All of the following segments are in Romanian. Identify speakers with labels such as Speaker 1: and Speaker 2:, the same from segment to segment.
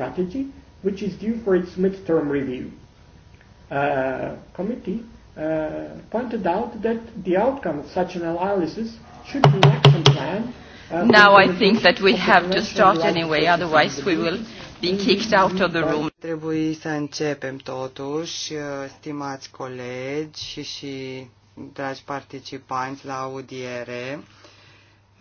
Speaker 1: strategy, which is due for its midterm review. Uh, committee uh, pointed out that the outcome of such an analysis should be an action plan. Uh, now I think that we have to start anyway, otherwise we will be kicked out of the room. Trebuie să începem totuși, uh, stimați colegi și, și dragi participanți la audiere.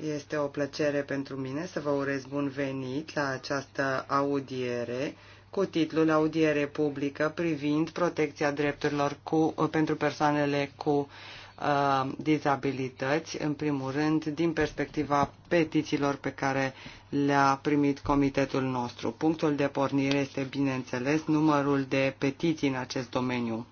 Speaker 1: Este o plăcere pentru mine să vă urez bun venit la această audiere cu titlul Audiere publică privind protecția drepturilor cu, pentru persoanele cu uh, dizabilități, în primul rând din perspectiva petițiilor pe care le-a primit comitetul nostru. Punctul de pornire este, bineînțeles, numărul de petiții în acest domeniu.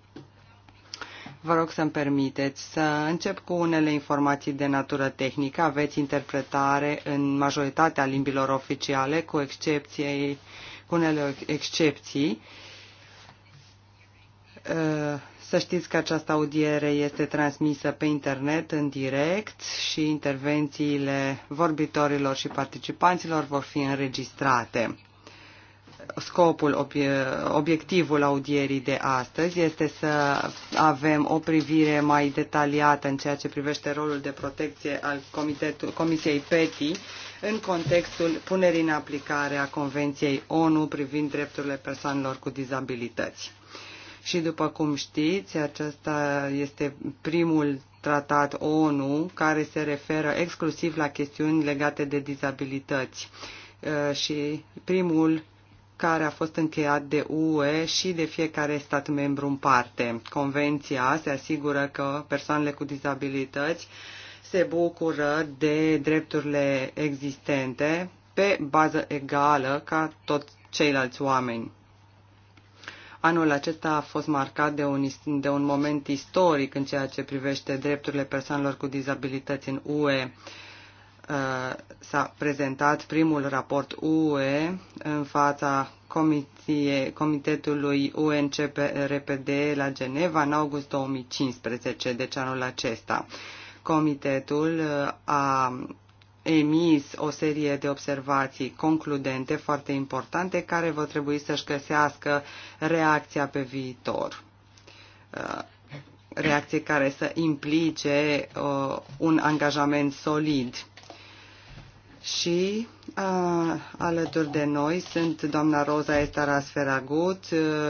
Speaker 1: Vă rog să-mi permiteți să încep cu unele informații de natură tehnică. Aveți interpretare în majoritatea limbilor oficiale, cu, excepției, cu unele excepții. Să știți că această audiere este transmisă pe internet în direct și intervențiile vorbitorilor și participanților vor fi înregistrate scopul, obiectivul audierii de astăzi este să avem o privire mai detaliată în ceea ce privește rolul de protecție al Comisiei PETI în contextul punerii în aplicare a Convenției ONU privind drepturile persoanelor cu dizabilități. Și după cum știți, acesta este primul tratat ONU care se referă exclusiv la chestiuni legate de dizabilități uh, și primul care a fost încheiat de UE și de fiecare stat membru în parte. Convenția se asigură că persoanele cu dizabilități se bucură de drepturile existente pe bază egală ca toți ceilalți oameni. Anul acesta a fost marcat de un, de un moment istoric în ceea ce privește drepturile persoanelor cu dizabilități în UE. Uh, s-a prezentat primul raport UE în fața comitie, Comitetului UNCRPD la Geneva în august 2015, deci anul acesta. Comitetul uh, a emis o serie de observații concludente foarte importante care vor trebui să-și găsească reacția pe viitor uh, reacție care să implice un angajament solid și a, alături de noi sunt doamna Rosa Estaras Feragut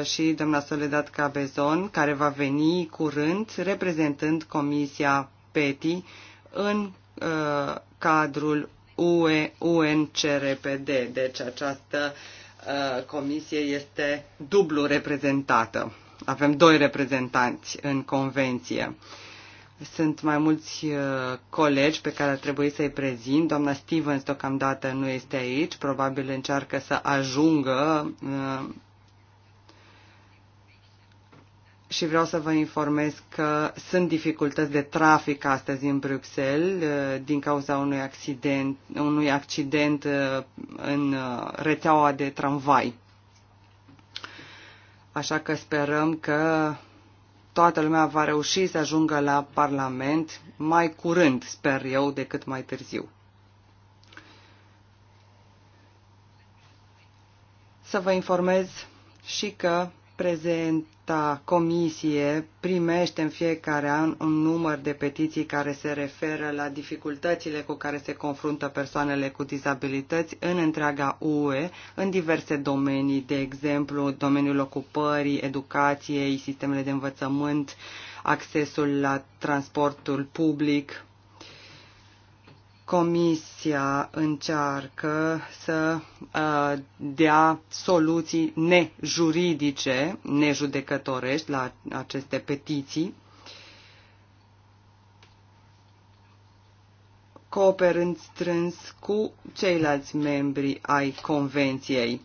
Speaker 1: și doamna Soledad Cabezon, care va veni curând reprezentând Comisia PETI în a, cadrul UE UNCRPD. Deci această a, comisie este dublu reprezentată. Avem doi reprezentanți în convenție. Uh, sunt mai mulți uh, colegi pe care ar trebui să-i prezint. Doamna Stevens deocamdată nu este aici, probabil încearcă să ajungă uh, și vreau să vă informez că sunt dificultăți de trafic astăzi în Bruxelles uh, din cauza unui accident, unui accident în rețeaua de tramvai. Așa că sperăm că toată lumea va reuși să ajungă la Parlament mai curând, sper eu, decât mai târziu. Să vă informez și că prezent Alta comisie primește în fiecare an un număr de petiții care se referă la dificultățile cu care se confruntă persoanele cu dizabilități în întreaga UE, în diverse domenii, de exemplu, domeniul ocupării, educației, sistemele de învățământ, accesul la transportul public, Comisia încearcă să uh, dea soluții nejuridice, nejudecătorești la aceste petiții, cooperând strâns cu ceilalți membri ai Convenției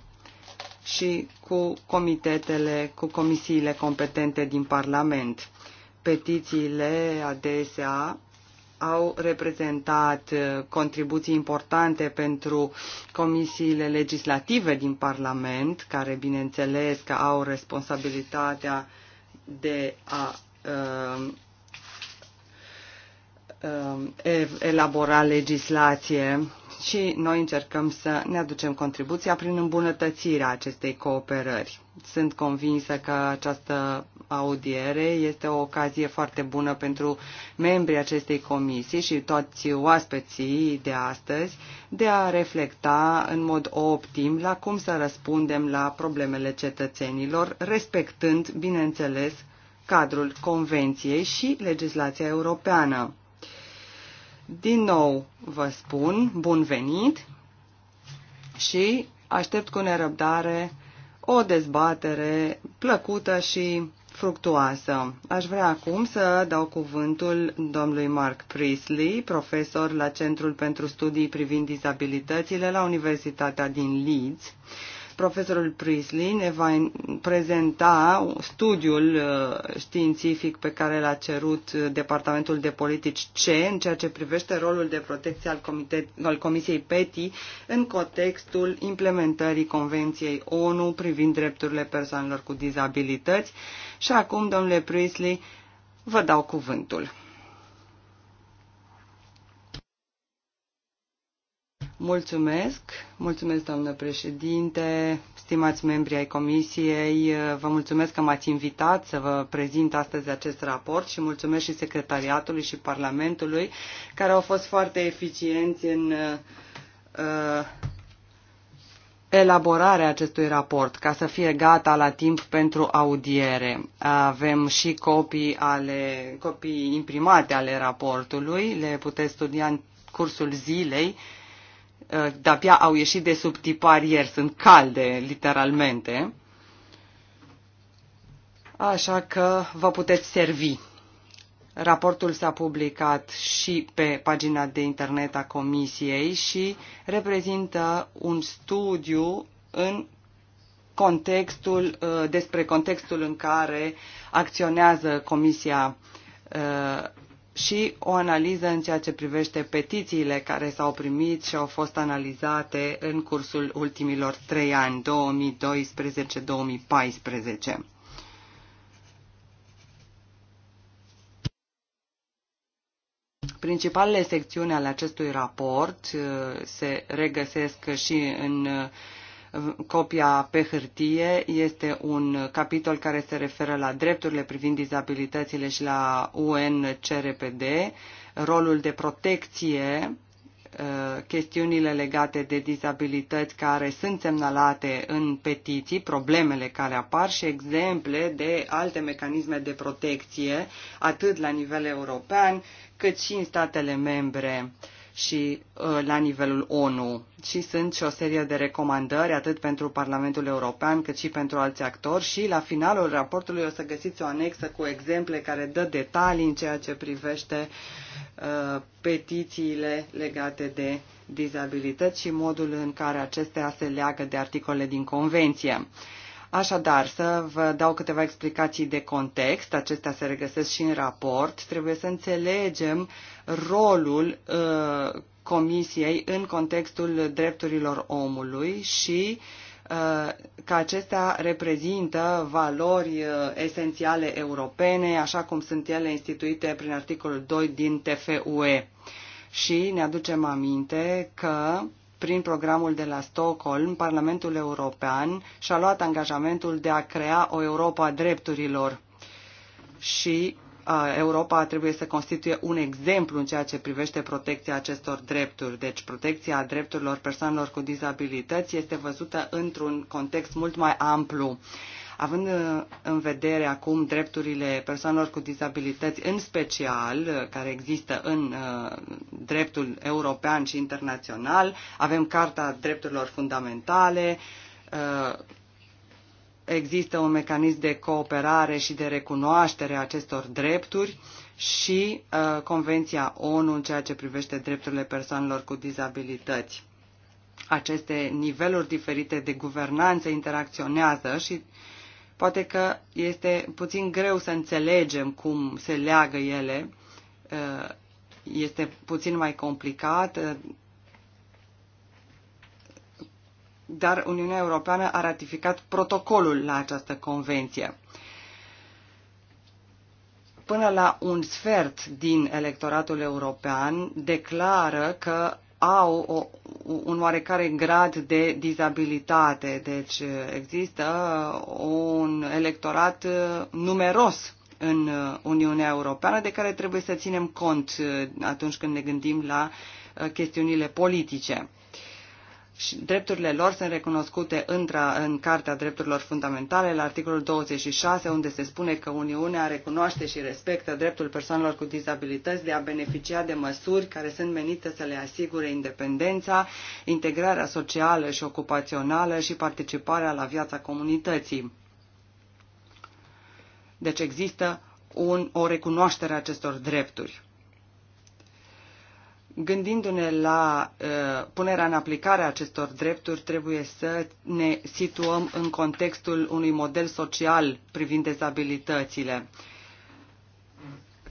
Speaker 1: și cu comitetele, cu comisiile competente din Parlament. Petițiile adesea au reprezentat uh, contribuții importante pentru comisiile legislative din Parlament, care bineînțeles că au responsabilitatea de a uh, uh, elabora legislație și noi încercăm să ne aducem contribuția prin îmbunătățirea acestei cooperări. Sunt convinsă că această audiere este o ocazie foarte bună pentru membrii acestei comisii și toți oaspeții de astăzi de a reflecta în mod optim la cum să răspundem la problemele cetățenilor, respectând, bineînțeles, cadrul Convenției și legislația europeană. Din nou vă spun bun venit și aștept cu nerăbdare o dezbatere plăcută și fructuoasă. Aș vrea acum să dau cuvântul domnului Mark Priestley, profesor la Centrul pentru Studii privind dizabilitățile la Universitatea din Leeds Profesorul Priestley ne va prezenta studiul uh, științific pe care l-a cerut uh, Departamentul de Politici C în ceea ce privește rolul de protecție al, Comite- al Comisiei PETI în contextul implementării Convenției ONU privind drepturile persoanelor cu dizabilități. Și acum, domnule Priestley, vă dau cuvântul. Mulțumesc, mulțumesc doamnă președinte, stimați membri ai comisiei, vă mulțumesc că m-ați invitat să vă prezint astăzi acest raport și mulțumesc și secretariatului și Parlamentului care au fost foarte eficienți în uh, elaborarea acestui raport ca să fie gata la timp pentru audiere. Avem și copii, ale, copii imprimate ale raportului, le puteți studia în cursul zilei Eh, de-abia au ieșit de sub ieri, sunt calde, literalmente. Așa că vă puteți servi. Raportul s-a publicat și pe pagina de internet a Comisiei și reprezintă un studiu în contextul, eh, despre contextul în care acționează Comisia eh, și o analiză în ceea ce privește petițiile care s-au primit și au fost analizate în cursul ultimilor trei ani, 2012-2014. Principalele secțiuni ale acestui raport uh, se regăsesc și în uh, copia pe hârtie este un capitol care se referă la drepturile privind dizabilitățile și la UNCRPD, rolul de protecție, uh, chestiunile legate de dizabilități care sunt semnalate în petiții, problemele care apar și exemple de alte mecanisme de protecție, atât la nivel european, cât și în statele membre. Uh, și ă, la nivelul ONU. Și sunt și o serie de recomandări atât pentru Parlamentul European cât și pentru alți actori și la finalul raportului o să găsiți o anexă cu exemple care dă detalii în ceea ce privește ă, petițiile legate de dizabilități și modul în care acestea se leagă de articole din convenție. Așadar, să vă dau câteva explicații de context, acestea se regăsesc și în raport, trebuie să înțelegem rolul uh, Comisiei în contextul drepturilor omului și uh, că acestea reprezintă valori uh, esențiale europene, așa cum sunt ele instituite prin articolul 2 din TFUE. Și ne aducem aminte că prin programul de la Stockholm, Parlamentul European și-a luat angajamentul de a crea o Europa a drepturilor. Și Europa trebuie să constituie un exemplu în ceea ce privește protecția acestor drepturi. Deci protecția drepturilor persoanelor cu dizabilități este văzută într-un context mult mai amplu. Având uh, în vedere acum drepturile persoanelor cu dizabilități, în special uh, care există în uh, dreptul european și internațional, avem Carta Drepturilor Fundamentale, există un mecanism de cooperare și de recunoaștere a acestor drepturi și Convenția ONU în ceea ce privește drepturile persoanelor cu dizabilități. Aceste niveluri diferite de guvernanță interacționează și uh, Poate că este puțin greu să înțelegem cum se leagă ele, uh, este puțin mai complicat, uh, dar Uniunea Europeană a ratificat protocolul la această convenție. Până la un sfert din electoratul european declară că au o, un oarecare grad de dizabilitate. Deci există un electorat uh, numeros în uh, Uniunea Europeană de care trebuie să ținem cont uh, atunci când ne gândim la chestiunile politice și drepturile lor sunt recunoscute în, în Cartea Drepturilor Fundamentale, la articolul 26, unde se spune că Uniunea recunoaște și respectă dreptul persoanelor cu dizabilități de a beneficia de măsuri care sunt menite să le asigure independența, integrarea socială și ocupațională și participarea la viața comunității. Deci există un, o recunoaștere a acestor drepturi gândindu-ne la uh, punerea în aplicare a acestor drepturi, trebuie să ne situăm în contextul unui model social privind dezabilitățile.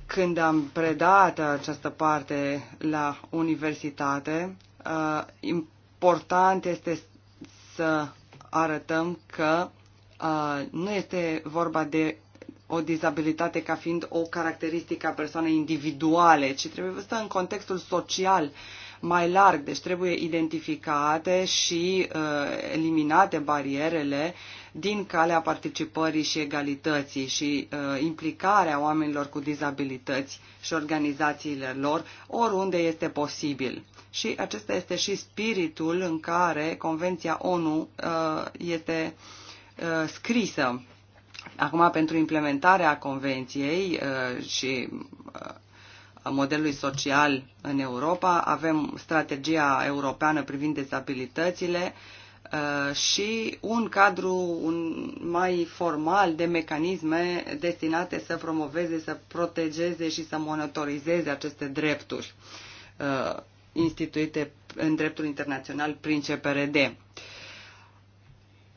Speaker 1: Când am predat această parte la universitate, uh, important este să arătăm că uh, nu este vorba de o dizabilitate ca fiind o caracteristică a persoanei individuale, ci trebuie văzută în contextul social mai larg, deci trebuie identificate și uh, eliminate barierele din calea participării și egalității și uh, implicarea oamenilor cu dizabilități și organizațiile lor oriunde este posibil. Și acesta este și spiritul în care Convenția ONU uh, este uh, scrisă Acum, pentru implementarea convenției uh, și uh, modelului social în Europa, avem strategia europeană privind dezabilitățile uh, și un cadru un mai formal de mecanisme destinate să promoveze, să protejeze și să monitorizeze aceste drepturi instituite în dreptul internațional prin CPRD.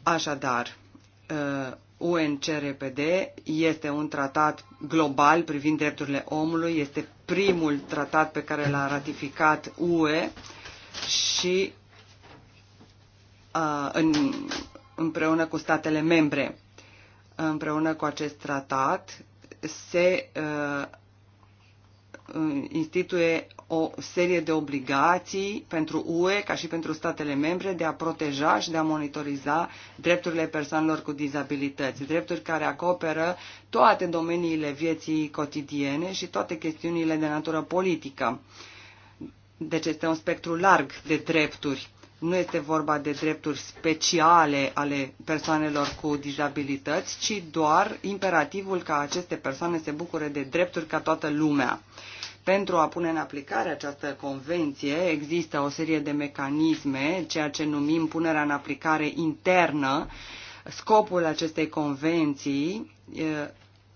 Speaker 1: Așadar, UNCRPD este un tratat global privind drepturile omului, este primul tratat pe care l-a ratificat UE și uh, în, împreună cu statele membre. Împreună cu acest tratat se uh, instituie o serie de obligații pentru UE, ca și pentru statele membre, de a proteja și de a monitoriza drepturile persoanelor cu dizabilități, drepturi care acoperă toate domeniile vieții cotidiene și toate chestiunile de natură politică. Deci este un spectru larg de drepturi. Nu este vorba de drepturi speciale ale persoanelor cu dizabilități, ci doar imperativul ca aceste persoane se bucure de drepturi ca toată lumea. Pentru a pune în aplicare această convenție există o serie de mecanisme, ceea ce numim punerea în aplicare internă. Scopul acestei convenții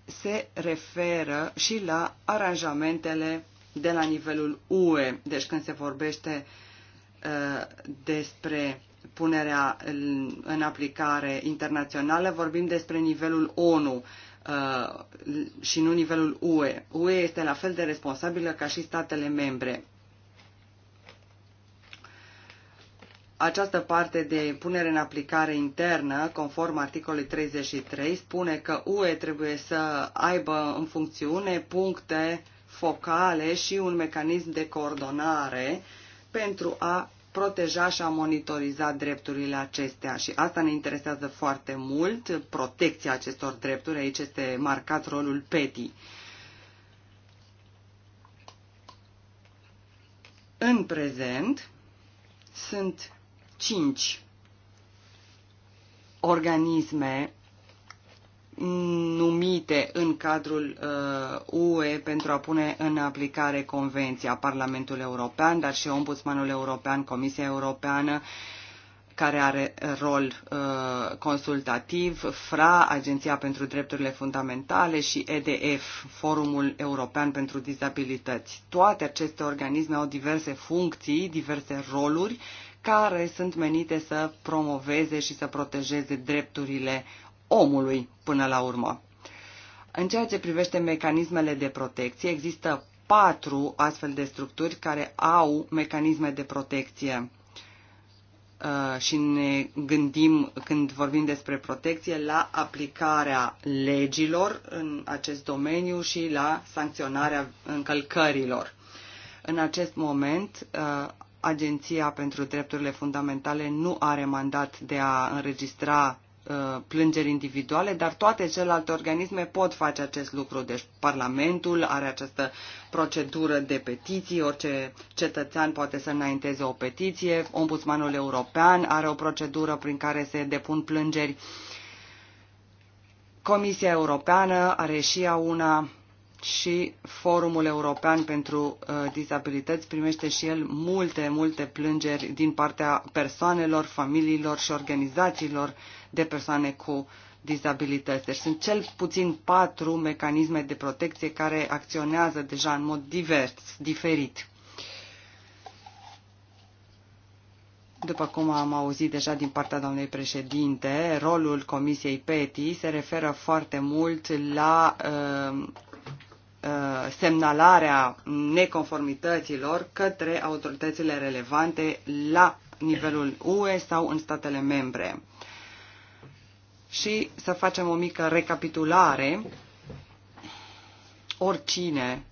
Speaker 1: se referă și la aranjamentele de la nivelul UE. Deci când se vorbește despre punerea în aplicare internațională, vorbim despre nivelul ONU. Uh, și nu nivelul UE. UE este la fel de responsabilă ca și statele membre. Această parte de punere în aplicare internă, conform articolului 33, spune că UE trebuie să aibă în funcțiune puncte focale și un mecanism de coordonare pentru a proteja și a monitoriza drepturile acestea și asta ne interesează foarte mult, protecția acestor drepturi, aici este marcat rolul PETI. În prezent sunt cinci organisme numite în cadrul UE uh, pentru a pune în aplicare Convenția Parlamentul European, dar și Ombudsmanul European, Comisia Europeană, care are rol uh, consultativ, FRA, Agenția pentru Drepturile Fundamentale și EDF, Forumul European pentru Dizabilități. Toate aceste organisme au diverse funcții, diverse roluri, care sunt menite să promoveze și să protejeze drepturile omului până la urmă. În ceea ce privește mecanismele de protecție, există patru astfel de structuri care au mecanisme de protecție uh, și ne gândim când vorbim despre protecție la aplicarea legilor în acest domeniu și la sancționarea încălcărilor. În acest moment, uh, Agenția pentru Drepturile Fundamentale nu are mandat de a înregistra Uh, plângeri individuale, dar toate celelalte organisme pot face acest lucru. Deci Parlamentul are această procedură de petiții, orice cetățean poate să înainteze o petiție, Ombudsmanul European are o procedură prin care se depun plângeri. Comisia Europeană are și ea una și Forumul European pentru uh, Disabilități primește și el multe, multe plângeri din partea persoanelor, familiilor și organizațiilor uh, de persoane cu dizabilități. Deci sunt cel puțin patru mecanisme de protecție care acționează deja în mod divers, diferit. După cum am auzit deja din partea doamnei președinte, rolul Comisiei PETI se referă foarte mult la uh, uh, semnalarea neconformităților către autoritățile relevante la nivelul UE sau în statele membre și să facem o mică recapitulare. Oricine,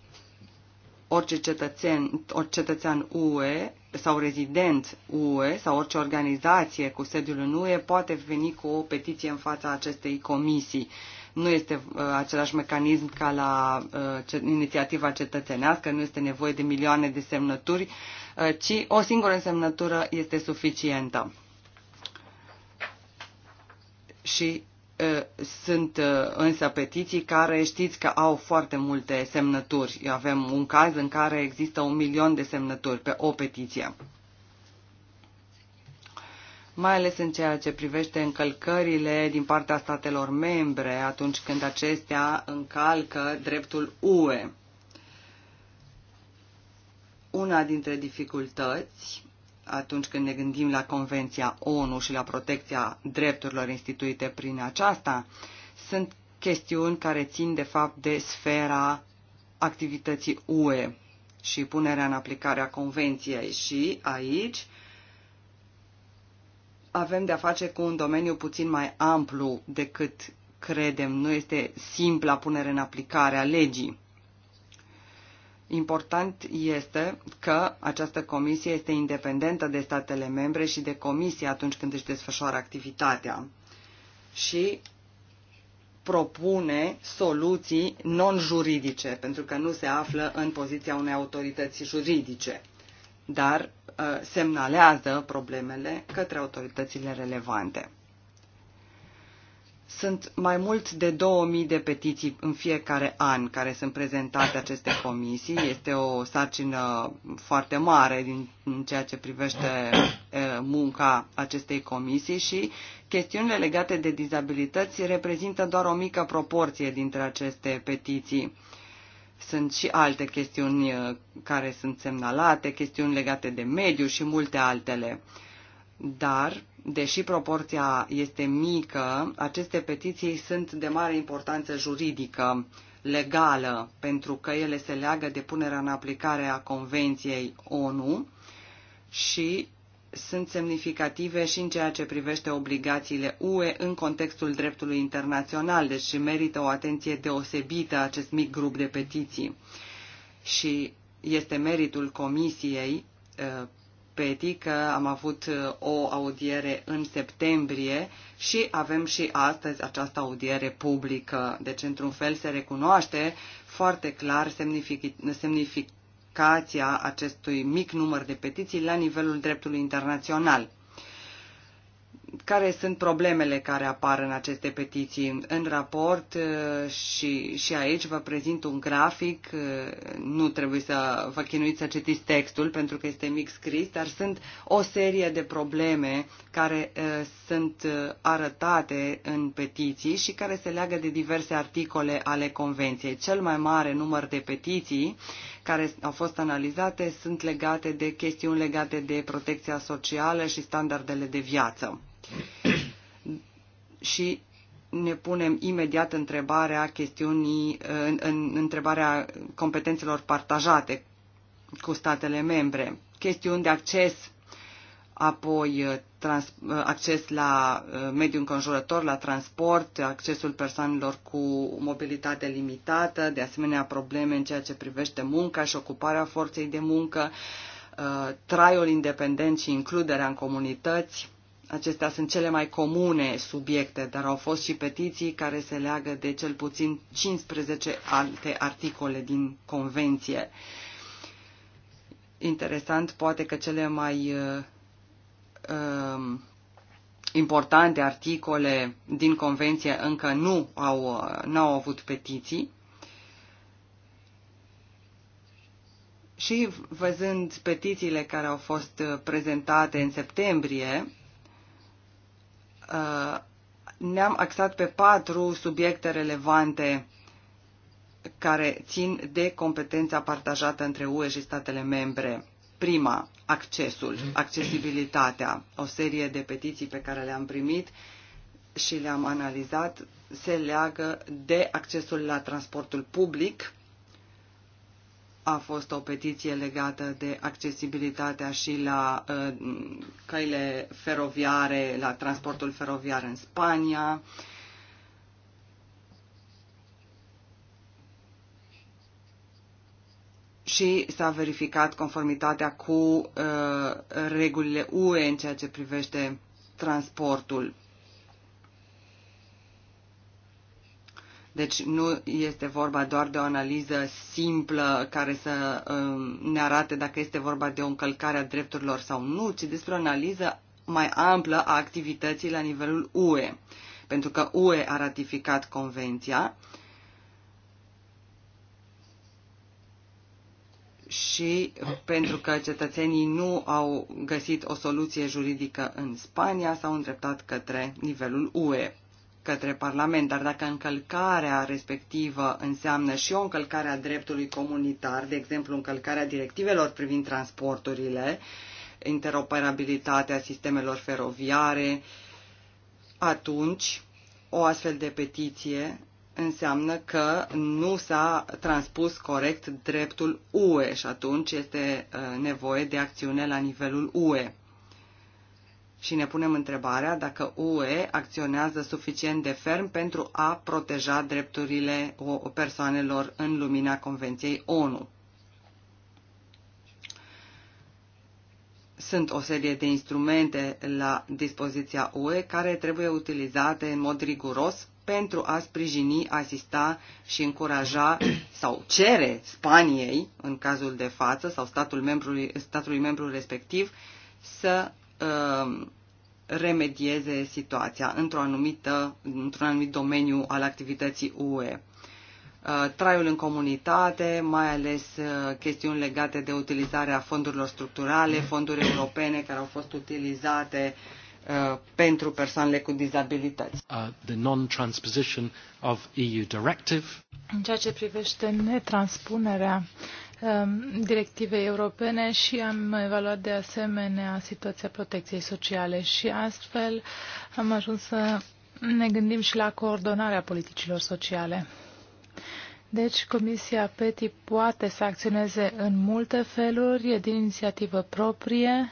Speaker 1: orice cetățean, orice cetățean UE sau rezident UE sau orice organizație cu sediul în UE poate veni cu o petiție în fața acestei comisii. Nu este uh, același mecanism ca la uh, ce, inițiativa cetățenească, nu este nevoie de milioane de semnături, uh, ci o singură semnătură este suficientă și sunt însă petiții care știți că au foarte multe semnături. avem un caz în care există un milion de semnături pe o petiție. Mai ales în ceea ce privește încălcările din partea statelor membre atunci când acestea încalcă dreptul UE. Una dintre dificultăți atunci când ne gândim la Convenția ONU și la protecția drepturilor instituite prin aceasta, sunt chestiuni care țin de fapt de sfera activității UE și punerea în aplicare a Convenției și aici avem de-a face cu un domeniu puțin mai amplu decât credem, nu este simpla punere în aplicare a legii. Important este că această comisie este independentă de statele membre și de comisie atunci când își desfășoară activitatea și propune soluții non-juridice, pentru că nu se află în poziția unei autorități juridice, dar uh, semnalează problemele către autoritățile relevante. Sunt mai mult de 2000 de petiții în fiecare an care sunt prezentate aceste comisii. Este o sarcină foarte mare din, în ceea ce privește munca acestei comisii și chestiunile legate de dizabilități reprezintă doar o mică proporție dintre aceste petiții. Sunt și alte chestiuni care sunt semnalate, chestiuni legate de mediu și multe altele. Dar deși proporția este mică, aceste petiții sunt de mare importanță juridică, legală, pentru că ele se leagă de punerea în aplicare a Convenției ONU și sunt semnificative și în ceea ce privește obligațiile UE în contextul dreptului internațional, deci merită o atenție deosebită acest mic grup de petiții. Și este meritul Comisiei PETI că am avut uh, o audiere în septembrie și avem și astăzi această audiere publică. Deci, într-un fel, se recunoaște foarte clar semnificația acestui mic număr de petiții la nivelul dreptului internațional care sunt problemele care apar în aceste petiții. În raport uh, și, și aici vă prezint un grafic, uh, nu trebuie să vă chinuiți să citiți textul pentru că este mic scris, dar sunt o serie de probleme care uh, sunt arătate în petiții și care se leagă de diverse articole ale Convenției. Cel mai mare număr de petiții care au fost analizate sunt legate de chestiuni legate de protecția socială și standardele de viață. Și ne punem imediat întrebarea chestiunii, în, în, întrebarea competențelor partajate cu statele membre, chestiuni de acces, apoi trans, uh, acces la uh, mediul înconjurător, la transport, accesul persoanelor cu mobilitate limitată, de asemenea probleme în ceea ce privește munca și ocuparea forței de muncă, uh, traiul independent și includerea în comunități. Acestea sunt cele mai comune subiecte, dar au fost și petiții care se leagă de cel puțin 15 alte articole din convenție. Interesant, poate că cele mai Um, importante articole din convenție încă nu au, uh, n-au avut petiții. Și văzând petițiile care au fost uh, prezentate în septembrie, uh, ne-am axat pe patru subiecte relevante care țin de competența partajată între UE și statele membre. Prima, accesul, mhm. accesibilitatea. O serie de petiții pe care le-am primit și le-am analizat se leagă de accesul la transportul public. A fost o petiție legată de accesibilitatea și la uh, căile feroviare, la transportul feroviar în Spania. Uh, și s-a verificat conformitatea cu uh, regulile UE în ceea ce privește transportul. Deci nu este vorba doar de o analiză simplă care să um, ne arate dacă este vorba de o încălcare a drepturilor sau nu, ci despre o analiză mai amplă a activității la nivelul UE. Pentru că UE a ratificat convenția uh, și pentru că cetățenii nu au găsit o soluție juridică în Spania, s-au îndreptat către nivelul UE, către Parlament. Dar dacă încălcarea respectivă înseamnă și o încălcare a dreptului comunitar, de exemplu încălcarea directivelor privind transporturile, interoperabilitatea sistemelor feroviare, atunci o astfel de petiție înseamnă că nu s-a transpus corect dreptul UE și atunci este uh, nevoie de acțiune la nivelul UE. Și ne punem întrebarea dacă UE acționează suficient de ferm pentru a proteja drepturile persoanelor în lumina Convenției ONU. Sunt o serie de instrumente la dispoziția UE care trebuie utilizate în mod riguros pentru a sprijini, asista și încuraja sau cere Spaniei, în cazul de față, sau statul membrului, statului membru respectiv, să uh, remedieze situația într-o anumită, într-un anumit domeniu al activității UE. Uh, traiul în comunitate, mai ales uh, chestiuni legate de utilizarea fondurilor structurale, fonduri europene care au fost utilizate uh, Uh, pentru persoanele cu dizabilități. Uh, the
Speaker 2: non-transposition of EU directive. În ceea ce
Speaker 3: privește netranspunerea um, directivei europene și am evaluat de asemenea situația protecției sociale și astfel am ajuns să ne gândim și la coordonarea politicilor sociale. Deci, Comisia PETI poate să acționeze în multe feluri, din inițiativă proprie,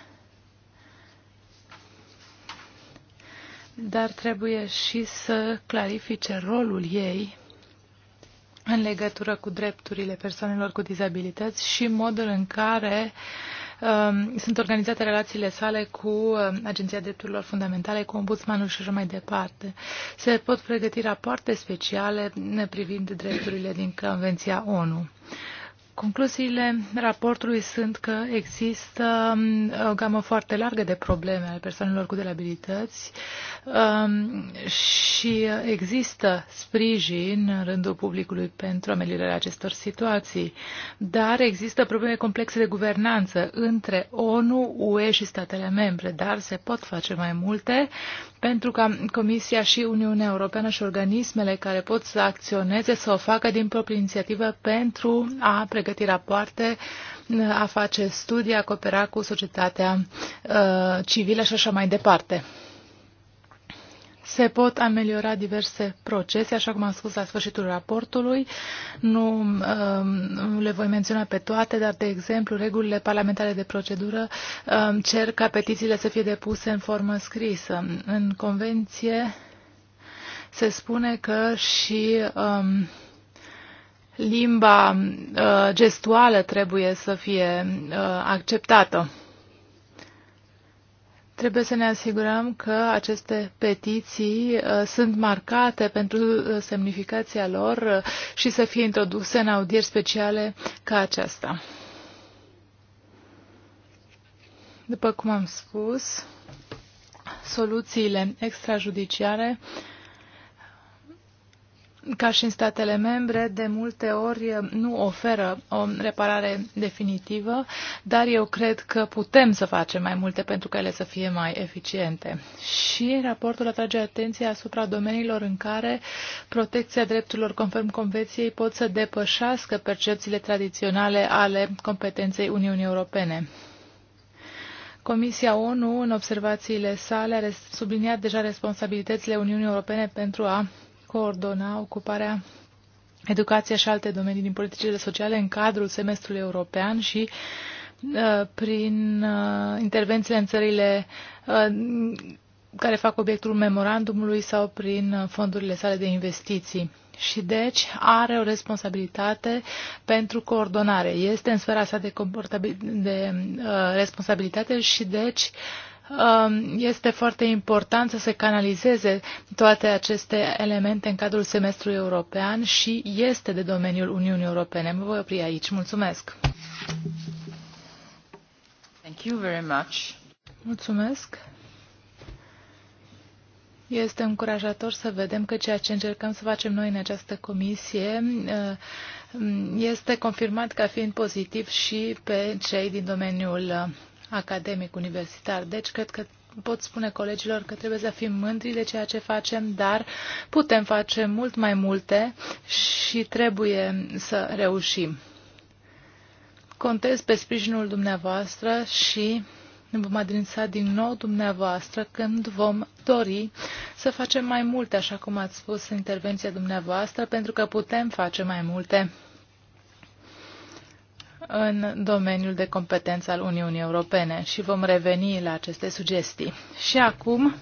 Speaker 3: dar trebuie și să clarifice rolul ei în legătură cu drepturile persoanelor cu dizabilități și modul în care um, sunt organizate relațiile sale cu um, Agenția Drepturilor Fundamentale, cu Ombudsmanul și așa mai departe. Se pot pregăti rapoarte speciale privind drepturile din Convenția ONU. Concluziile raportului sunt că există um, o gamă foarte largă de probleme ale persoanelor cu delabilități um, și există sprijin în rândul publicului pentru ameliorarea acestor situații, dar există probleme complexe de guvernanță între ONU, UE și statele membre, dar se pot face mai multe pentru ca Comisia și Uniunea Europeană și organismele care pot să acționeze să o facă din proprie inițiativă pentru a pregăti pregăti rapoarte, a face studii, a coopera cu societatea uh, civilă și așa mai departe. Se pot ameliora diverse procese, așa cum am spus la sfârșitul raportului. Nu uh, le voi menționa pe toate, dar, de exemplu, regulile parlamentare de procedură uh, cer ca petițiile să fie depuse în formă scrisă. În convenție se spune că și Uh, limba uh, gestuală trebuie să fie uh, acceptată. Trebuie să ne asigurăm că aceste petiții uh, sunt marcate pentru semnificația lor și să fie introduse în audieri speciale ca aceasta. După cum am spus, soluțiile extrajudiciare uh, ca și în statele membre, de multe ori nu oferă o reparare definitivă, dar eu cred că putem să facem mai multe pentru ca ele să fie mai eficiente. Și raportul atrage atenția asupra domeniilor în care protecția drepturilor conform Convenției pot să depășească percepțiile tradiționale ale competenței Uniunii Europene. Comisia ONU, în observațiile sale, a subliniat deja responsabilitățile Uniunii Europene pentru a coordona ocuparea educația și alte domenii din politicile sociale în cadrul semestrului european și uh, prin uh, intervențiile în țările uh, care fac obiectul memorandumului sau prin fondurile sale de investiții. Și deci are o responsabilitate pentru coordonare. Este în sfera sa de, de uh, responsabilitate și deci uh, Um, este foarte important să se canalizeze toate aceste elemente în cadrul semestrului european și este de domeniul Uniunii Europene. Mă voi opri aici. Mulțumesc! Thank you very much. Mulțumesc! Este încurajator să vedem că ceea ce încercăm să facem noi în această comisie uh, este confirmat ca fiind pozitiv și pe cei din domeniul academic universitar. Deci, cred că pot spune colegilor că trebuie să fim mândri de ceea ce facem, dar putem face mult mai multe și trebuie să reușim. Contez pe sprijinul dumneavoastră și ne vom adresa din nou dumneavoastră când vom dori să facem mai multe, așa cum ați spus în intervenția dumneavoastră, pentru că putem face mai multe în domeniul de competență al Uniunii Europene și vom reveni la aceste sugestii. Și acum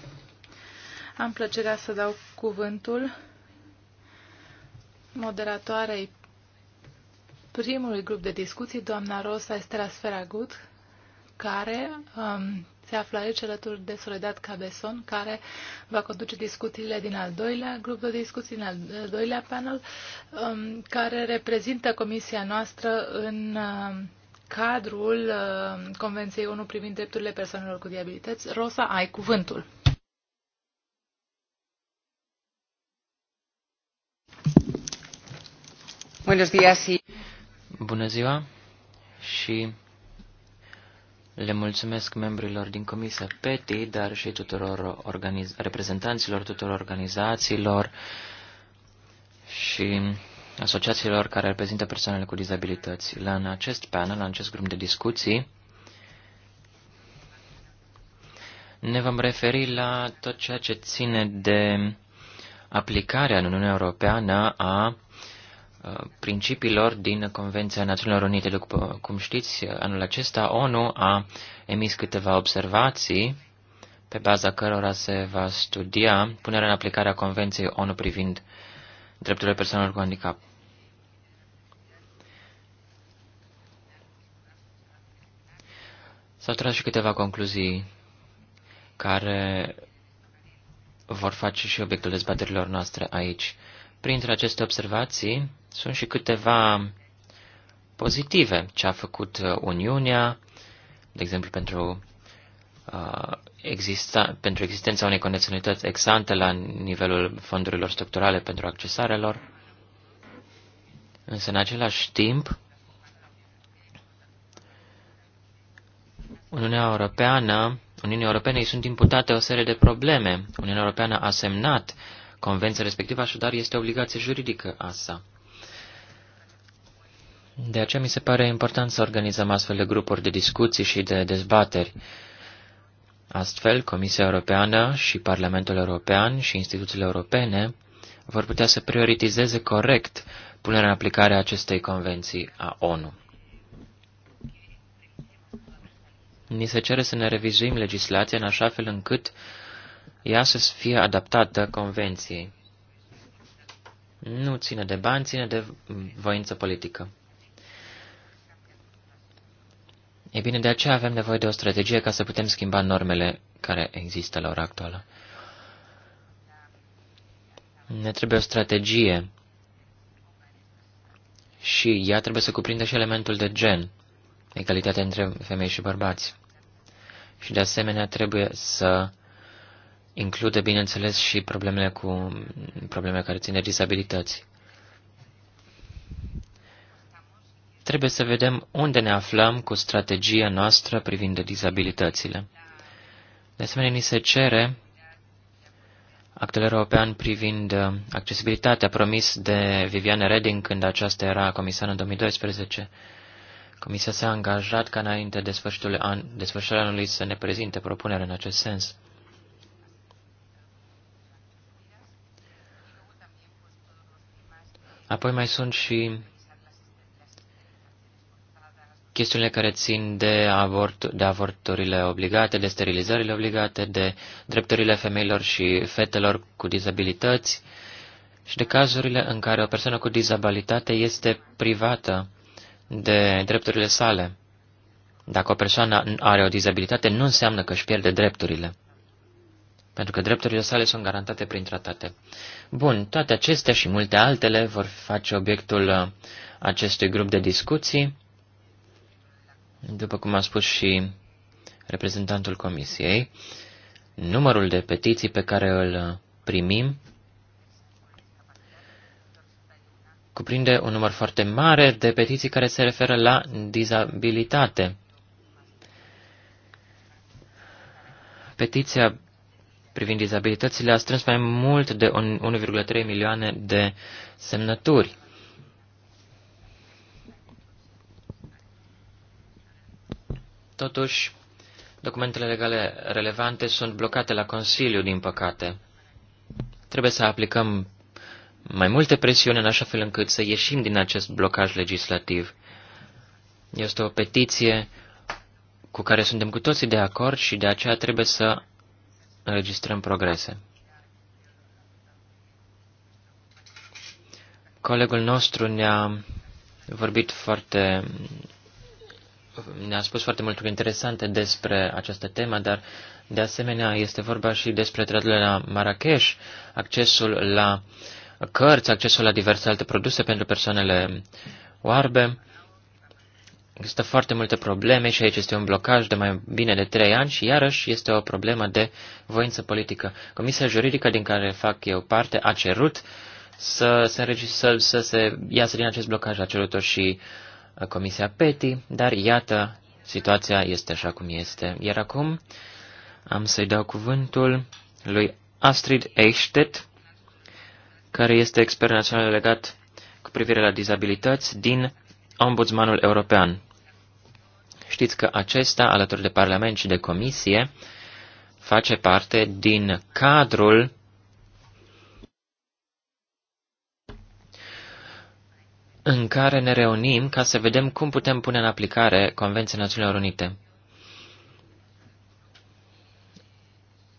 Speaker 3: am plăcerea să dau cuvântul moderatoarei primului grup de discuții, doamna Rosa Estera Sferagut, care um, se află aici alături de Soledad Cabeson, care va conduce discuțiile din al doilea grup de discuții, din al doilea panel, um, care reprezintă comisia noastră în um, cadrul um, Convenției ONU privind drepturile persoanelor cu diabilități. Rosa, ai cuvântul.
Speaker 2: Bună ziua și le mulțumesc membrilor din Comisia PETI, dar și tuturor organiz- reprezentanților tuturor organizațiilor și asociațiilor care reprezintă persoanele cu dizabilități. La în acest panel, la acest grup de discuții, ne vom referi la tot ceea ce ține de aplicarea în Uniunea Europeană a Uh, principiilor din Convenția Națiunilor Unite. După cum știți, anul acesta ONU a emis câteva observații pe baza cărora se va studia punerea în aplicare a Convenției ONU privind drepturile persoanelor cu handicap. S-au tras și câteva concluzii care vor face și obiectul dezbaterilor noastre aici. Printre aceste observații sunt și câteva pozitive ce a făcut uh, Uniunea, de exemplu pentru, uh, exista, pentru existența unei condiționalități exante la nivelul fondurilor structurale pentru accesarea lor. Însă, în același timp, Uniunea Europeană, Uniunea Europeană îi sunt imputate o serie de probleme. Uniunea Europeană a semnat uh, Convenția respectivă așadar este obligație juridică a sa. De aceea mi se pare important să organizăm astfel de grupuri de discuții și de dezbateri. Astfel, Comisia Europeană și Parlamentul European și instituțiile europene vor putea să prioritizeze corect punerea în aplicare a acestei convenții a ONU. Ni se cere să ne revizuim legislația în așa fel încât ea să fie adaptată convenției. Nu ține de bani, ține de voință politică. E bine, de aceea avem nevoie de o strategie ca să putem schimba normele care există la ora actuală. Ne trebuie o strategie și ea trebuie să cuprindă și elementul de gen, egalitatea între femei și bărbați. Și de asemenea trebuie să include, bineînțeles, și problemele, cu, probleme care țin de dizabilități. Trebuie să vedem unde ne aflăm cu strategia noastră privind de dizabilitățile. De asemenea, ni se cere actul european privind uh, accesibilitatea promis de Viviane Reding când aceasta era comisar în 2012. Comisia s-a angajat ca înainte de sfârșitul, an, de sfârșitul anului să ne prezinte propunere în acest sens. Apoi mai sunt și chestiunile care țin de, avort, de avorturile obligate, de sterilizările obligate, de drepturile femeilor și fetelor cu dizabilități și de cazurile în care o persoană cu dizabilitate este privată de drepturile sale. Dacă o persoană are o dizabilitate, nu înseamnă că își pierde drepturile pentru că drepturile sale sunt garantate prin tratate. Bun, toate acestea și multe altele vor face obiectul uh, acestui grup de discuții, după cum a spus și reprezentantul comisiei, numărul de petiții pe care îl uh, primim cuprinde un număr foarte mare de petiții care se referă la dizabilitate. Petiția privind dizabilitățile a strâns mai mult de 1,3 milioane de semnături. Totuși, documentele legale relevante sunt blocate la Consiliu, din păcate. Trebuie să aplicăm mai multe presiuni în așa fel încât să ieșim din acest blocaj legislativ. Este o petiție cu care suntem cu toții de acord și de aceea trebuie să înregistrăm progrese. Colegul nostru ne-a vorbit foarte, ne-a spus foarte multe interesante despre această temă, dar de asemenea este vorba și despre tratatul la Marrakesh, accesul la cărți, accesul la diverse alte produse pentru persoanele oarbe. Există foarte multe probleme și aici este un blocaj de mai bine de trei ani și iarăși este o problemă de voință politică. Comisia juridică din care fac eu parte a cerut să se, să, să se iasă din acest blocaj, a cerut-o și uh, Comisia PETI, dar iată, situația este așa cum este. Iar acum am să-i dau cuvântul lui Astrid Eichstedt, care este expert național legat cu privire la dizabilități din ombudsmanul european. Știți că acesta, alături de Parlament și de Comisie, face parte din cadrul în care ne reunim ca să vedem cum putem pune în aplicare Convenția Națiunilor Unite.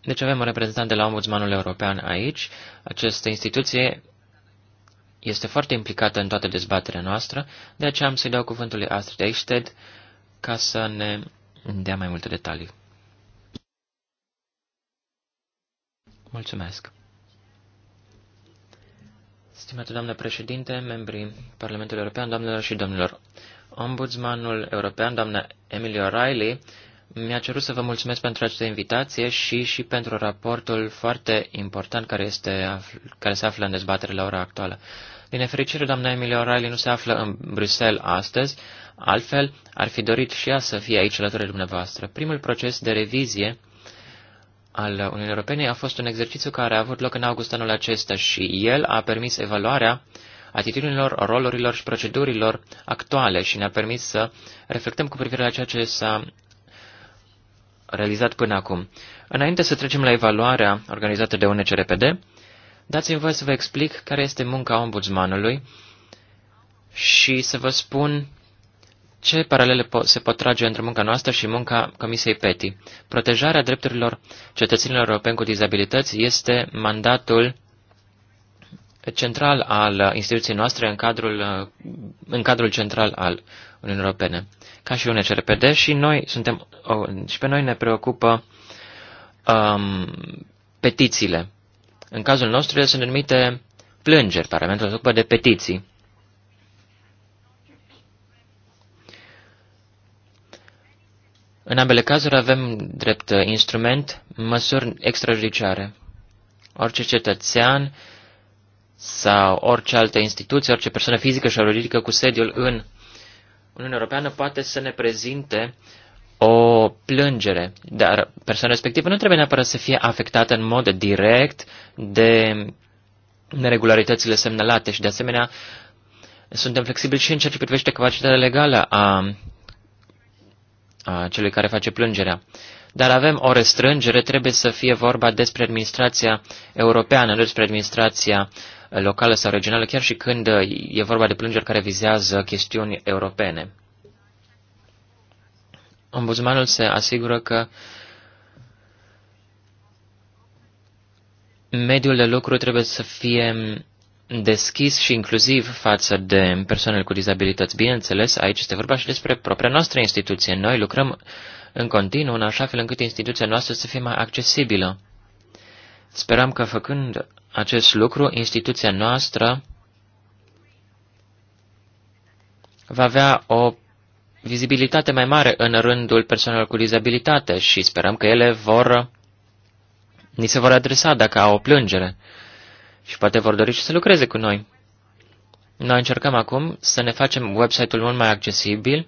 Speaker 2: Deci avem un reprezentant de la Ombudsmanul European aici. Această instituție este foarte implicată în toată dezbaterea noastră, de aceea am să-i dau cuvântul lui Astrid Eichsted ca să ne dea mai multe detalii. Mulțumesc! Stimată doamnă președinte, membrii Parlamentului European, doamnelor și domnilor, Ombudsmanul European, doamna Emily O'Reilly, mi-a cerut să vă mulțumesc pentru această invitație și și pentru raportul foarte important care, este, care se află în dezbatere la ora actuală. Din nefericire, doamna Emilia O'Reilly nu se află în Bruxelles astăzi, altfel ar fi dorit și ea să fie aici alături de dumneavoastră. Primul proces de revizie al Uniunii Europene a fost un exercițiu care a avut loc în august anul acesta și el a permis evaluarea atitudinilor, rolurilor și procedurilor actuale și ne-a permis să reflectăm cu privire la ceea ce s-a realizat până acum. Înainte să trecem la evaluarea organizată de UNCRPD, Dați-mi voi să vă explic care este munca ombudsmanului și să vă spun ce paralele se pot trage între munca noastră și munca Comisiei PETI. Protejarea drepturilor cetățenilor europeni cu dizabilități este mandatul central al instituției noastre în cadrul, în cadrul central al Uniunii Europene. Ca și UNCRPD și noi suntem, și pe noi ne preocupă um, petițiile. În cazul nostru, ele sunt numite plângeri, Parlamentul se ocupă de petiții. În ambele cazuri avem drept instrument măsuri extrajudiciare. Orice cetățean sau orice altă instituție, orice persoană fizică și juridică cu sediul în Uniunea Europeană poate să ne prezinte o plângere, dar persoana respectivă nu trebuie neapărat să fie afectată în mod direct de neregularitățile semnalate și de asemenea suntem flexibili și în ceea ce privește capacitatea legală a, a celui care face plângerea. Dar avem o restrângere, trebuie să fie vorba despre administrația europeană, nu despre administrația locală sau regională, chiar și când e vorba de plângeri care vizează chestiuni europene. Ombudsmanul se asigură că mediul de lucru trebuie să fie deschis și inclusiv față de persoanele cu dizabilități. Bineînțeles, aici este vorba și despre propria noastră instituție. Noi lucrăm în continuu în așa fel încât instituția noastră să fie mai accesibilă. Sperăm că făcând acest lucru, instituția noastră va avea o vizibilitate mai mare în rândul persoanelor cu dizabilitate și sperăm că ele vor, ni se vor adresa dacă au o plângere și poate vor dori și să lucreze cu noi. Noi încercăm acum să ne facem website-ul mult mai accesibil,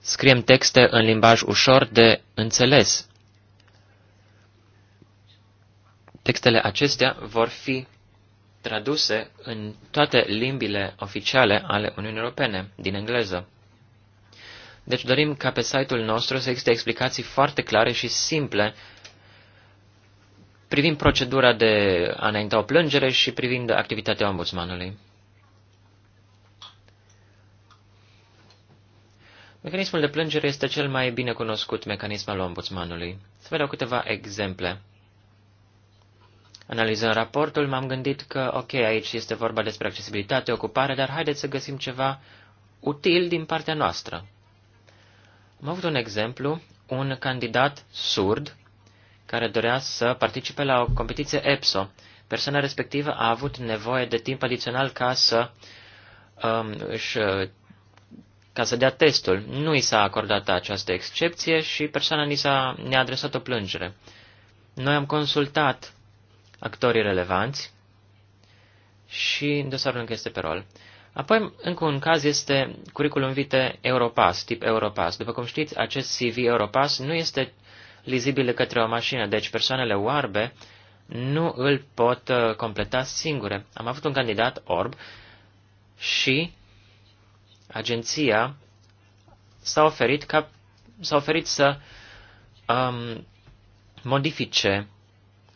Speaker 2: scriem texte în limbaj ușor de înțeles. Textele acestea vor fi traduse în toate limbile oficiale ale Uniunii Europene, din engleză. Deci dorim ca pe site-ul nostru să existe explicații foarte clare și simple privind procedura de a înainta o plângere și privind activitatea ombudsmanului. Mecanismul de plângere este cel mai bine cunoscut mecanism al ombudsmanului. Să vă dau câteva exemple. Analizând raportul, m-am gândit că, ok, aici este vorba despre accesibilitate, ocupare, dar haideți să găsim ceva util din partea noastră. Am avut un exemplu, un candidat surd care dorea să participe la o competiție EPSO. Persoana respectivă a avut nevoie de timp adițional ca să, um, își, uh, ca să dea testul. Nu i s-a acordat această excepție și persoana ni s-a, ne-a adresat o plângere. Noi am consultat actorii relevanți și dosarul încă este pe rol. Apoi, încă un caz este curriculum vitae Europass, tip Europass. După cum știți, acest CV Europass nu este lizibil către o mașină, deci persoanele oarbe nu îl pot uh, completa singure. Am avut un candidat orb și agenția s-a oferit, ca, s-a oferit să um, modifice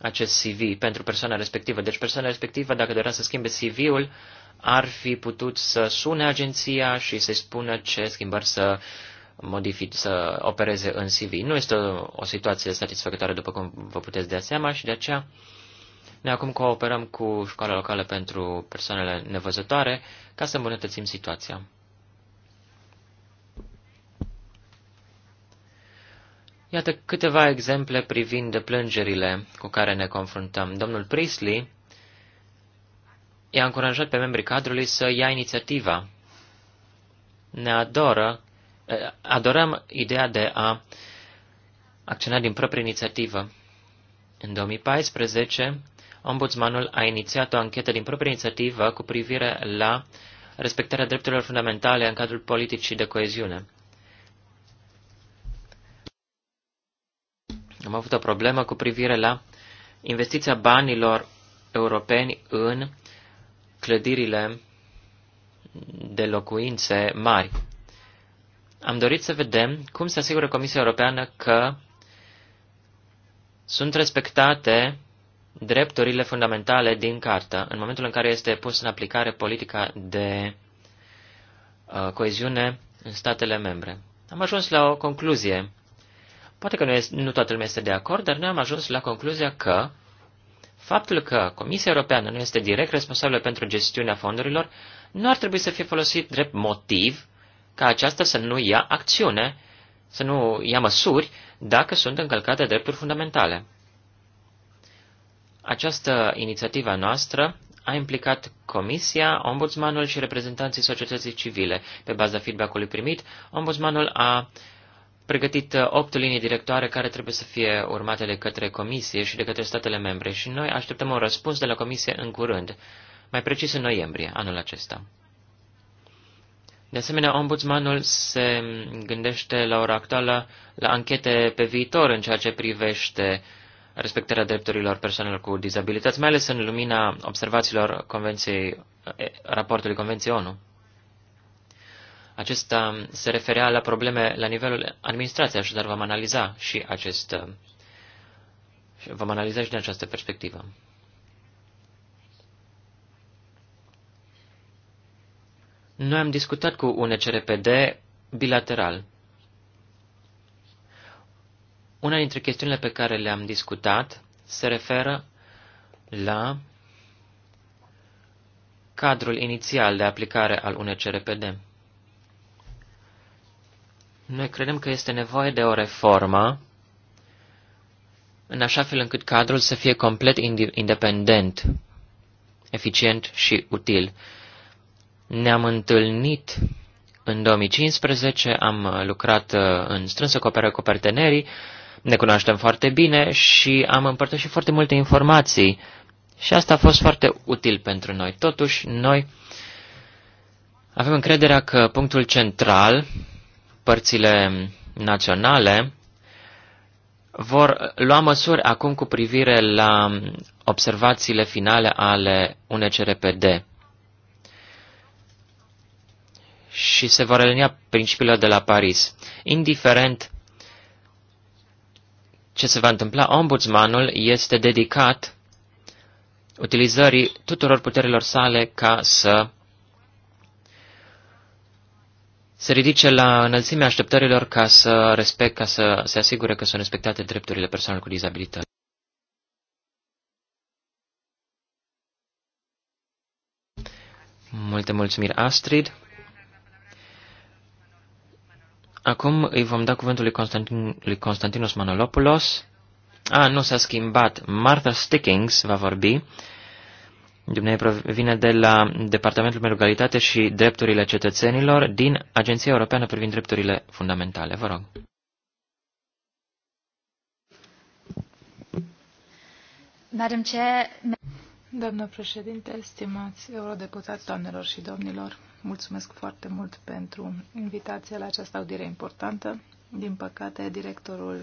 Speaker 2: acest CV pentru persoana respectivă. Deci persoana respectivă, dacă dorea să schimbe CV-ul, ar fi putut să sune agenția și să-i spună ce schimbări să modific, să opereze în CV. Nu este o, o situație satisfăcătoare, după cum vă puteți da seama, și de aceea Ne acum cooperăm cu școala locală pentru persoanele nevăzătoare ca să îmbunătățim situația. Iată câteva exemple privind plângerile cu care ne confruntăm. Domnul Priestley i-a încurajat pe membrii cadrului să ia inițiativa. Ne adoră, adorăm ideea de a acționa din proprie inițiativă. În 2014, ombudsmanul a inițiat o anchetă din proprie inițiativă cu privire la respectarea drepturilor fundamentale în cadrul politicii de coeziune. Am avut o problemă cu privire la investiția banilor europeni în clădirile de locuințe mari. Am dorit să vedem cum se asigură Comisia Europeană că sunt respectate drepturile fundamentale din cartă în momentul în care este pus în aplicare politica de uh, coeziune în statele membre. Am ajuns la o concluzie Poate că nu, este, nu toată lumea este de acord, dar noi am ajuns la concluzia că faptul că Comisia Europeană nu este direct responsabilă pentru gestiunea fondurilor nu ar trebui să fie folosit drept motiv ca aceasta să nu ia acțiune, să nu ia măsuri dacă sunt încălcate drepturi fundamentale. Această inițiativă noastră a implicat Comisia, Ombudsmanul și reprezentanții societății civile. Pe baza feedback-ului primit, Ombudsmanul a uh, pregătit uh, opt linii directoare care trebuie să fie urmate de către Comisie și de către statele membre și noi așteptăm un răspuns de la Comisie în curând, mai precis în noiembrie anul acesta. De asemenea, ombudsmanul se gândește la ora actuală la anchete pe viitor în ceea ce privește respectarea drepturilor persoanelor cu dizabilități, mai ales în lumina observațiilor convenției, eh, raportului Convenției ONU. Acesta se referea la probleme la nivelul administrației, așadar vom analiza și acest vom analiza și din această perspectivă. Noi am discutat cu UNCRPD bilateral. Una dintre chestiunile pe care le-am discutat se referă la cadrul inițial de aplicare al UNCRPD. Noi credem că este nevoie de o reformă în așa fel încât cadrul să fie complet independent, eficient și util. Ne-am întâlnit în 2015, am lucrat uh, în strânsă cooperare cu partenerii, ne cunoaștem foarte bine și am împărtășit foarte multe informații și asta a fost foarte util pentru noi. Totuși, noi avem încrederea că punctul central părțile naționale vor lua măsuri acum cu privire la observațiile finale ale UNCRPD și se vor alinia principiile de la Paris. Indiferent ce se va întâmpla, ombudsmanul este dedicat utilizării tuturor puterilor sale ca să se ridice la înălțimea așteptărilor ca să, respect, ca să se asigure că sunt respectate drepturile persoanelor cu dizabilități. Multe mulțumiri, Astrid. Acum îi vom da cuvântul lui, Constantin, lui Constantinos Manolopoulos. A, nu s-a schimbat. Martha Stickings va vorbi Dumnezeu vine de la Departamentul pentru Egalitate și Drepturile Cetățenilor din Agenția Europeană privind Drepturile Fundamentale. Vă rog.
Speaker 3: Madam Chair, Doamnă președinte, stimați eurodeputați, doamnelor și domnilor, mulțumesc foarte mult pentru invitația la această audiere importantă. Din păcate, directorul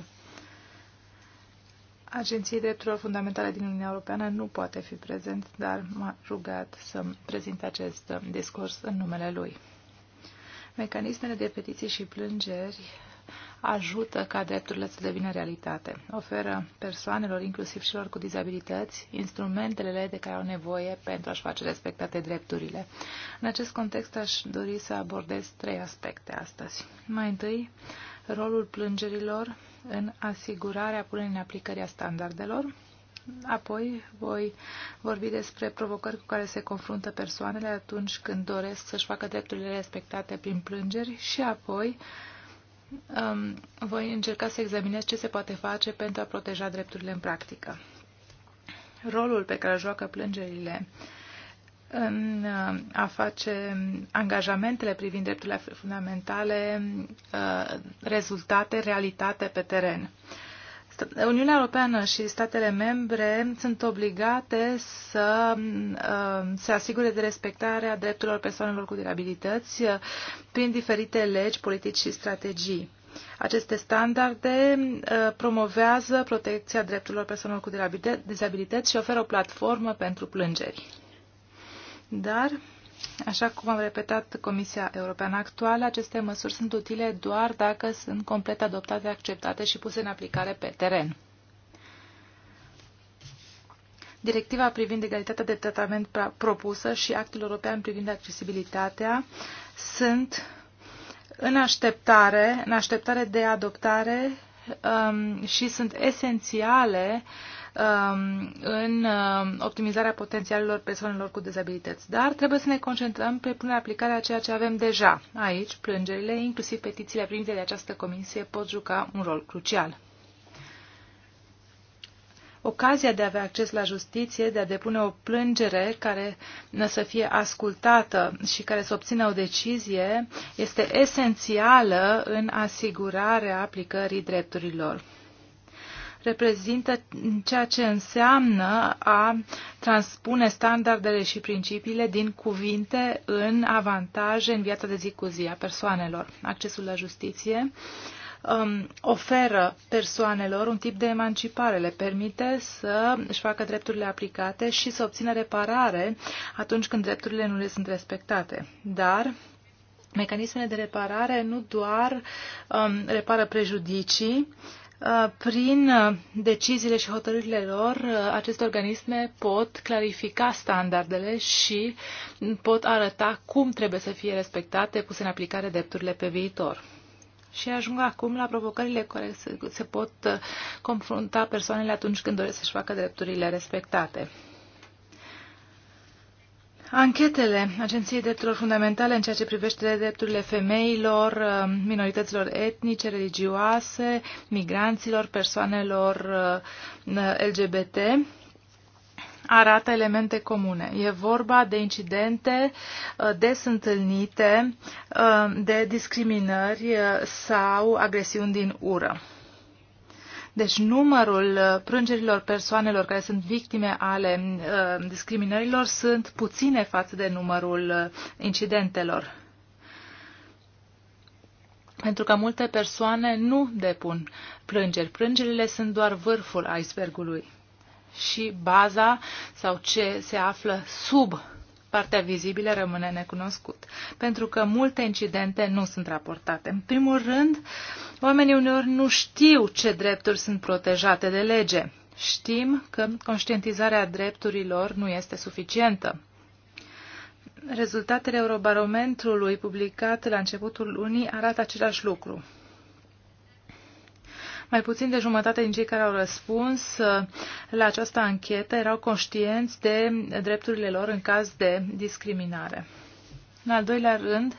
Speaker 3: Agenției Drepturilor Fundamentale din Uniunea Europeană nu poate fi prezent, dar m-a rugat să prezint acest discurs în numele lui. Mecanismele de petiții și plângeri ajută ca drepturile să devină realitate. Oferă persoanelor, inclusiv celor cu dizabilități, instrumentele de care au nevoie pentru a-și face respectate drepturile. În acest context aș dori să abordez trei aspecte astăzi. Mai întâi, rolul plângerilor în asigurarea punerii în aplicarea a standardelor. Apoi voi vorbi despre provocări cu care se confruntă persoanele atunci când doresc să-și facă drepturile respectate prin plângeri și apoi um, voi încerca să examinez ce se poate face pentru a proteja drepturile în practică. Rolul pe care joacă plângerile uh, în uh, a face angajamentele privind drepturile fundamentale uh, rezultate, realitate pe teren. Uniunea Europeană și statele membre sunt obligate să uh, se asigure de respectarea drepturilor persoanelor cu dirabilități prin diferite legi, politici și strategii. Aceste standarde promovează protecția drepturilor persoanelor cu dizabilități și oferă o platformă pentru plângeri. Dar, așa cum am repetat Comisia Europeană actuală, aceste măsuri sunt utile doar dacă sunt complet adoptate, acceptate și puse în aplicare pe teren. Directiva privind egalitatea de tratament propusă și actul european privind accesibilitatea sunt în așteptare, în așteptare de adoptare um, și sunt esențiale Um, în um, optimizarea potențialelor persoanelor cu dezabilități. Dar trebuie să ne concentrăm pe punerea aplicarea a ceea ce avem deja. Aici, plângerile, inclusiv petițiile primite de această comisie, pot juca un rol crucial. Ocazia de a avea acces la justiție, de a depune o plângere care să fie ascultată și care să obțină o decizie, este esențială în asigurarea aplicării drepturilor reprezintă ceea ce înseamnă a transpune standardele și principiile din cuvinte în avantaje în viața de zi cu zi a persoanelor. Accesul la justiție um, oferă persoanelor un tip de emancipare, le permite să își facă drepturile aplicate și să obțină reparare atunci când drepturile nu le sunt respectate. Dar mecanismele de reparare nu doar um, repară prejudicii, Uh, prin uh, deciziile și hotărârile lor, uh, aceste organisme pot clarifica standardele și pot arăta cum trebuie să fie respectate, puse în aplicare drepturile pe viitor. Și ajung acum la provocările cu care se pot confrunta persoanele atunci când doresc să-și facă drepturile respectate. Anchetele Agenției Drepturilor Fundamentale în ceea ce privește drepturile femeilor, um, minorităților etnice, religioase, migranților, persoanelor uh, LGBT arată elemente comune. E vorba de incidente uh, des întâlnite uh, de discriminări sau agresiuni din ură. Deci numărul uh, prângerilor persoanelor care sunt victime ale uh, discriminărilor sunt puține față de numărul uh, incidentelor pentru că multe persoane nu depun plângeri. Plângerile sunt doar vârful icebergului și baza sau ce se află sub partea vizibilă rămâne necunoscut, pentru că multe incidente nu sunt raportate. În primul rând, oamenii uneori nu știu ce drepturi sunt protejate de lege. Știm că conștientizarea drepturilor nu este suficientă. Rezultatele Eurobarometrului publicat la începutul lunii arată același lucru. Mai puțin de jumătate din cei care au răspuns uh, la această anchetă erau conștienți de drepturile lor în caz de discriminare. În al doilea rând,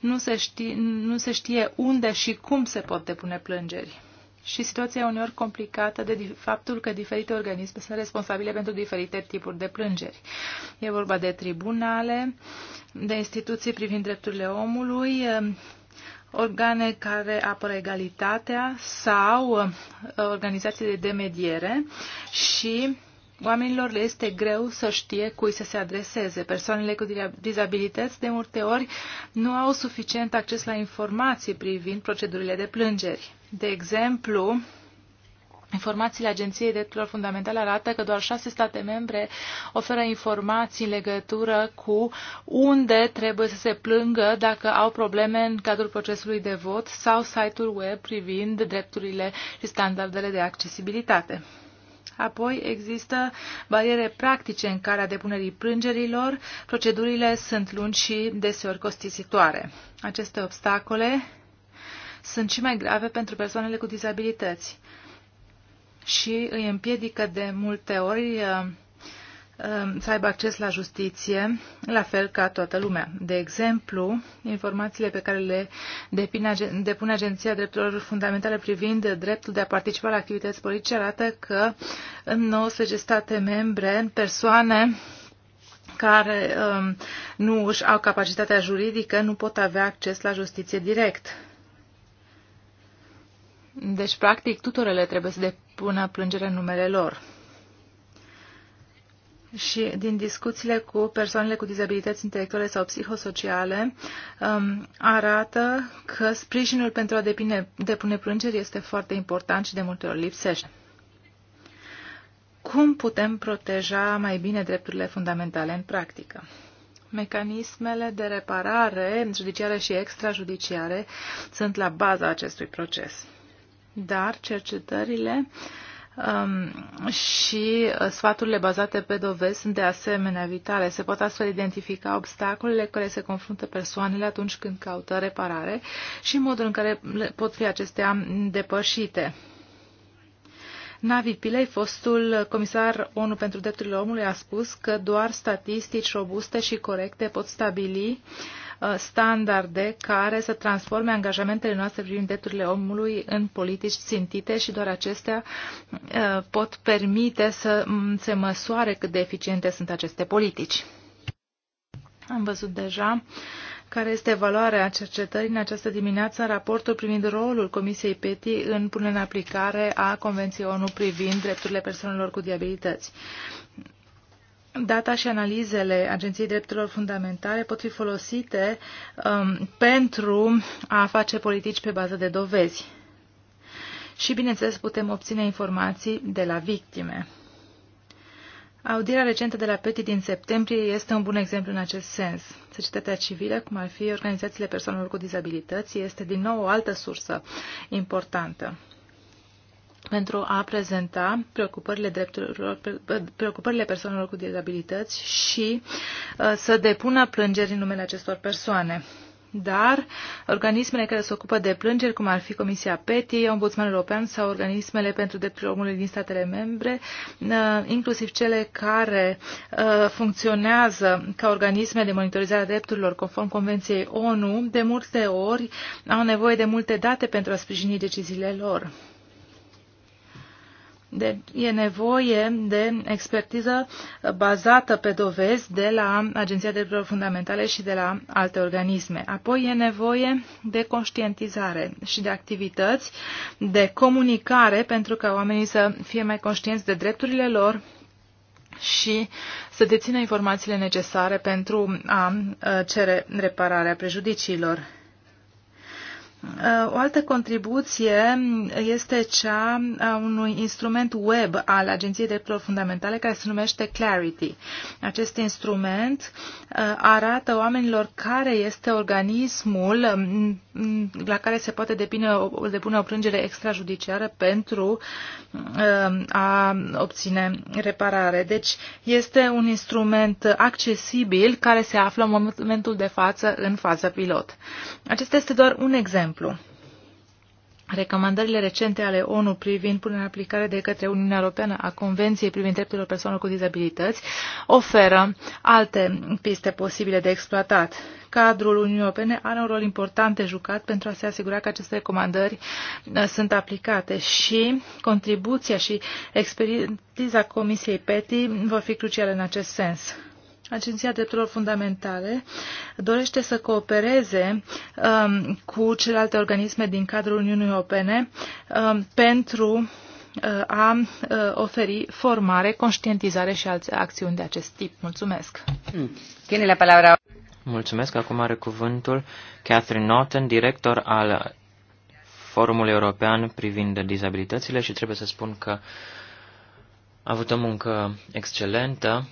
Speaker 3: nu se, știe, nu se știe unde și cum se pot depune plângeri. Și situația e uneori complicată de faptul că diferite organisme sunt responsabile pentru diferite tipuri de plângeri. E vorba de tribunale, de instituții privind drepturile omului, organe care apără egalitatea sau uh, organizații de demediere, și Oamenilor le este greu să știe cui să se adreseze. Persoanele cu dizabilități de multe ori nu au suficient acces la informații privind procedurile de plângeri. De exemplu, Informațiile Agenției Drepturilor Fundamentale arată că doar șase state membre oferă informații în legătură cu unde trebuie să se plângă dacă au probleme în cadrul procesului de vot sau site-ul web privind drepturile și standardele de accesibilitate. Apoi există bariere practice în calea depunerii plângerilor, procedurile sunt lungi și deseori costisitoare. Aceste obstacole sunt și mai grave pentru persoanele cu dizabilități și îi împiedică de multe ori uh, uh, să aibă acces la justiție, la fel ca toată lumea. De exemplu, informațiile pe care le depune Agenția Drepturilor Fundamentale privind dreptul de a participa la activități politice arată că în 19 state membre persoane care um, nu își au capacitatea juridică nu pot avea acces la justiție direct. Deci, practic, tutorele trebuie să depună depună plângere în numele lor. Și din discuțiile cu persoanele cu dizabilități intelectuale sau psihosociale um, arată că sprijinul pentru a depine, depune plângeri este foarte important și de multe ori lipsește. Cum putem proteja mai bine drepturile fundamentale în practică? Mecanismele de reparare judiciare și extrajudiciare sunt la baza acestui proces dar cercetările um, și uh, sfaturile bazate pe dovezi sunt de asemenea vitale. Se pot astfel identifica obstacolele care se confruntă persoanele atunci când caută reparare și modul în care pot fi acestea depășite. Navi Pilei, fostul comisar ONU pentru drepturile omului, a spus că doar statistici robuste și corecte pot stabili uh, Uh, standarde care să transforme angajamentele noastre privind drepturile omului în politici țintite și doar acestea uh, pot permite să mm, se măsoare cât de eficiente sunt aceste politici. Am văzut deja care este valoarea cercetării în această dimineață în raportul privind rolul Comisiei PETI în punerea în aplicare a Convenției ONU privind drepturile persoanelor cu diabilități data și analizele Agenției Drepturilor Fundamentale pot fi folosite um, pentru a face politici pe bază de dovezi. Și, bineînțeles, putem obține informații de la victime. Audierea recentă de la PETI din septembrie este un bun exemplu în acest sens. Societatea civilă, cum ar fi organizațiile persoanelor cu dizabilități, este din nou o altă sursă importantă pentru a prezenta preocupările, drepturilor, preocupările persoanelor cu dizabilități și uh, să depună plângeri în numele acestor persoane. Dar organismele care se ocupă de plângeri, cum ar fi Comisia PETI, Ombudsmanul European sau organismele pentru drepturile omului din statele membre, uh, inclusiv cele care uh, funcționează ca organisme de monitorizare a drepturilor conform Convenției ONU, de multe ori au nevoie de multe date pentru a sprijini deciziile lor de e nevoie de expertiză bazată pe dovezi de la Agenția de Drepturi Fundamentale și de la alte organisme. Apoi e nevoie de conștientizare și de activități de comunicare pentru ca oamenii să fie mai conștienți de drepturile lor și să dețină informațiile necesare pentru a cere repararea prejudiciilor. Uh, o altă contribuție este cea a unui instrument web al Agenției Drepturilor Fundamentale care se numește Clarity. Acest instrument uh, arată oamenilor care este organismul um, la care se poate depine, depune o plângere extrajudiciară pentru um, a obține reparare. Deci este un instrument accesibil care se află în momentul de față în fază pilot. Acesta este doar un exemplu exemplu. Recomandările recente ale ONU privind punerea în aplicare de către Uniunea Europeană a Convenției privind drepturile persoanelor cu dizabilități oferă alte piste posibile de exploatat. Cadrul Uniunii Europene are un rol important de jucat pentru a se asigura că aceste recomandări uh, sunt aplicate și contribuția și expertiza Comisiei PETI vor fi cruciale în acest sens. Agenția Drepturilor Fundamentale dorește să coopereze um, cu celelalte organisme din cadrul Uniunii Europene um, pentru uh, a uh, oferi formare, conștientizare și alte acțiuni de acest tip. Mulțumesc! Tiene la palabra.
Speaker 2: Mulțumesc! Acum are cuvântul Catherine Norton, director al Forumului European privind dizabilitățile și trebuie să spun că a avut o muncă excelentă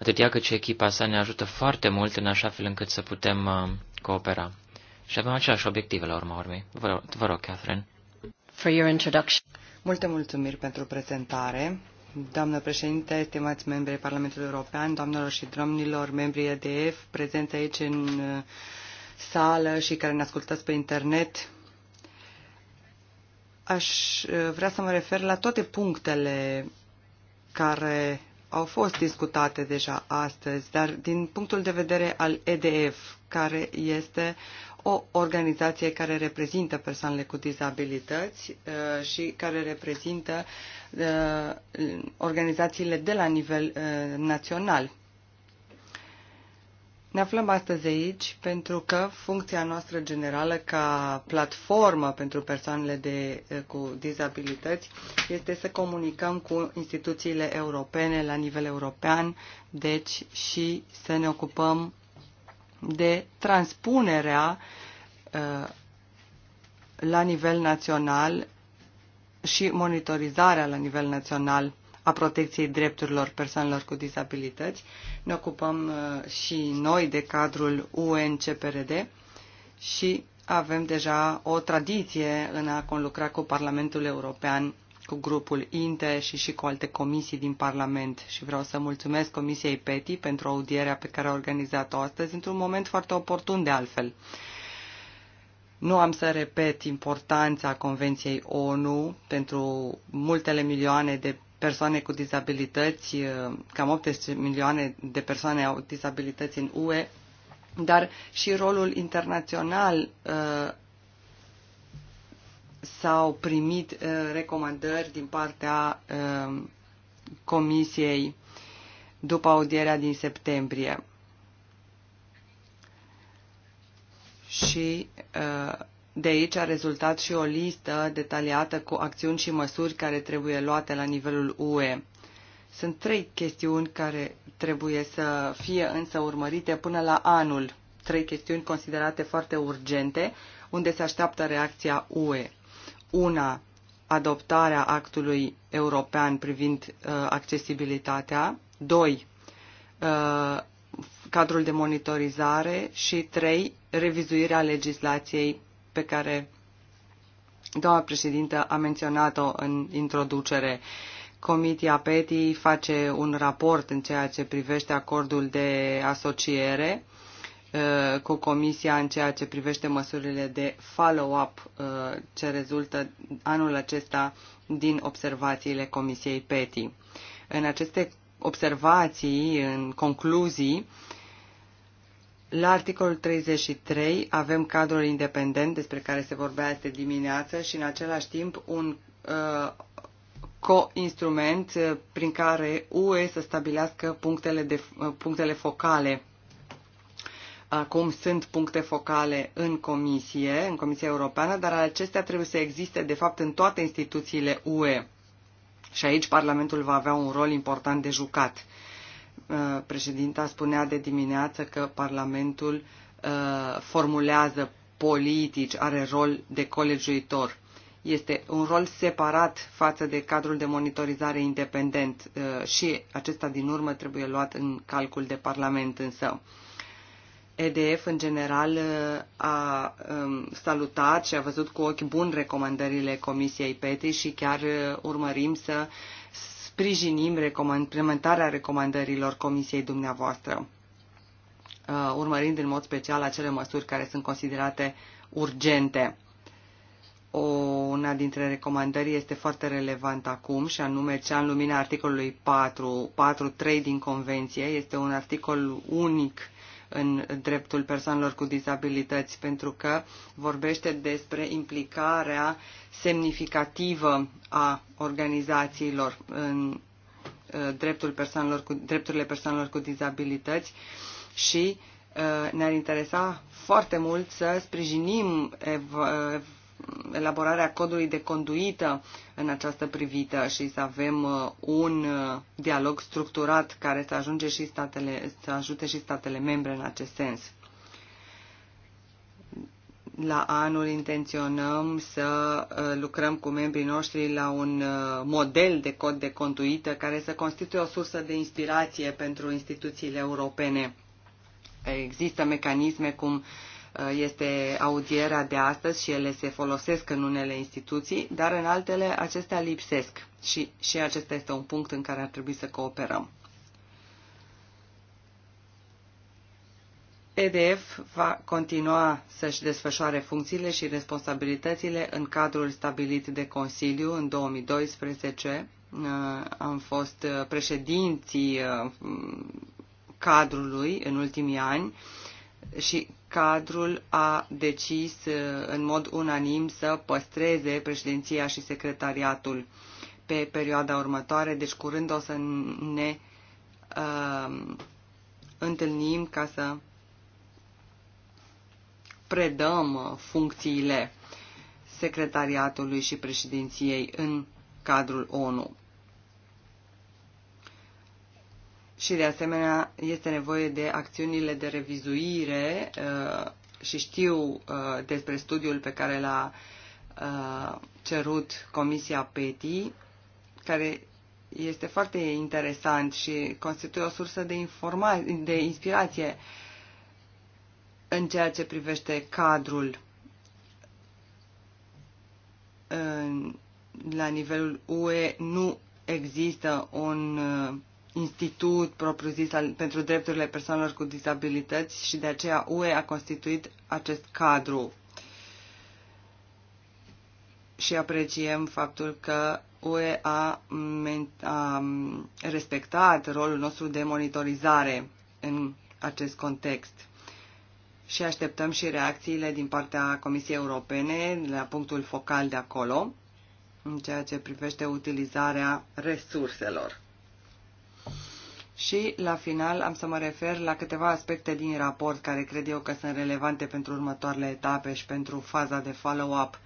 Speaker 2: atât ea cât și echipa sa ne ajută foarte mult în așa fel încât să putem uh, coopera. Și avem aceleași obiective la urma urmei.
Speaker 1: Vă rog, vă rog Catherine. For your introduction. Multe mulțumiri pentru prezentare. Doamnă președinte, estimați membri ai Parlamentului European, doamnelor și domnilor, membrii EDF, prezenți aici în uh, sală și care ne ascultați pe internet, aș uh, vrea să mă refer la toate punctele care au fost discutate deja astăzi, dar din punctul de vedere al EDF, care este o organizație care reprezintă persoanele cu dizabilități uh, și care reprezintă uh, organizațiile de la nivel uh, național. Ne aflăm astăzi aici pentru că funcția noastră generală ca platformă pentru persoanele de, eh, cu dizabilități este să comunicăm cu instituțiile europene la nivel european, deci și să ne ocupăm de transpunerea eh, la nivel național și monitorizarea la nivel național a protecției drepturilor persoanelor cu dizabilități. Ne ocupăm uh, și noi de cadrul UNCPRD și avem deja o tradiție în a conlucra cu Parlamentul European, cu grupul INTE și și cu alte comisii din Parlament. Și vreau să mulțumesc Comisiei PETI pentru audierea pe care a organizat-o astăzi, într-un moment foarte oportun de altfel. Nu am să repet importanța Convenției ONU pentru multele milioane de persoane cu dizabilități, uh, cam 18 milioane de persoane au dizabilități în UE, dar și rolul internațional uh, s-au primit uh, recomandări din partea Comisiei după audierea din septembrie. Și de aici a rezultat și o listă detaliată cu acțiuni și măsuri care trebuie luate la nivelul UE. Sunt trei chestiuni care trebuie să fie însă urmărite până la anul. Trei chestiuni considerate foarte urgente, unde se așteaptă reacția UE. Una, adoptarea actului european privind uh, accesibilitatea. Doi, uh, cadrul de monitorizare și trei, revizuirea legislației pe care doamna președintă a menționat-o în introducere. Comitia PETI face un raport în ceea ce privește acordul de asociere uh, cu Comisia în ceea ce privește măsurile de follow-up uh, ce rezultă anul acesta din observațiile Comisiei PETI. În aceste observații, în concluzii, la articolul 33 avem cadrul independent despre care se vorbea este dimineață și în același timp un uh, co-instrument uh, prin care UE să stabilească punctele, de, uh, punctele focale. Acum sunt puncte focale în Comisie, în Comisia Europeană, dar acestea trebuie să existe de fapt în toate instituțiile UE. Și aici Parlamentul va avea un rol important de jucat. Uh, președinta spunea de dimineață că Parlamentul uh, formulează politici, are rol de colegiuitor. Este un rol separat față de cadrul de monitorizare independent uh, și acesta din urmă trebuie luat în calcul de Parlament însă. EDF în general a um, salutat și a văzut cu ochi bun recomandările Comisiei PETI și chiar urmărim să sprijinim implementarea recomandărilor Comisiei dumneavoastră, uh, urmărind în mod special acele măsuri care sunt considerate urgente. O, una dintre recomandări este foarte relevantă acum și anume cea în lumina articolului 4, 4.3 din Convenție. Este un articol unic în dreptul persoanelor cu dizabilități, pentru că vorbește despre implicarea semnificativă a organizațiilor în uh, dreptul persoanelor cu, drepturile persoanelor cu dizabilități și uh, ne-ar interesa foarte mult să sprijinim ev- elaborarea codului de conduită în această privită și să avem uh, un uh, dialog structurat care să, ajunge și statele, să ajute și statele membre în acest sens. La anul intenționăm să uh, lucrăm cu membrii noștri la un model de cod de conduită care să constituie o sursă de inspirație pentru instituțiile europene. Există mecanisme cum uh, Uh, este audierea de astăzi și ele se folosesc în unele instituții, dar în altele acestea lipsesc și, și acesta este un punct în care ar trebui să cooperăm. EDF va continua să-și desfășoare funcțiile și responsabilitățile în cadrul stabilit de Consiliu în 2012. Uh, am fost uh, președinții cadrului în ultimii ani și cadrul a decis uh, în mod unanim să păstreze președinția și secretariatul pe perioada următoare, deci curând o să ne uh, întâlnim ca să predăm uh, funcțiile secretariatului și președinției în cadrul ONU. și de asemenea este nevoie de acțiunile de revizuire uh, și știu uh, despre studiul pe care l-a uh, cerut Comisia PETI, care este foarte interesant și constituie o sursă de, informa- de inspirație în ceea ce privește cadrul la nivelul UE nu există un institut propriu-zis pentru drepturile persoanelor cu dizabilități și de aceea UE a constituit acest cadru. Și apreciem faptul că UE a, a respectat rolul nostru de monitorizare în acest context. Și așteptăm și reacțiile din partea Comisiei Europene la punctul focal de acolo, în ceea ce privește utilizarea resurselor. Și, la final, am să mă refer la câteva aspecte din raport care cred eu că sunt relevante pentru următoarele etape și pentru faza de follow-up.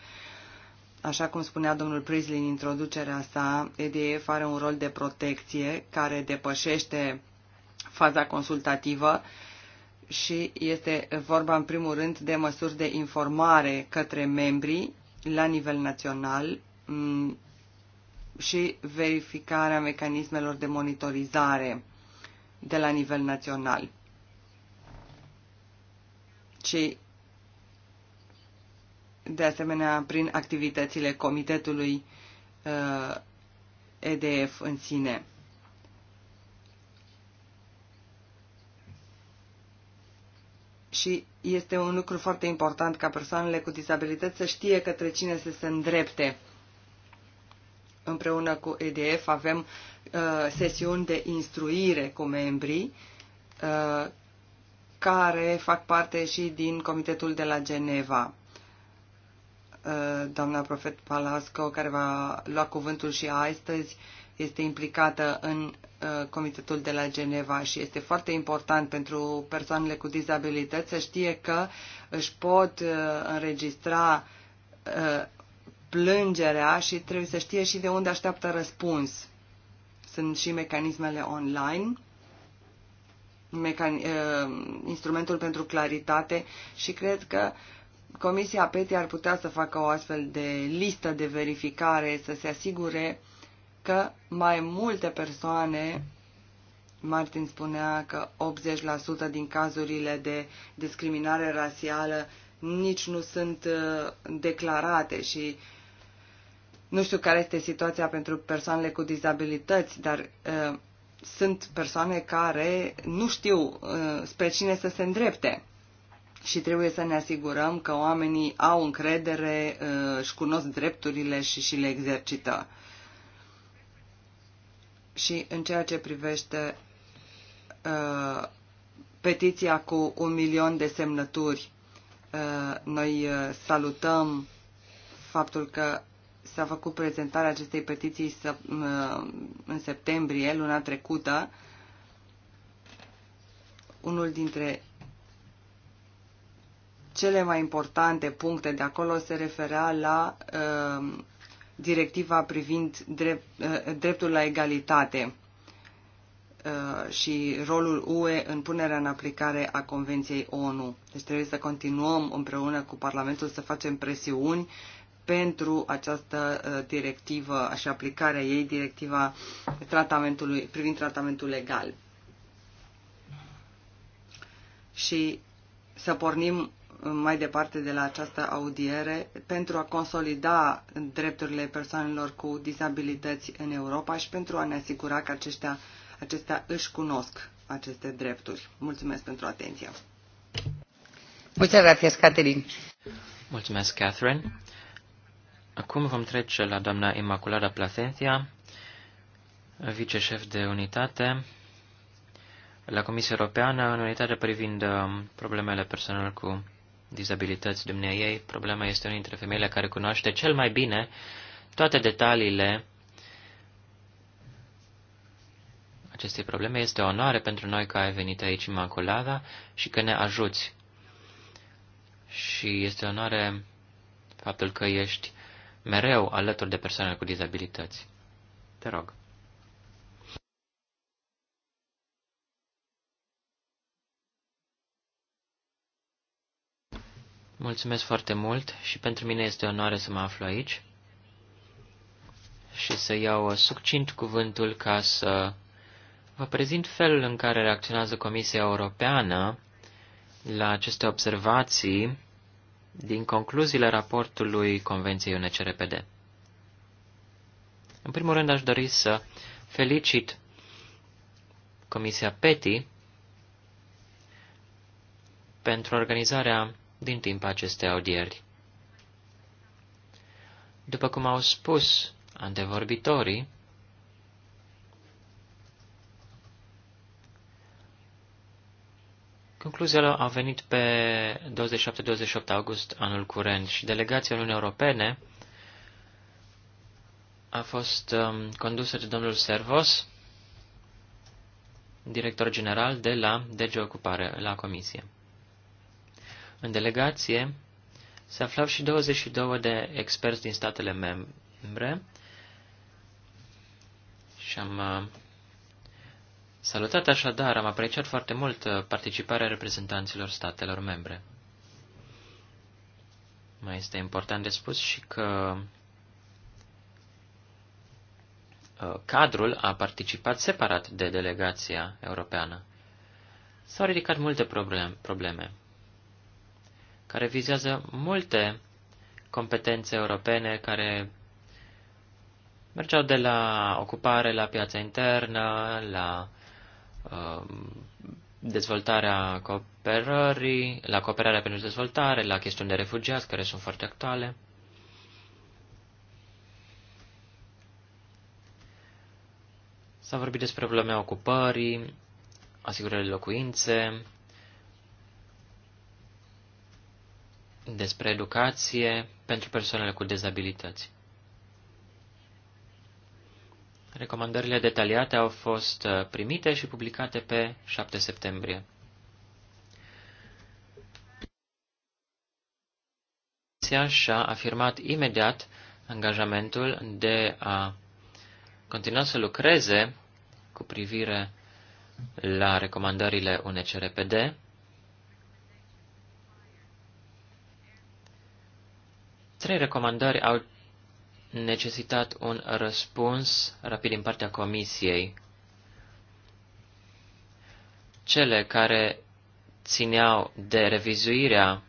Speaker 1: Așa cum spunea domnul Prisley în introducerea sa, EDF are un rol de protecție care depășește faza consultativă și este vorba în primul rând de măsuri de informare către membrii la nivel național mm, și verificarea mecanismelor de monitorizare de la nivel național, ci de asemenea prin activitățile comitetului uh, EDF în sine. Și este un lucru foarte important ca persoanele cu dizabilități să știe către cine să se îndrepte împreună cu EDF avem uh, sesiuni de instruire cu membrii uh, care fac parte și din comitetul de la Geneva. Uh, doamna profet Palasco, care va lua cuvântul și astăzi, este implicată în comitetul de la Geneva și este foarte important pentru persoanele cu dizabilități să știe că își pot înregistra plângerea și trebuie să știe și de unde așteaptă răspuns. Sunt și mecanismele online, mecan- uh, instrumentul pentru claritate și cred că Comisia PETI ar putea să facă o astfel de listă de verificare, să se asigure că mai multe persoane, Martin spunea că 80% din cazurile de discriminare rasială nici nu sunt uh, declarate și uh, nu știu care este situația pentru persoanele cu dizabilități, dar uh, sunt persoane care nu știu uh, spre cine să se îndrepte și trebuie să ne asigurăm că oamenii au încredere, uh, își cunosc drepturile și, și le exercită. Și în ceea ce privește uh, petiția cu un milion de semnături, uh, noi uh, salutăm faptul că s-a făcut prezentarea acestei petiții în septembrie, luna trecută. Unul dintre cele mai importante puncte de acolo se referea la uh, directiva privind drept, uh, dreptul la egalitate uh, și rolul UE în punerea în aplicare a Convenției ONU. Deci trebuie să continuăm împreună cu Parlamentul să facem presiuni pentru această uh, directivă și aplicarea ei, directiva tratamentului, privind tratamentul legal. Și să pornim mai departe de la această audiere pentru a consolida drepturile persoanelor cu dizabilități în Europa și pentru a ne asigura că aceștia, acestea își cunosc aceste drepturi. Mulțumesc pentru atenție. Muchas gracias, Catherine.
Speaker 2: Mulțumesc, Catherine. Acum vom trece la doamna Imaculada Plasencia, viceșef de unitate la Comisia Europeană în unitate privind um, problemele personal cu dizabilități dumnea ei. Problema este una dintre femeile care cunoaște cel mai bine toate detaliile acestei probleme. Este o onoare pentru noi că ai venit aici, Imaculada, și că ne ajuți. Și este o onoare faptul că ești mereu alături de persoanele cu dizabilități. Te rog. Mulțumesc foarte mult și pentru mine este onoare să mă aflu aici și să iau succint cuvântul ca să vă prezint felul în care reacționează Comisia Europeană la aceste observații din concluziile raportului Convenției UNCRPD. În primul rând aș dori să felicit Comisia PETI pentru organizarea din timp acestei audieri. După cum au spus antevorbitorii, Concluziile au venit pe 27-28 august anul curent și delegația Uniunii Europene a fost um, condusă de domnul Servos, director general de la DG Ocupare, la Comisie. În delegație se aflau și 22 de experți din statele membre și am uh, Salutat așadar, am apreciat foarte mult uh, participarea reprezentanților statelor membre. Mai este important de spus și că uh, cadrul a participat separat de delegația europeană. S-au ridicat multe probleme care vizează multe competențe europene care mergeau de la ocupare la piața internă, la Um, dezvoltarea cooperării, la cooperarea pentru dezvoltare, la chestiuni de refugiați, care sunt foarte actuale. S-a vorbit despre probleme ocupării, asigurările locuințe, despre educație pentru persoanele cu dezabilități. Recomandările detaliate au fost uh, primite și publicate pe 7 septembrie. Comisia și-a afirmat imediat angajamentul de a continua să lucreze cu privire la recomandările UNCRPD Trei recomandări au necesitat un răspuns rapid din partea comisiei. Cele care țineau de revizuirea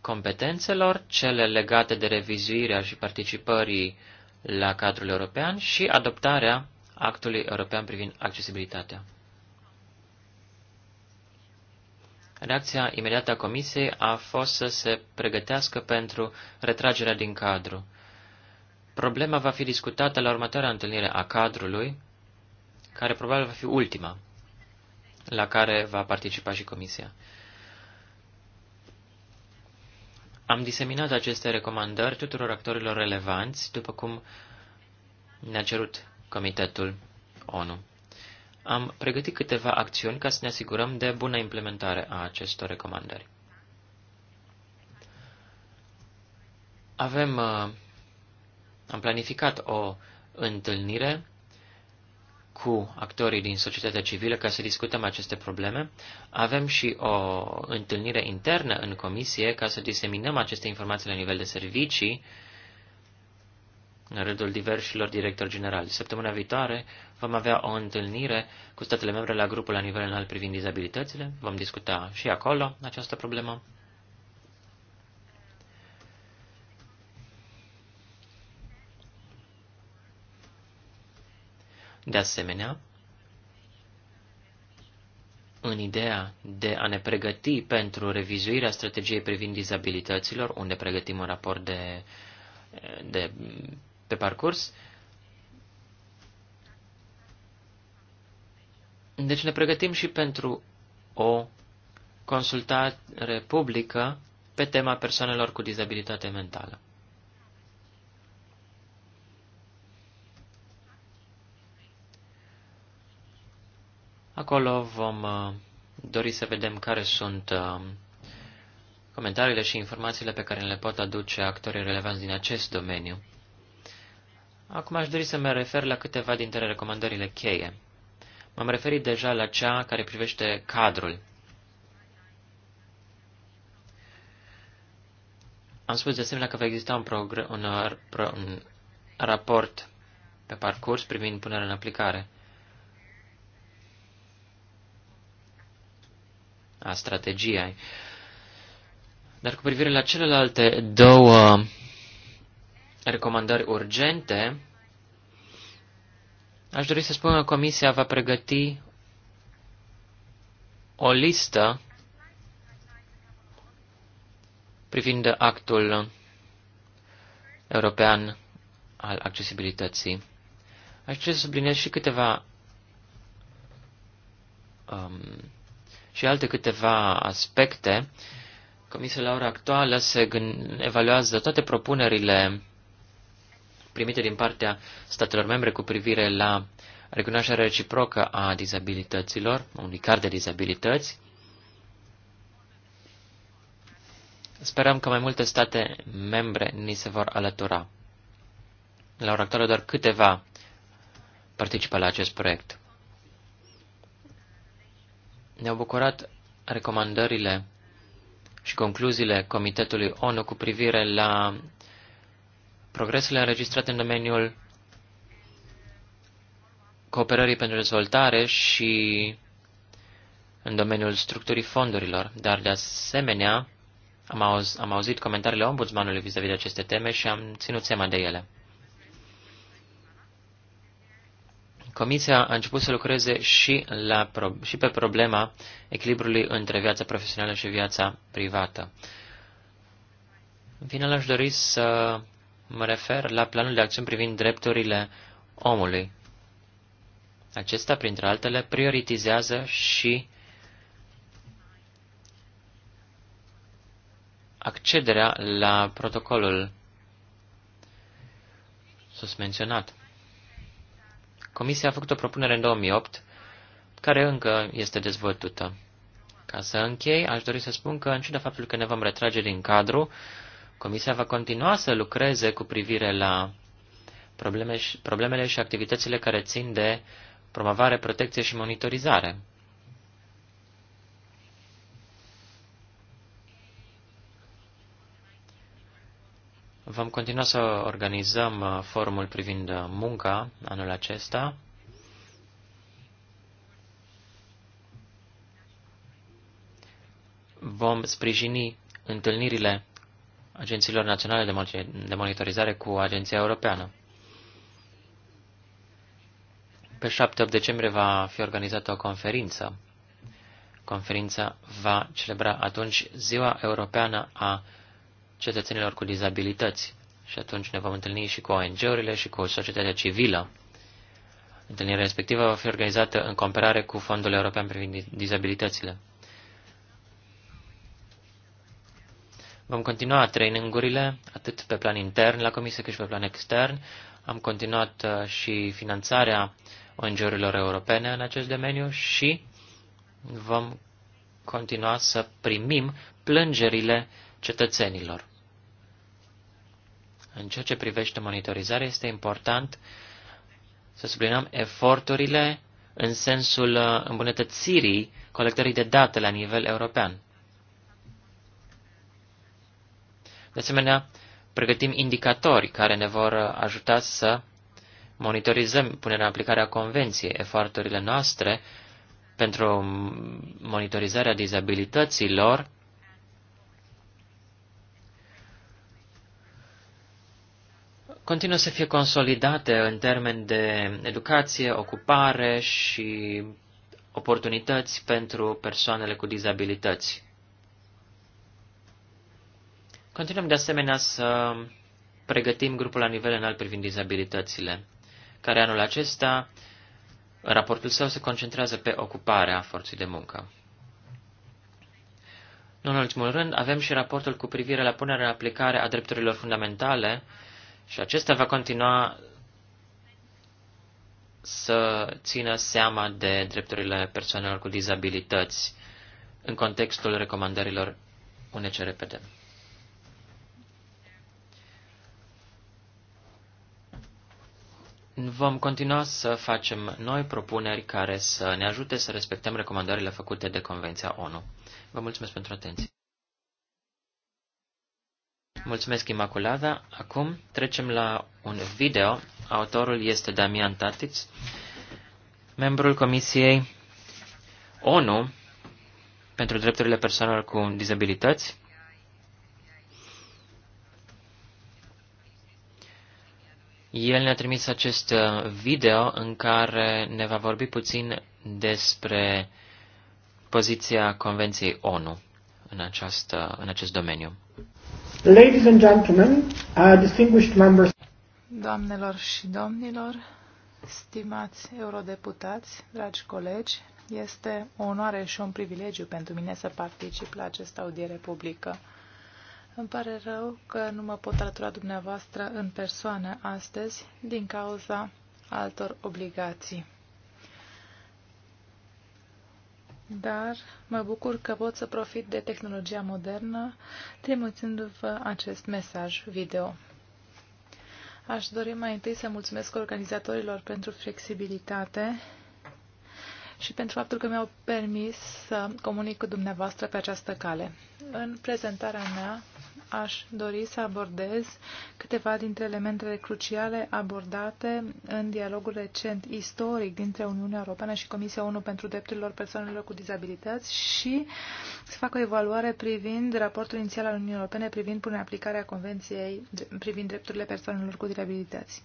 Speaker 2: competențelor, cele legate de revizuirea și participării la cadrul european și adoptarea actului european privind accesibilitatea. Reacția imediată a Comisiei a fost să se pregătească pentru retragerea din cadru. Problema va fi discutată la următoarea întâlnire a cadrului, care probabil va fi ultima, la care va participa și Comisia. Am diseminat aceste recomandări tuturor actorilor relevanți, după cum ne-a cerut Comitetul ONU am pregătit câteva acțiuni ca să ne asigurăm de bună implementare a acestor recomandări. Avem, uh, am planificat o întâlnire cu actorii din societatea civilă ca să discutăm aceste probleme. Avem și o întâlnire internă în comisie ca să diseminăm aceste informații la nivel de servicii în rândul diversilor directori generali. Săptămâna viitoare vom avea o întâlnire cu statele membre la grupul la nivel înalt privind dizabilitățile. Vom discuta și acolo această problemă. De asemenea, în ideea de a ne pregăti pentru revizuirea strategiei privind dizabilităților, unde pregătim un raport de, de de parcurs. Deci ne pregătim și pentru o consultare publică pe tema persoanelor cu dizabilitate mentală. Acolo vom uh, dori să vedem care sunt uh, comentariile și informațiile pe care le pot aduce actorii relevanți din acest domeniu. Acum aș dori să mă refer la câteva dintre recomandările cheie. M-am referit deja la cea care privește cadrul. Am spus de asemenea că va exista un, un, un raport pe parcurs privind punerea în aplicare a strategiei. Dar cu privire la celelalte două recomandări urgente, aș dori să spun că Comisia va pregăti o listă privind actul european al accesibilității. Aș trebui să subliniez și câteva um, și alte câteva aspecte. Comisia la ora actuală se evaluează toate propunerile primite din partea statelor membre cu privire la recunoașterea reciprocă a dizabilităților, unui card de dizabilități. Sperăm că mai multe state membre ni se vor alătura. La ora actuală doar câteva participă la acest proiect. Ne-au bucurat recomandările și concluziile Comitetului ONU cu privire la progresele înregistrate în domeniul cooperării pentru dezvoltare și în domeniul structurii fondurilor, dar de asemenea am, auz, am auzit comentariile ombudsmanului vis-a-vis de aceste teme și am ținut seama de ele. Comisia a început să lucreze și, la, și pe problema echilibrului între viața profesională și viața privată. În final, aș dori să Mă refer la planul de acțiune privind drepturile omului. Acesta, printre altele, prioritizează și accederea la protocolul sus menționat. Comisia a făcut o propunere în 2008, care încă este dezvoltută. Ca să închei, aș dori să spun că, în ciuda faptului că ne vom retrage din cadru, Comisia va continua să lucreze cu privire la probleme și, problemele și activitățile care țin de promovare, protecție și monitorizare. Vom continua să organizăm uh, forumul privind uh, munca anul acesta. Vom sprijini întâlnirile agențiilor naționale de monitorizare cu Agenția Europeană. Pe 7-8 decembrie va fi organizată o conferință. Conferința va celebra atunci Ziua Europeană a Cetățenilor cu Dizabilități și atunci ne vom întâlni și cu ONG-urile și cu societatea civilă. Întâlnirea respectivă va fi organizată în comparare cu Fondul European privind dizabilitățile. Vom continua trainingurile, atât pe plan intern la comisie, cât și pe plan extern. Am continuat uh, și finanțarea ONG-urilor europene în acest domeniu și vom continua să primim plângerile cetățenilor. În ceea ce privește monitorizarea, este important să sublinăm eforturile în sensul uh, îmbunătățirii colectării de date la nivel european. De asemenea, pregătim indicatori care ne vor ajuta să monitorizăm punerea în aplicare a convenției. Eforturile noastre pentru monitorizarea dizabilităților continuă să fie consolidate în termen de educație, ocupare și oportunități pentru persoanele cu dizabilități. Continuăm de asemenea să pregătim grupul la nivel înalt privind dizabilitățile, care anul acesta, în raportul său, se concentrează pe ocuparea forței de muncă. Nu în ultimul rând, avem și raportul cu privire la punerea în aplicare a drepturilor fundamentale și acesta va continua să țină seama de drepturile persoanelor cu dizabilități în contextul recomandărilor UNCRPD. Vom continua să facem noi propuneri care să ne ajute să respectăm recomandările făcute de Convenția ONU. Vă mulțumesc pentru atenție. Mulțumesc, Imaculada. Acum trecem la un video. Autorul este Damian Tatiț, membrul Comisiei ONU pentru drepturile persoanelor cu dizabilități El ne-a trimis acest uh, video în care ne va vorbi puțin despre poziția Convenției ONU în, această, în acest domeniu. Ladies and gentlemen, uh, distinguished members.
Speaker 3: Doamnelor și domnilor, stimați eurodeputați, dragi colegi, este o onoare și un privilegiu pentru mine să particip la această audiere publică. Îmi pare rău că nu mă pot alătura dumneavoastră în persoană astăzi din cauza altor obligații. Dar mă bucur că pot să profit de tehnologia modernă trimițându-vă acest mesaj video. Aș dori mai întâi să mulțumesc organizatorilor pentru flexibilitate și pentru faptul că mi-au permis să comunic cu dumneavoastră pe această cale. În prezentarea mea aș dori să abordez câteva dintre elementele cruciale abordate în dialogul recent istoric dintre Uniunea Europeană și Comisia 1 pentru drepturile persoanelor cu dizabilități și să fac o evaluare privind raportul inițial al Uniunii Europene privind punerea aplicarea Convenției privind drepturile persoanelor cu dizabilități.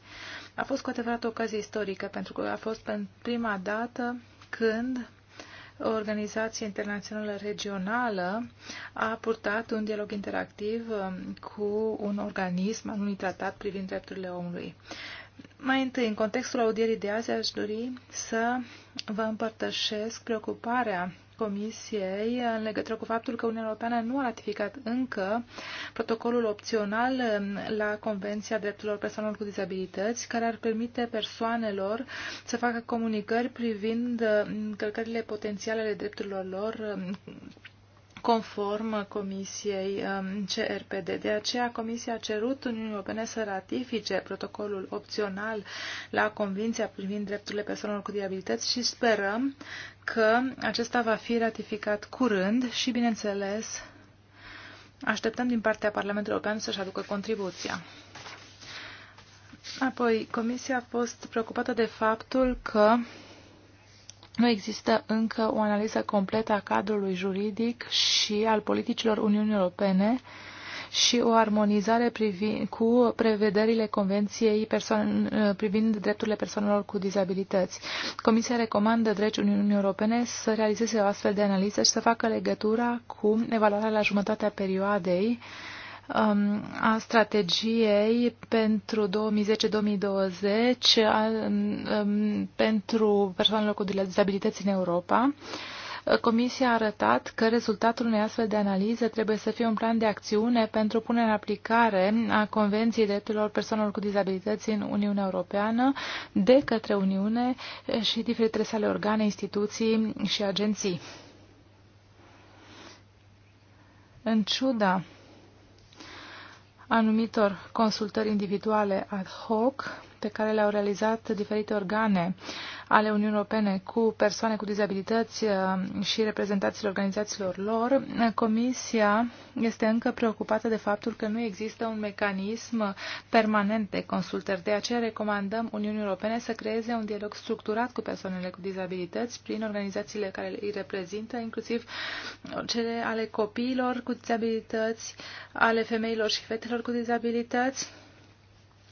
Speaker 3: A fost cu adevărat o ocazie istorică pentru că a fost pentru prima dată când Organizația Internațională Regională a purtat un dialog interactiv um, cu un organism al unui tratat privind drepturile omului. Mai întâi, în contextul audierii de azi, aș dori să vă împărtășesc preocuparea Comisiei în legătură cu faptul că Uniunea Europeană nu a ratificat încă protocolul opțional um, la Convenția Drepturilor Persoanelor cu Dizabilități, care ar permite persoanelor să facă comunicări privind um, încălcările potențiale ale drepturilor lor um, conform Comisiei CRPD. De aceea, Comisia a cerut Uniunii Europene să ratifice protocolul opțional la Convenția privind drepturile persoanelor cu diabilități și sperăm că acesta va fi ratificat curând și, bineînțeles, așteptăm din partea Parlamentului European să-și aducă contribuția. Apoi, Comisia a fost preocupată de faptul că nu există încă o analiză completă a cadrului juridic și al politicilor Uniunii Europene uh, și o armonizare privind, cu prevederile Convenției privind drepturile persoanelor cu dizabilități. Comisia recomandă dreci Uniunii Europene să realizeze o astfel de analiză și să facă legătura cu evaluarea la jumătatea perioadei um, a strategiei pentru 2010-2020 um, pentru persoanele cu dizabilități în Europa Comisia a arătat că rezultatul unei astfel de analize trebuie să fie un plan de acțiune pentru punerea în aplicare a Convenției Drepturilor Persoanelor cu Dizabilități în Uniunea Europeană de către Uniune și diferite sale organe, instituții și agenții. În ciuda anumitor consultări individuale ad hoc pe care le-au realizat diferite organe ale Uniunii Europene cu persoane cu dizabilități uh, și reprezentanții organizațiilor lor, uh, Comisia este încă preocupată de faptul că nu există un mecanism permanent de consultări. De aceea recomandăm Uniunii Europene să creeze un dialog structurat cu persoanele cu dizabilități prin organizațiile care îi reprezintă, inclusiv cele ale copiilor cu dizabilități, ale femeilor și fetelor cu dizabilități,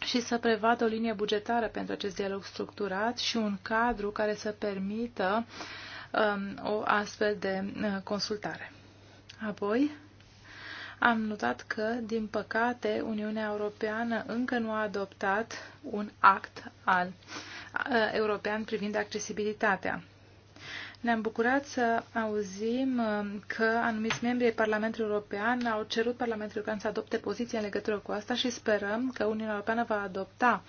Speaker 3: și să prevadă o linie bugetară pentru acest dialog structurat și un cadru care să permită um, o astfel de uh, consultare. Apoi, am notat că, din păcate, Uniunea Europeană încă nu a adoptat un act al uh, european privind accesibilitatea. Ne-am bucurat să auzim uh, că anumiți membri ai Parlamentului European au cerut Parlamentului European să adopte poziția în legătură cu asta și sperăm că Uniunea Europeană va adopta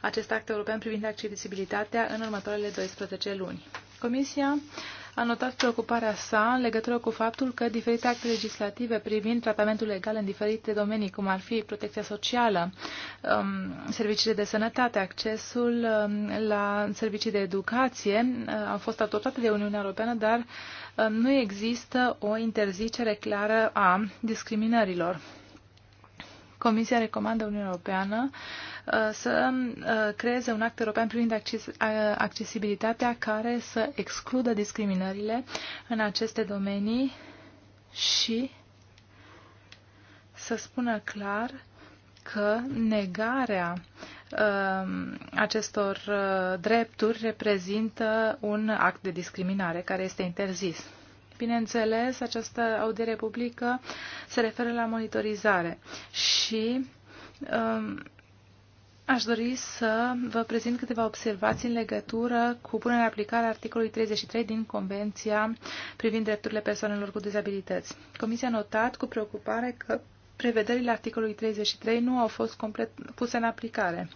Speaker 3: acest act european privind accesibilitatea în următoarele 12 luni. Comisia a notat preocuparea sa în legătură cu faptul că diferite acte legislative privind tratamentul legal în diferite domenii, cum ar fi protecția socială, um, serviciile de sănătate, accesul um, la servicii de educație, uh, au fost adoptate de Uniunea Europeană, dar uh, nu există o interzicere clară a discriminărilor. Comisia recomandă Uniunea Europeană uh, să uh, creeze un act european privind uh, accesibilitatea care să excludă discriminările în aceste domenii și să spună clar că negarea acestor drepturi reprezintă un act de discriminare care este interzis. Bineînțeles, această audiere publică se referă la monitorizare și um, Aș dori să vă prezint câteva observații în legătură cu punerea aplicare a articolului 33 din Convenția privind drepturile persoanelor cu dizabilități. Comisia a notat cu preocupare că prevederile articolului 33 nu au fost complet puse în aplicare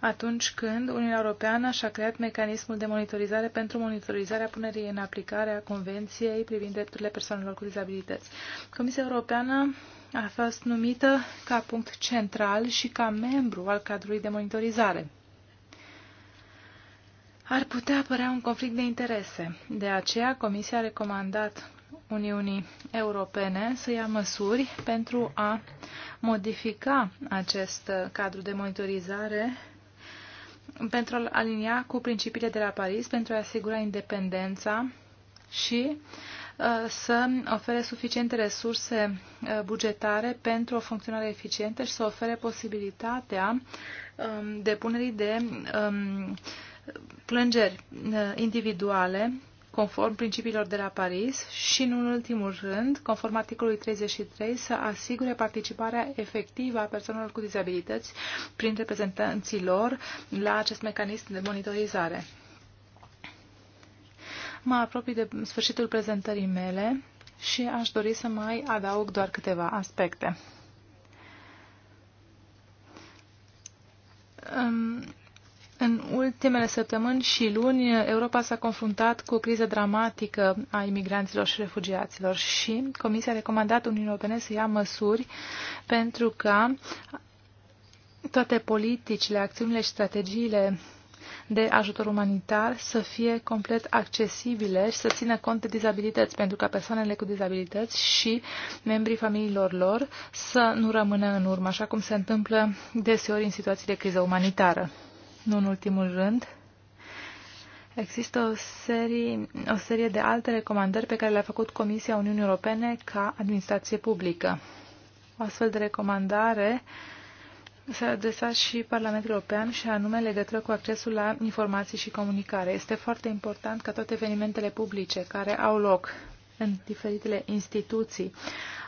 Speaker 3: atunci când Uniunea Europeană și-a creat mecanismul de monitorizare pentru monitorizarea punerii în aplicare a Convenției privind drepturile persoanelor cu dizabilități. Comisia Europeană a fost numită ca punct central și ca membru al cadrului de monitorizare. Ar putea apărea un conflict de interese. De aceea, Comisia a recomandat Uniunii Europene să ia măsuri pentru a modifica acest cadru de monitorizare pentru a alinia cu principiile de la Paris, pentru a asigura independența și uh, să ofere suficiente resurse uh, bugetare pentru o funcționare eficientă și să ofere posibilitatea um, depunerii de um, plângeri uh, individuale conform principiilor de la Paris și, în ultimul rând, conform articolului 33, să asigure participarea efectivă a persoanelor cu dizabilități prin reprezentanții lor la acest mecanism de monitorizare. Mă apropii de sfârșitul prezentării mele și aș dori să mai adaug doar câteva aspecte. În ultimele săptămâni și luni, Europa s-a confruntat cu o criză dramatică a imigranților și refugiaților și Comisia a recomandat Uniunii Europene să ia măsuri pentru ca toate politicile, acțiunile și strategiile de ajutor umanitar să fie complet accesibile și să țină cont de dizabilități, pentru ca persoanele cu dizabilități și membrii familiilor lor să nu rămână în urmă, așa cum se întâmplă deseori în situații de criză umanitară nu în ultimul rând, există o serie, o serie de alte recomandări pe care le-a făcut Comisia Uniunii Europene ca administrație publică. O astfel de recomandare s-a adresat și Parlamentul European și anume legătură cu accesul la informații și comunicare. Este foarte important ca toate evenimentele publice care au loc în diferitele instituții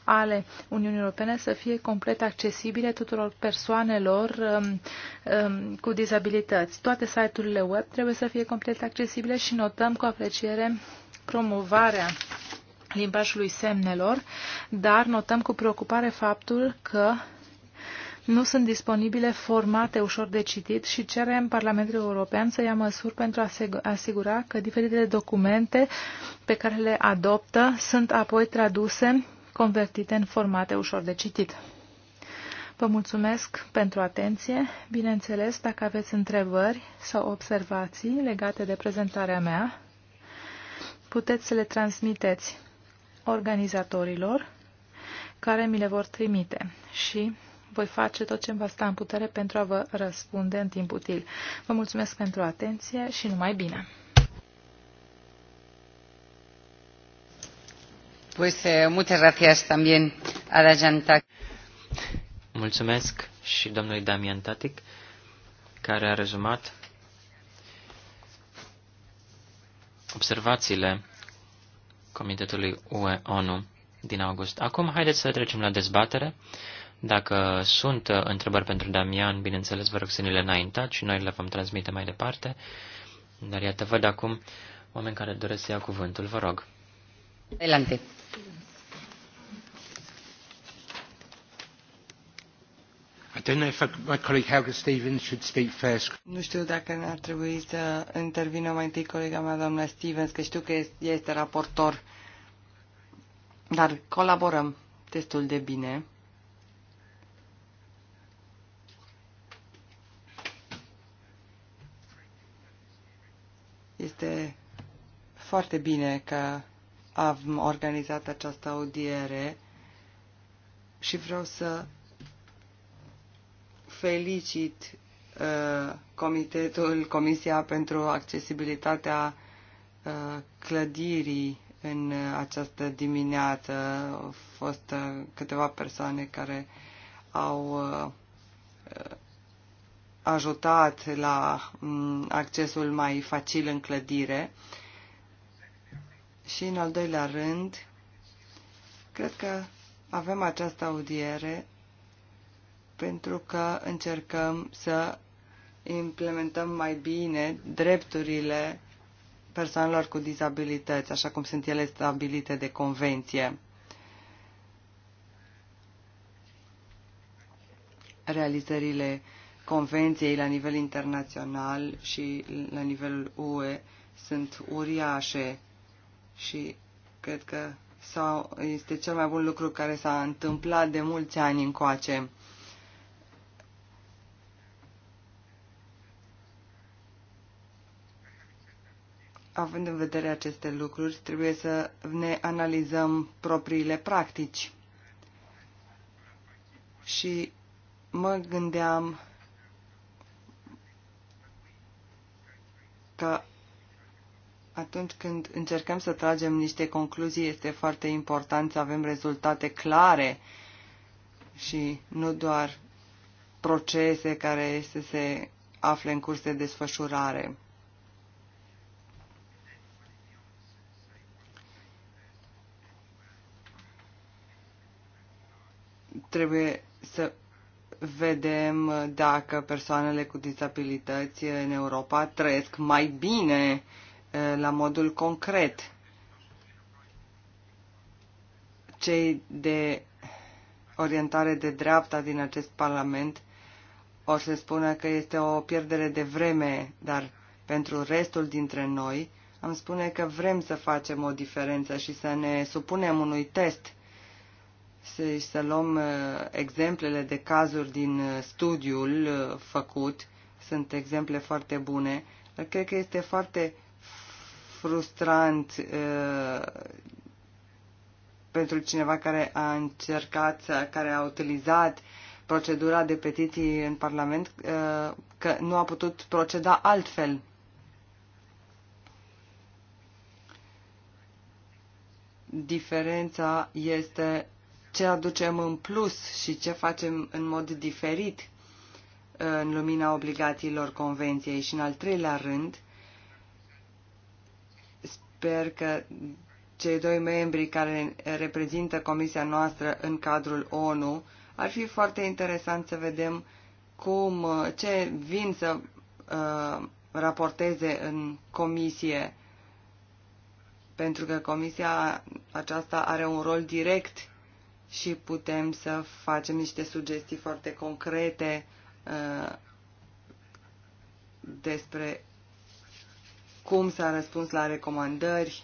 Speaker 3: ale Uniunii Europene să fie complet accesibile tuturor persoanelor um, um, cu dizabilități. Toate site-urile web trebuie să fie complet accesibile și notăm cu apreciere promovarea limbajului semnelor, dar notăm cu preocupare faptul că nu sunt disponibile formate ușor de citit și cerem Parlamentul European să ia măsuri pentru a asigura că diferitele documente pe care le adoptă sunt apoi traduse convertite în formate ușor de citit. Vă mulțumesc pentru atenție. Bineînțeles, dacă aveți întrebări sau observații legate de prezentarea mea, puteți să le transmiteți organizatorilor care mi le vor trimite și voi face tot ce mi va sta în putere pentru a vă răspunde în timp util. Vă mulțumesc pentru atenție și numai bine!
Speaker 1: Eh,
Speaker 2: Mulțumesc și domnului Damian Tatic, care a rezumat observațiile Comitetului UE-ONU din august. Acum, haideți să trecem la dezbatere. Dacă sunt întrebări pentru Damian, bineînțeles, vă rog să ne le înaintați și noi le vom transmite mai departe. Dar iată, văd acum oameni care doresc să ia cuvântul, vă rog.
Speaker 1: Adelante. Nu știu dacă ne ar trebui să intervină mai întâi colega mea, doamna Stevens, că știu că este raportor, dar colaborăm destul de bine. Este foarte bine că am organizat această audiere și vreau să felicit uh, Comitetul, Comisia pentru Accesibilitatea uh, Clădirii în uh, această dimineață. Au fost uh, câteva persoane care au uh, ajutat la um, accesul mai facil în clădire. Uh, și în al doilea rând, cred că avem această audiere pentru că încercăm să implementăm mai bine drepturile persoanelor cu dizabilități, așa cum sunt ele stabilite de convenție. Realizările convenției la nivel internațional și la nivelul UE sunt uriașe și cred că sau este cel mai bun lucru care s-a întâmplat de mulți ani încoace. Având în vedere aceste lucruri, trebuie să ne analizăm propriile practici. Și mă gândeam că atunci când încercăm să tragem niște concluzii, este foarte important să avem rezultate clare și nu doar procese care să se afle în curs de desfășurare. Trebuie să vedem dacă persoanele cu dizabilități în Europa trăiesc mai bine Eh, la modul concret. Cei de orientare de dreapta din acest parlament o să spună că este o pierdere de vreme, dar pentru restul dintre noi am spune că vrem să facem o diferență și să ne supunem unui test și să luăm eh, exemplele de cazuri din eh, studiul făcut. Sunt exemple foarte bune, dar cred că este foarte frustrant uh, pentru cineva care a încercat, care a utilizat procedura de petiții în Parlament, uh, că nu a putut proceda altfel. Diferența este ce aducem în plus și ce facem în mod diferit uh, în lumina obligațiilor convenției și, în al treilea rând, Sper că cei doi membri care reprezintă comisia noastră în cadrul ONU ar fi foarte interesant să vedem cum, uh, ce vin să uh, raporteze în comisie, pentru că comisia aceasta are un rol direct și putem să facem niște sugestii foarte concrete uh, despre cum s-a răspuns la recomandări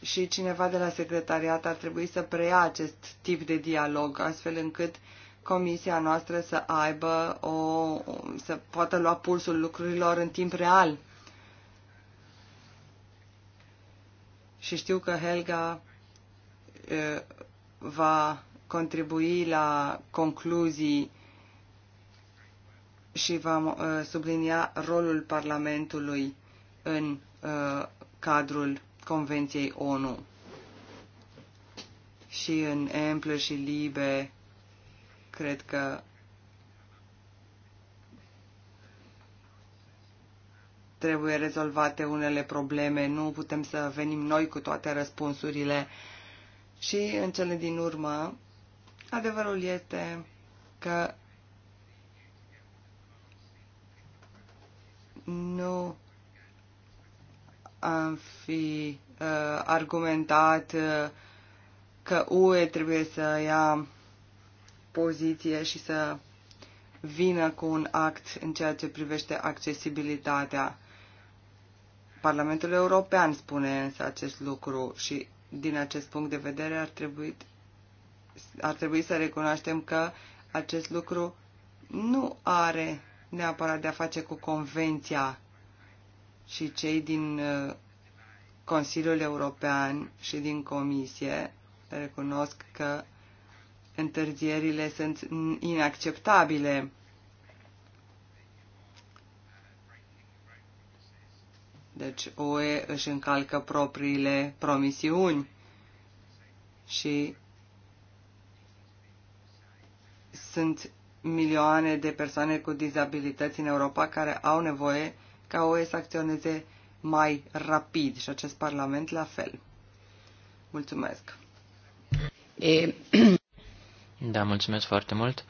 Speaker 1: și cineva de la secretariat ar trebui să preia acest tip de dialog, astfel încât comisia noastră să aibă o, să poată lua pulsul lucrurilor în timp real. Și știu că Helga va contribui la concluzii și vom uh, sublinia rolul Parlamentului în uh, cadrul Convenției ONU. Și în Emplă și Libe, cred că trebuie rezolvate unele probleme, nu putem să venim noi cu toate răspunsurile. Și în cele din urmă, adevărul este că nu am fi uh, argumentat uh, că UE trebuie să ia poziție și să vină cu un act în ceea ce privește accesibilitatea. Parlamentul European spune însă acest lucru și din acest punct de vedere ar trebui, ar trebui să recunoaștem că acest lucru nu are neapărat de a face cu Convenția și cei din uh, Consiliul European și din Comisie recunosc că întârzierile sunt inacceptabile. Deci UE își încalcă propriile promisiuni și sunt milioane de persoane cu dizabilități în Europa care au nevoie ca o să acționeze mai rapid și acest Parlament la fel. Mulțumesc! E...
Speaker 2: Da, mulțumesc foarte mult!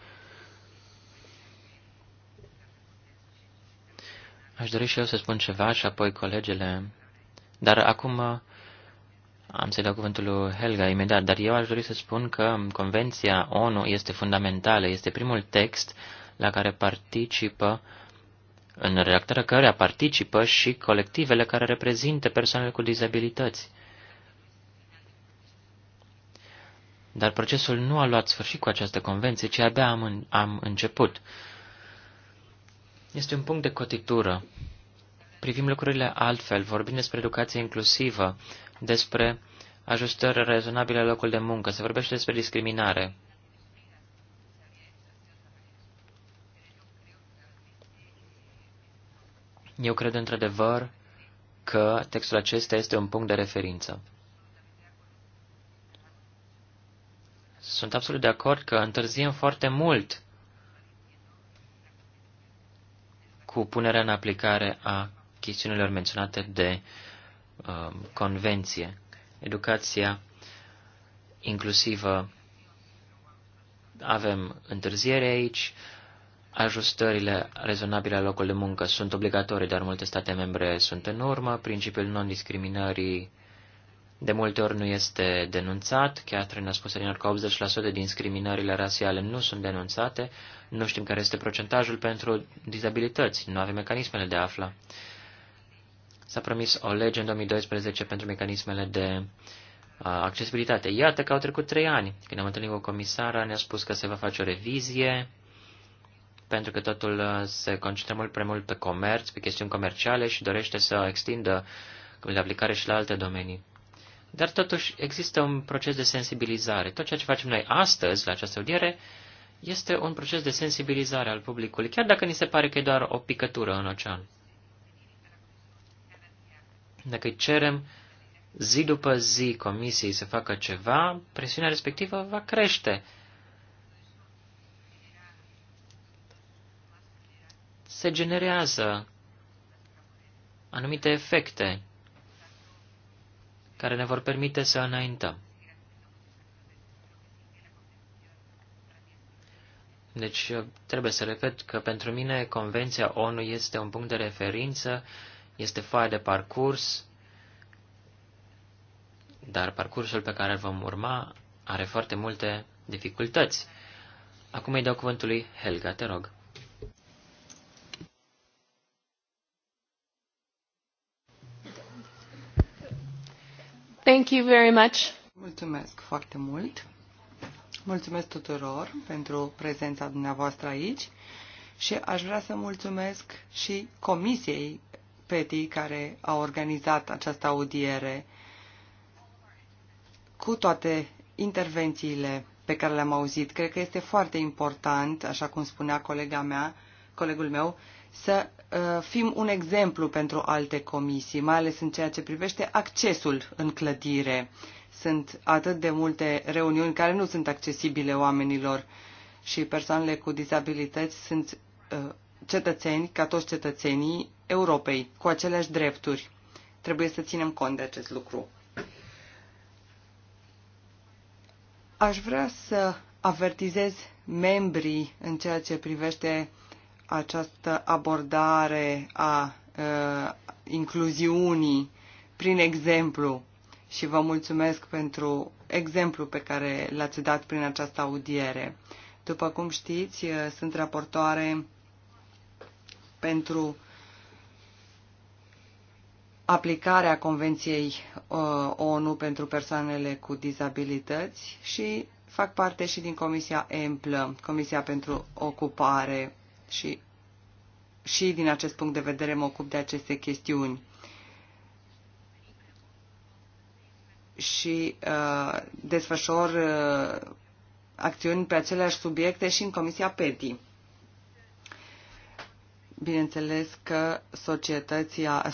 Speaker 2: Aș dori și eu să spun ceva și apoi colegele. Dar acum am să-i dau cuvântul lui Helga imediat, dar eu aș dori să spun că Convenția ONU este fundamentală, este primul text la care participă, în redactarea căreia participă și colectivele care reprezintă persoanele cu dizabilități. Dar procesul nu a luat sfârșit cu această convenție, ci abia am, în, am început. Este un punct de cotitură. Privim lucrurile altfel, vorbim despre educație inclusivă, despre ajustări rezonabile la locul de muncă, se vorbește despre discriminare. Eu cred într-adevăr că textul acesta este un punct de referință. Sunt absolut de acord că întârziem foarte mult cu punerea în aplicare a chestiunilor menționate de uh, Um, convenție. Educația inclusivă avem întârziere aici, ajustările rezonabile la locul de muncă sunt obligatorii, dar multe state membre sunt în urmă, principiul non-discriminării de multe ori nu este denunțat, Chiar Catherine a spus adineori că 80% din discriminările rasiale nu sunt denunțate, nu știm care este procentajul pentru dizabilități, nu avem mecanismele de a afla. S-a promis o lege în 2012 pentru mecanismele de accesibilitate. Iată că au trecut trei ani. Când am întâlnit cu comisara, ne-a spus că se va face o revizie, pentru că totul se concentrează mult prea mult pe comerț, pe chestiuni comerciale și dorește să extindă de aplicare și la alte domenii. Dar totuși există un proces de sensibilizare. Tot ceea ce facem noi astăzi, la această audiere, este un proces de sensibilizare al publicului, chiar dacă ni se pare că e doar o picătură în ocean. Dacă îi cerem zi după zi comisiei să facă ceva, presiunea respectivă va crește. Se generează anumite efecte care ne vor permite să înaintăm. Deci trebuie să repet că pentru mine Convenția ONU este un punct de referință este foaia de parcurs, dar parcursul pe care îl vom urma are foarte multe dificultăți. Acum îi dau cuvântul lui Helga, te rog.
Speaker 1: Thank you very much. Mulțumesc foarte mult. Mulțumesc tuturor pentru prezența dumneavoastră aici și aș vrea să mulțumesc și comisiei PETI care a organizat această audiere cu toate intervențiile pe care le-am auzit. Cred că este foarte important, așa cum spunea colega mea, colegul meu, să uh, fim un exemplu pentru alte comisii, mai ales în ceea ce privește accesul în clădire. Sunt atât de multe reuniuni care nu sunt accesibile oamenilor și persoanele cu dizabilități sunt uh, cetățeni ca toți cetățenii Europei, cu aceleași drepturi. Trebuie să ținem cont de acest lucru. Aș vrea să avertizez membrii în ceea ce privește această abordare a uh, incluziunii prin exemplu și vă mulțumesc pentru exemplu pe care l-ați dat prin această audiere. După cum știți, uh, sunt raportoare pentru aplicarea Convenției uh, ONU pentru persoanele cu dizabilități și fac parte și din Comisia EMPLă, Comisia pentru Ocupare și, și din acest punct de vedere mă ocup de aceste chestiuni. Și uh, desfășor uh, acțiuni pe aceleași subiecte și în Comisia PETI. Bineînțeles că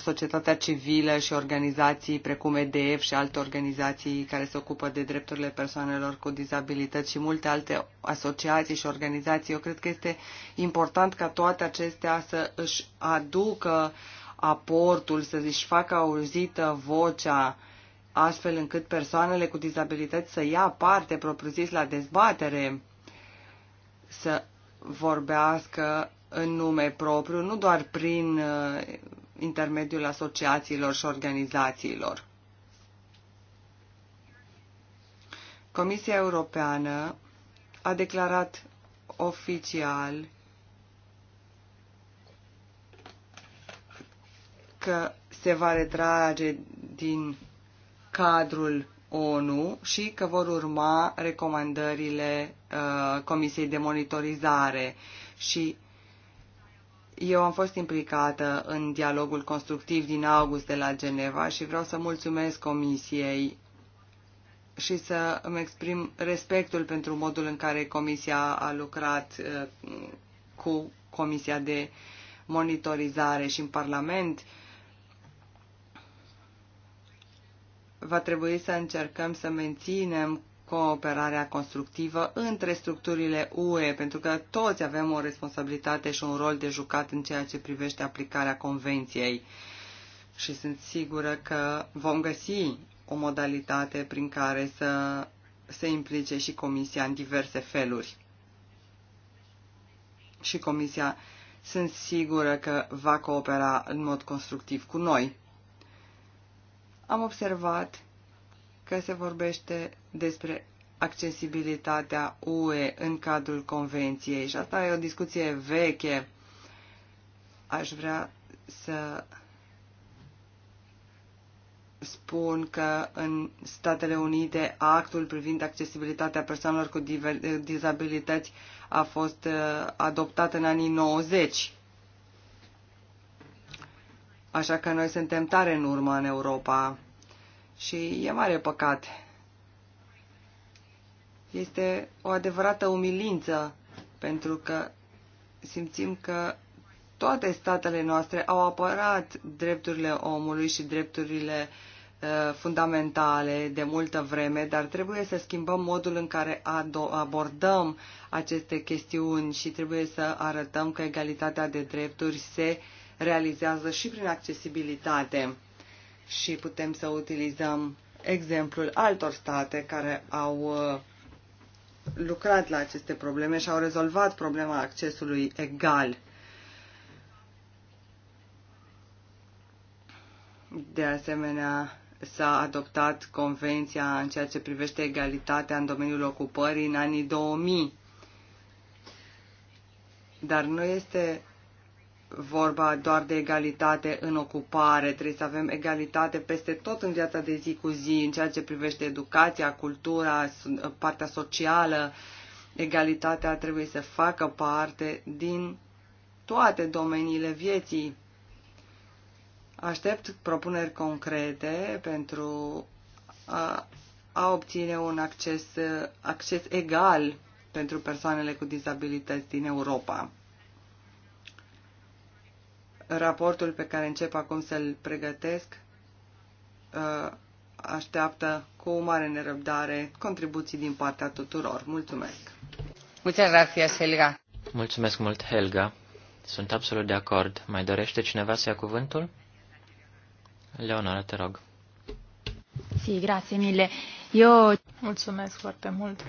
Speaker 1: societatea civilă și organizații precum EDF și alte organizații care se ocupă de drepturile persoanelor cu dizabilități și multe alte asociații și organizații, eu cred că este important ca toate acestea să își aducă aportul, să își facă auzită vocea, astfel încât persoanele cu dizabilități să ia parte propriu-zis la dezbatere, să vorbească în nume propriu, nu doar prin uh, intermediul asociațiilor și organizațiilor. Comisia Europeană a declarat oficial că se va retrage din cadrul ONU și că vor urma recomandările uh, Comisiei de Monitorizare și eu am fost implicată în dialogul constructiv din august de la Geneva și vreau să mulțumesc Comisiei și să îmi exprim respectul pentru modul în care Comisia a lucrat uh, cu Comisia de Monitorizare și în Parlament. Va trebui să încercăm să menținem cooperarea constructivă între structurile UE, pentru că toți avem o responsabilitate și un rol de jucat în ceea ce privește aplicarea convenției. Și sunt sigură că vom găsi o modalitate prin care să se implice și Comisia în diverse feluri. Și Comisia sunt sigură că va coopera în mod constructiv cu noi. Am observat că se vorbește despre accesibilitatea UE în cadrul Convenției. Și asta e o discuție veche. Aș vrea să spun că în Statele Unite actul privind accesibilitatea persoanelor cu dizabilități a fost uh, adoptat în anii 90. Așa că noi suntem tare în urmă în Europa și e mare păcat este o adevărată umilință pentru că simțim că toate statele noastre au apărat drepturile omului și drepturile uh, fundamentale de multă vreme, dar trebuie să schimbăm modul în care abordăm aceste chestiuni și trebuie să arătăm că egalitatea de drepturi se realizează și prin accesibilitate și putem să utilizăm exemplul altor state care au uh, lucrat la aceste probleme și au rezolvat problema accesului egal. De asemenea, s-a adoptat convenția în ceea ce privește egalitatea în domeniul ocupării în anii 2000. Dar nu este vorba doar de egalitate în ocupare, trebuie să avem egalitate peste tot în viața de zi cu zi, în ceea ce privește educația, cultura, partea socială. Egalitatea trebuie să facă parte din toate domeniile vieții. Aștept propuneri concrete pentru a, a obține un acces, acces egal pentru persoanele cu dizabilități din Europa raportul pe care încep acum să-l pregătesc uh, așteaptă cu mare nerăbdare contribuții din partea tuturor. Mulțumesc! Muchas gracias, Helga.
Speaker 2: Mulțumesc mult, Helga. Sunt absolut de acord. Mai dorește cineva să ia cuvântul? Leonora, te rog.
Speaker 3: Si, grazie mille. Eu... Mulțumesc foarte mult.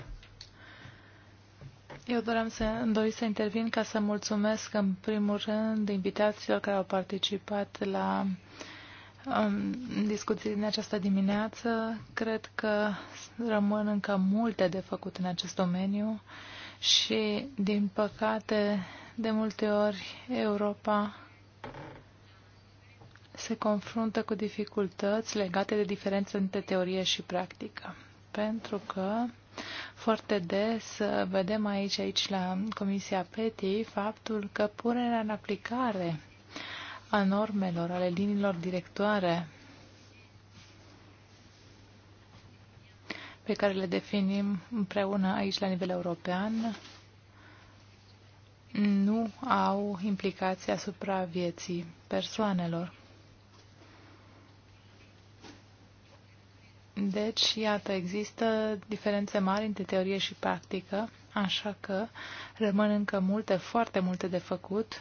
Speaker 3: Eu doream să, îmi să intervin ca să mulțumesc în primul rând invitațiilor care au participat la um, discuții din această dimineață. Cred că rămân încă multe de făcut în acest domeniu și, din păcate, de multe ori Europa se confruntă cu dificultăți legate de diferențe între teorie și practică. Pentru că foarte des vedem aici, aici la Comisia PETI faptul că punerea în aplicare a normelor, ale liniilor directoare pe care le definim împreună aici la nivel european nu au implicații asupra vieții persoanelor. Deci, iată, există diferențe mari între teorie și practică, așa că rămân încă multe, foarte multe de făcut.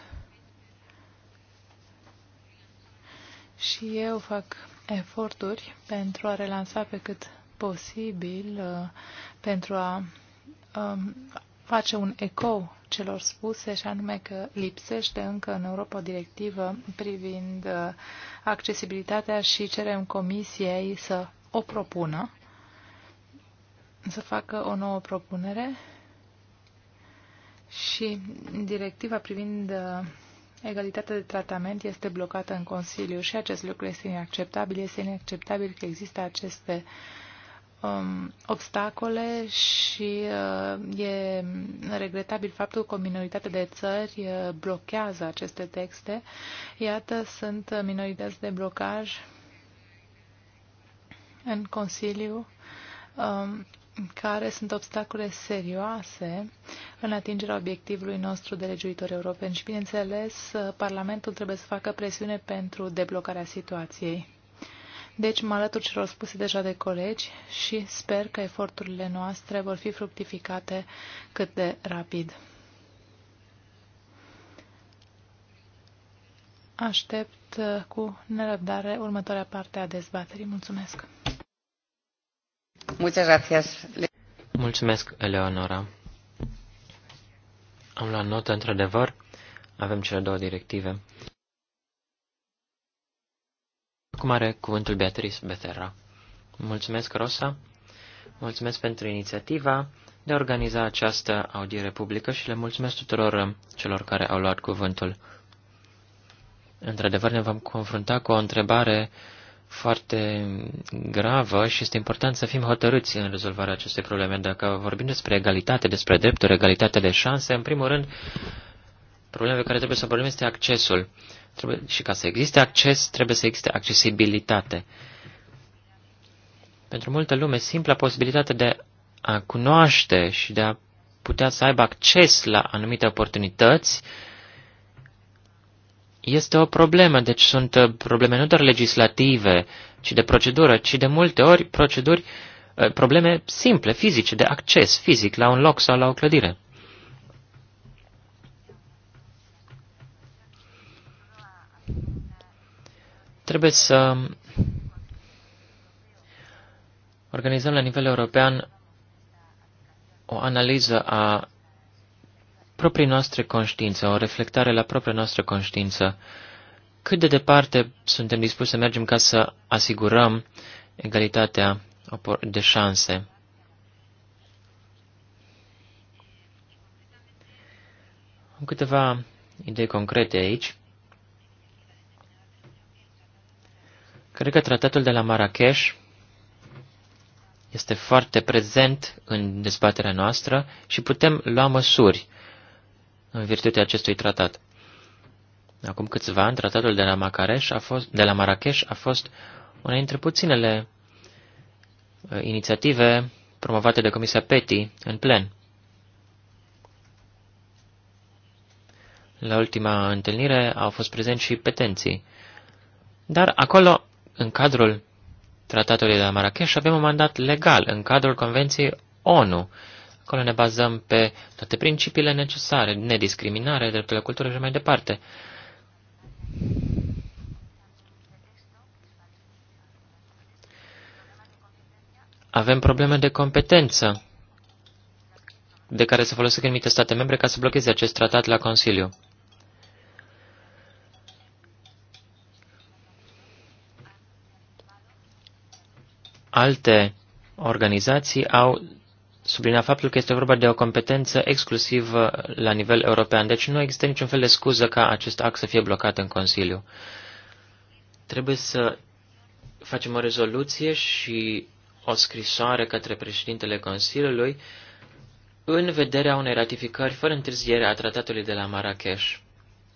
Speaker 3: Și eu fac eforturi pentru a relansa pe cât posibil, uh, pentru a um, face un ecou celor spuse, și anume că lipsește încă în Europa o directivă privind uh, accesibilitatea și cerem Comisiei să o propună, să facă o nouă propunere și directiva privind uh, egalitatea de tratament este blocată în Consiliu și acest lucru este inacceptabil. Este inacceptabil că există aceste um, obstacole și uh, e regretabil faptul că o minoritate de țări uh, blochează aceste texte. Iată, sunt minorități de blocaj în Consiliu um, care sunt obstacole serioase în atingerea obiectivului nostru de legiuitor european și, bineînțeles, Parlamentul trebuie să facă presiune pentru deblocarea situației. Deci mă alătur celor spuse deja de colegi și sper că eforturile noastre vor fi fructificate cât de rapid. Aștept cu nerăbdare următoarea parte a dezbaterii. Mulțumesc!
Speaker 1: Muchas gracias.
Speaker 2: Mulțumesc, Eleonora. Am luat notă, într-adevăr, avem cele două directive. Acum are cuvântul Beatrice Beterra. Mulțumesc, Rosa. Mulțumesc pentru inițiativa de a organiza această audiere publică și le mulțumesc tuturor celor care au luat cuvântul. Într-adevăr, ne vom confrunta cu o întrebare foarte gravă și este important să fim hotărâți în rezolvarea acestei probleme. Dacă vorbim despre egalitate, despre drepturi, egalitate de șanse, în primul rând, problema pe care trebuie să vorbim este accesul. Trebuie, și ca să existe acces, trebuie să existe accesibilitate. Pentru multă lume, simpla posibilitate de a cunoaște și de a putea să aibă acces la anumite oportunități este o problemă, deci sunt uh, probleme nu doar legislative, ci de procedură, ci de multe ori proceduri, uh, probleme simple, fizice, de acces fizic la un loc sau la o clădire. Trebuie să organizăm la nivel european o analiză a proprii noastre conștiință, o reflectare la propria noastră conștiință. Cât de departe suntem dispuși să mergem ca să asigurăm egalitatea de șanse? Am câteva idei concrete aici. Cred că tratatul de la Marrakesh este foarte prezent în dezbaterea noastră și putem lua măsuri în virtutea acestui tratat. Acum câțiva ani, tratatul de la, a fost, de la Marrakeș a fost una dintre puținele uh, inițiative promovate de Comisia PETI în plen. La ultima întâlnire au fost prezenți și petenții. Dar acolo, în cadrul tratatului de la Marrakeș, avem un mandat legal în cadrul Convenției ONU Acolo ne bazăm pe toate principiile necesare, nediscriminare, drepturile culturii și mai departe. Avem probleme de competență de care se folosesc anumite state membre ca să blocheze acest tratat la Consiliu. Alte organizații au sublinia faptul că este vorba de o competență exclusivă la nivel european, deci nu există niciun fel de scuză ca acest act să fie blocat în Consiliu. Trebuie să facem o rezoluție și o scrisoare către președintele Consiliului în vederea unei ratificări fără întârziere a tratatului de la Marrakesh.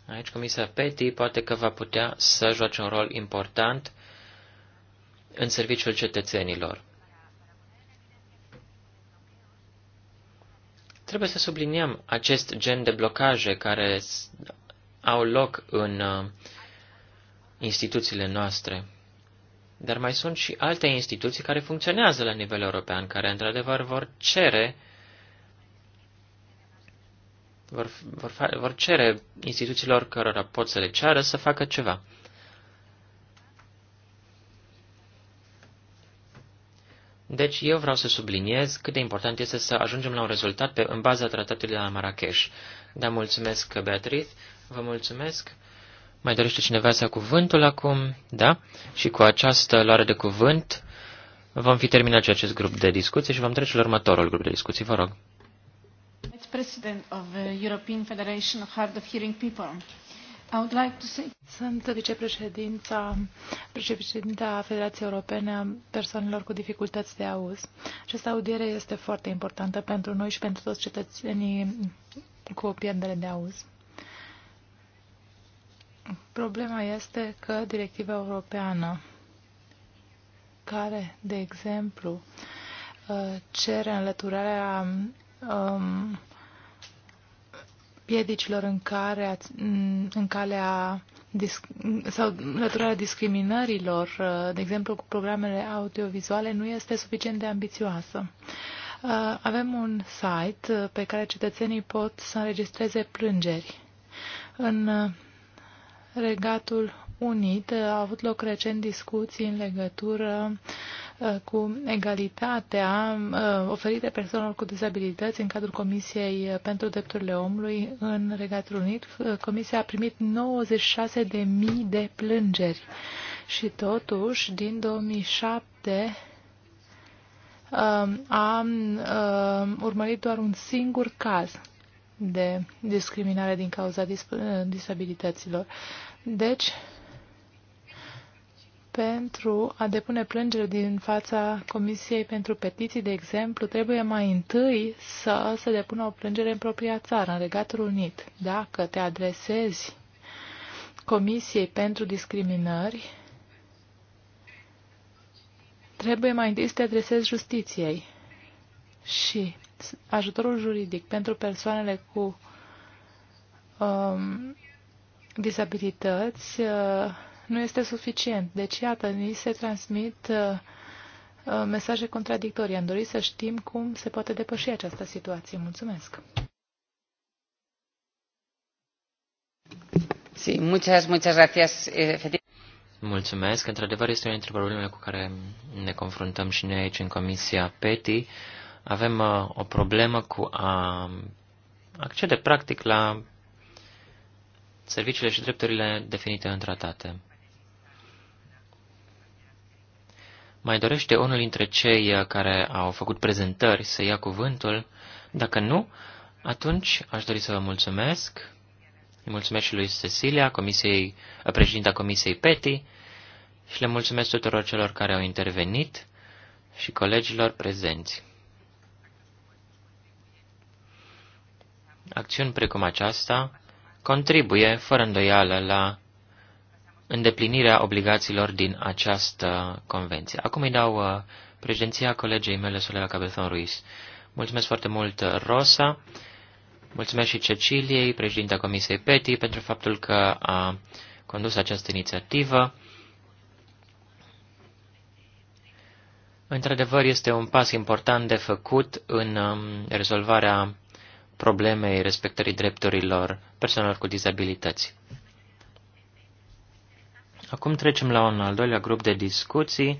Speaker 2: Aici Comisia PETI poate că va putea să joace un rol important în serviciul cetățenilor. Trebuie să subliniem acest gen de blocaje care au loc în uh, instituțiile noastre. Dar mai sunt și alte instituții care funcționează la nivel european, care într-adevăr vor cere vor, vor, vor cere instituțiilor cărora pot să le ceară să facă ceva. Deci eu vreau să subliniez cât de important este să ajungem la un rezultat pe, în baza tratatului de la Marrakesh. Da, mulțumesc, Beatriz, vă mulțumesc. Mai dorește cineva să cuvântul acum? Da? Și cu această luare de cuvânt vom fi terminat și acest grup de discuții și vom trece la următorul grup de discuții. Vă rog.
Speaker 3: President of the European Federation of Hard of Hearing People. I would like to say... Sunt vicepreședinta, vicepreședinta Federației Europene a Persoanelor cu Dificultăți de Auz. Această audiere este foarte importantă pentru noi și pentru toți cetățenii cu o pierdere de auz. Problema este că directiva europeană, care, de exemplu, uh, cere înlăturarea um, piedicilor în, care, în calea sau înlăturarea discriminărilor, uh, de exemplu cu programele audiovizuale, nu este suficient de ambițioasă. Uh, avem un site uh, pe care cetățenii pot să înregistreze plângeri. În Regatul Unit au avut loc recent discuții în legătură uh, Uh, cu egalitatea uh, oferită persoanelor cu dizabilități în cadrul Comisiei uh, pentru Drepturile Omului în Regatul Unit. Comisia a primit 96.000 de plângeri și totuși din 2007 um, am um, urmărit doar un singur caz de discriminare din cauza disabilităților. Deci, pentru a depune plângere din fața Comisiei pentru Petiții, de exemplu, trebuie mai întâi să se depună o plângere în propria țară, în Regatul Unit. Dacă te adresezi Comisiei pentru Discriminări, trebuie mai întâi să te adresezi justiției și ajutorul juridic pentru persoanele cu um, disabilități uh, nu este suficient. Deci, iată, ni se transmit uh, uh, mesaje contradictorii. Am dorit să știm cum se poate depăși această situație. Mulțumesc!
Speaker 1: Sí, muchas, muchas gracias. Eh,
Speaker 2: Mulțumesc. Într-adevăr, este una dintre problemele cu care ne confruntăm și noi aici în Comisia PETI. Avem uh, o problemă cu a accede practic la serviciile și drepturile definite în tratate. Mai dorește unul dintre cei uh, care au făcut prezentări să ia cuvântul? Dacă nu, atunci aș dori să vă mulțumesc. Îi mulțumesc și lui Cecilia, comisiei, uh, președinta Comisiei PETI, și le mulțumesc tuturor celor care au intervenit și colegilor prezenți. Acțiuni precum aceasta contribuie, fără îndoială, la îndeplinirea obligațiilor din această convenție. Acum îi dau uh, președinția colegei mele, Solela Cabezon Ruiz. Mulțumesc foarte mult, uh, Rosa. Mulțumesc și Ceciliei, președinta Comisiei PETI, pentru faptul că a condus această inițiativă. Într-adevăr, este un pas important de făcut în um, rezolvarea problemei respectării drepturilor persoanelor cu dizabilități. Acum trecem la un al doilea grup de discuții.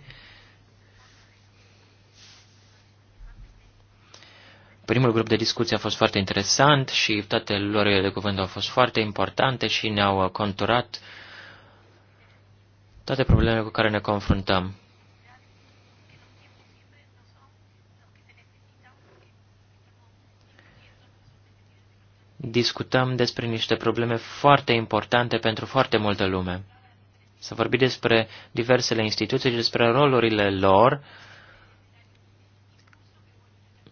Speaker 2: Primul grup de discuții a fost foarte interesant și toate lorile de cuvânt au fost foarte importante și ne-au conturat toate problemele cu care ne confruntăm. Discutăm despre niște probleme foarte importante pentru foarte multă lume să vorbi despre diversele instituții și despre rolurile lor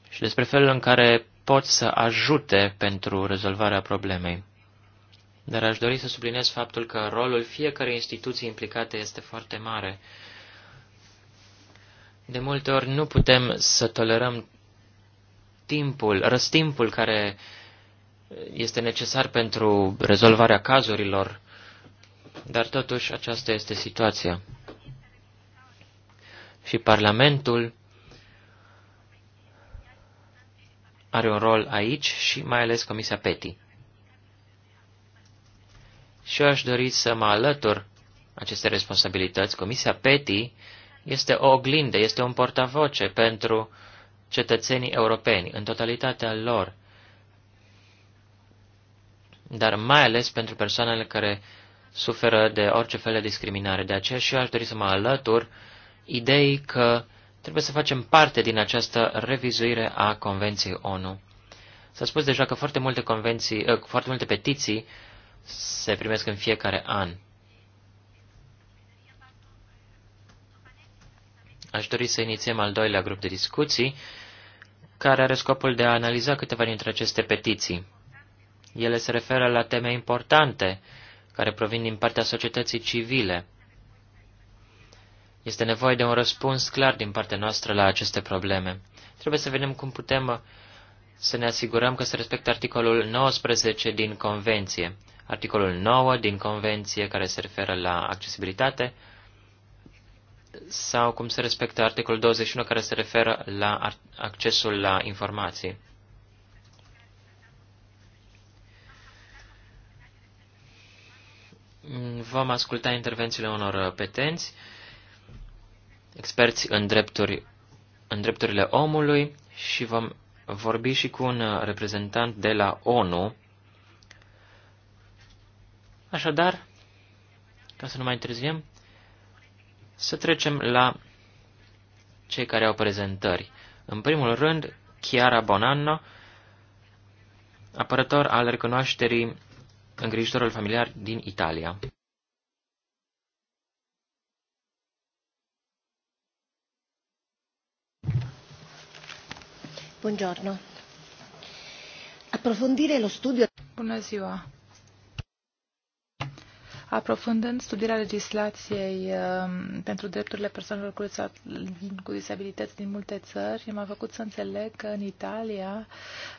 Speaker 2: și despre felul în care pot să ajute pentru rezolvarea problemei. Dar aș dori să subliniez faptul că rolul fiecărei instituții implicate este foarte mare. De multe ori nu putem să tolerăm timpul, răstimpul care este necesar pentru rezolvarea cazurilor dar totuși aceasta este situația. Și Parlamentul are un rol aici și mai ales Comisia PETI. Și eu aș dori să mă alătur aceste responsabilități. Comisia PETI este o oglindă, este un portavoce pentru cetățenii europeni, în totalitatea lor, dar mai ales pentru persoanele care suferă de orice fel de discriminare. De aceea și eu aș dori să mă alătur ideii că trebuie să facem parte din această revizuire a Convenției ONU. S-a spus deja că foarte multe, convenții, eh, foarte multe petiții se primesc în fiecare an. Aș dori să inițiem al doilea grup de discuții, care are scopul de a analiza câteva dintre aceste petiții. Ele se referă la teme importante care provin din partea societății civile. Este nevoie de un răspuns clar din partea noastră la aceste probleme. Trebuie să vedem cum putem uh, să ne asigurăm că se respectă articolul 19 din Convenție. Articolul 9 din Convenție care se referă la accesibilitate sau cum se respectă articolul 21 care se referă la accesul la informații. Vom asculta intervențiile unor uh, petenți, experți în, drepturi, în drepturile omului și vom vorbi și cu un uh, reprezentant de la ONU. Așadar, ca să nu mai întârziem, să trecem la cei care au prezentări. În primul rând, Chiara Bonanno, apărător al recunoașterii îngrijitorul familiar din Italia. Buongiorno.
Speaker 3: Approfondire lo studio. Bună ziua aprofundând studierea legislației um, pentru drepturile persoanelor cu disabilități din multe țări, m-a făcut să înțeleg că în Italia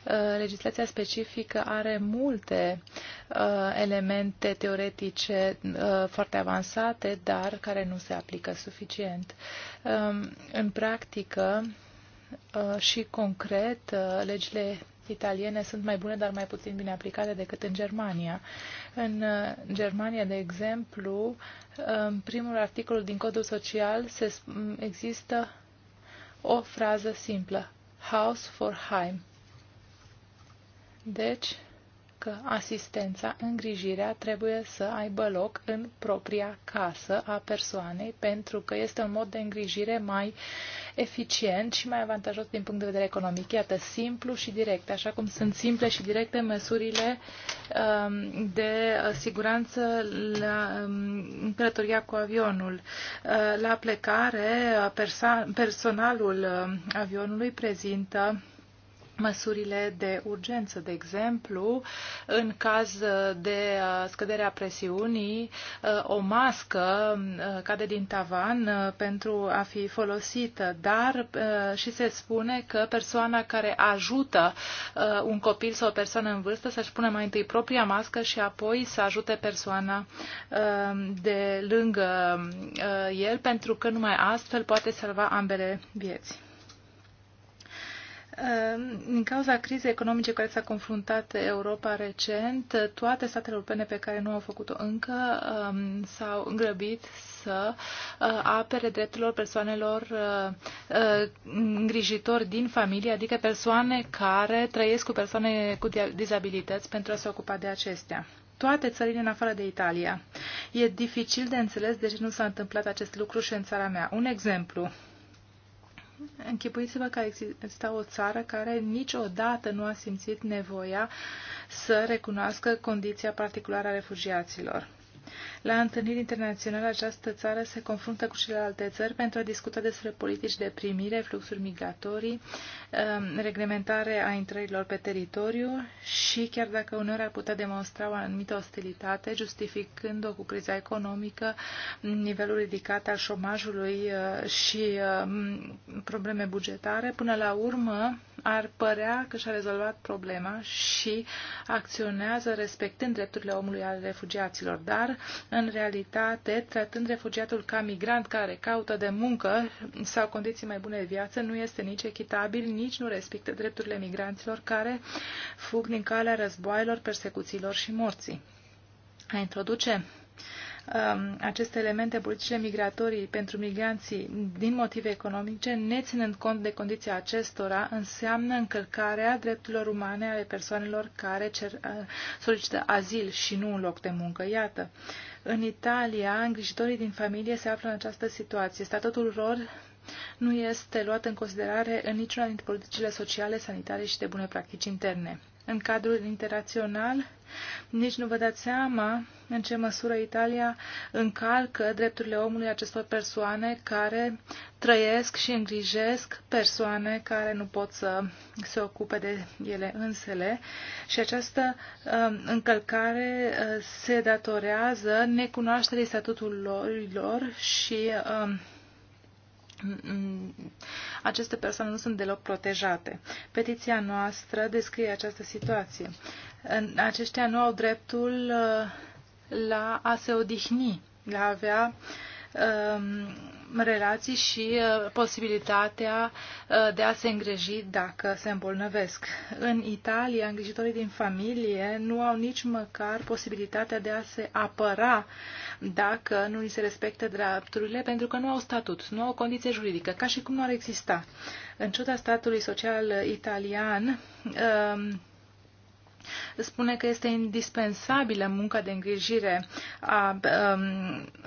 Speaker 3: uh, legislația specifică are multe uh, elemente teoretice uh, foarte avansate, dar care nu se aplică suficient. Um, în practică, și concret, legile italiene sunt mai bune, dar mai puțin bine aplicate decât în Germania. În uh, Germania, de exemplu, în primul articol din codul social se, există o frază simplă. House for Heim. Deci, că asistența, îngrijirea trebuie să aibă loc în propria casă a persoanei, pentru că este un mod de îngrijire mai eficient și mai avantajos din punct de vedere economic. Iată, simplu și direct, așa cum sunt simple și directe măsurile um, de siguranță la um, călătoria cu avionul. Uh, la plecare, perso personalul um, avionului prezintă măsurile de urgență, de exemplu, în caz de uh, scăderea presiunii, uh, o mască uh, cade din tavan pentru a fi folosită, dar și se spune că persoana care ajută un copil sau o persoană în vârstă să-și pune mai întâi propria mască și apoi să ajute persoana de lângă el, pentru că numai astfel poate salva ambele vieți. Ehm, din cauza crizei economice cu care s-a confruntat Europa recent, toate statele europene pe care nu au făcut-o încă ehm, s-au îngrăbit să eh, apere drepturilor persoanelor eh, eh, îngrijitori din familie, adică persoane care trăiesc cu persoane cu dizabilități pentru a se ocupa de acestea toate țările în afară de Italia. E dificil de înțeles de ce nu s-a întâmplat acest lucru și în țara mea. Un exemplu. Închipuiți-vă că exista o țară care niciodată nu a simțit nevoia să recunoască condiția particulară a refugiaților. La întâlniri internaționale, această țară se confruntă cu celelalte țări pentru a discuta despre politici de primire, fluxuri migratorii, um, reglementare a intrărilor pe teritoriu și, chiar dacă uneori ar putea demonstra o anumită ostilitate, justificând-o cu criza economică, nivelul ridicat al șomajului uh, și um, probleme bugetare, până la urmă ar părea că și-a rezolvat problema și acționează respectând drepturile omului ale refugiaților, dar în realitate, tratând refugiatul ca migrant care caută de muncă sau condiții mai bune de viață, nu este nici echitabil, nici nu respectă drepturile migranților care fug din calea războaielor, persecuțiilor și morții. A introduce Um, aceste elemente politice migratorii pentru migranții din motive economice, neținând cont de condiția acestora, înseamnă încălcarea drepturilor umane ale persoanelor care cer, uh, solicită azil și nu un loc de muncă. Iată, în Italia, îngrijitorii din familie se află în această situație. Statutul lor nu este luat în considerare în niciuna dintre politicile sociale, sanitare și de bune practici interne în cadrul internațional, nici nu vă dați seama în ce măsură Italia încalcă drepturile omului acestor persoane care trăiesc și îngrijesc persoane care nu pot să se ocupe de ele însele. Și această uh, încălcare uh, se datorează necunoașterii statutului lor și uh, aceste persoane nu sunt deloc protejate. Petiția noastră descrie această situație. Aceștia nu au dreptul uh, la a se odihni, la a avea um, relații și uh, posibilitatea uh, de a se îngriji dacă se îmbolnăvesc. În Italia, îngrijitorii din familie nu au nici măcar posibilitatea de a se apăra dacă nu li se respectă drepturile, pentru că nu au statut, nu au condiție juridică, ca și cum nu ar exista. În ciuda statului social italian, uh, spune că este indispensabilă munca de îngrijire a um,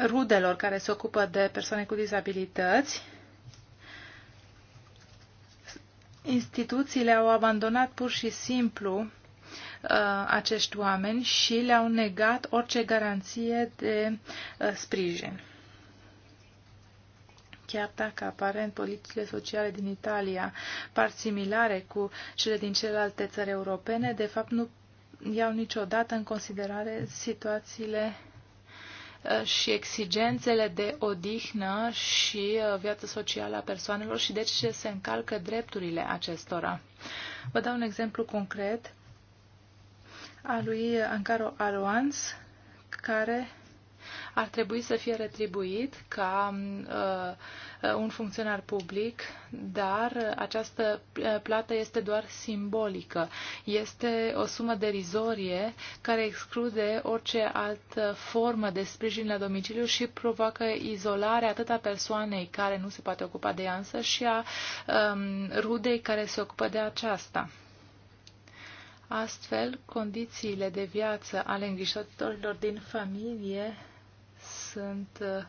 Speaker 3: rudelor care se ocupă de persoane cu dizabilități. Instituțiile au abandonat pur și simplu uh, acești oameni și le-au negat orice garanție de uh, sprijin chiar dacă aparent politicile sociale din Italia par similare cu cele din celelalte țări europene, de fapt nu iau niciodată în considerare situațiile uh, și exigențele de odihnă și uh, viață socială a persoanelor și deci se încalcă drepturile acestora. Vă dau un exemplu concret al lui Ancaro Aruans, care ar trebui să fie retribuit ca uh, uh un funcționar public, dar această uh, plată este doar simbolică. Este o sumă derizorie care exclude orice altă formă de sprijin la domiciliu și provoacă izolare atât a persoanei care nu se poate ocupa de ea însă și a um, rudei care se ocupă de aceasta. Astfel, condițiile de viață ale îngrijitorilor din familie sunt uh,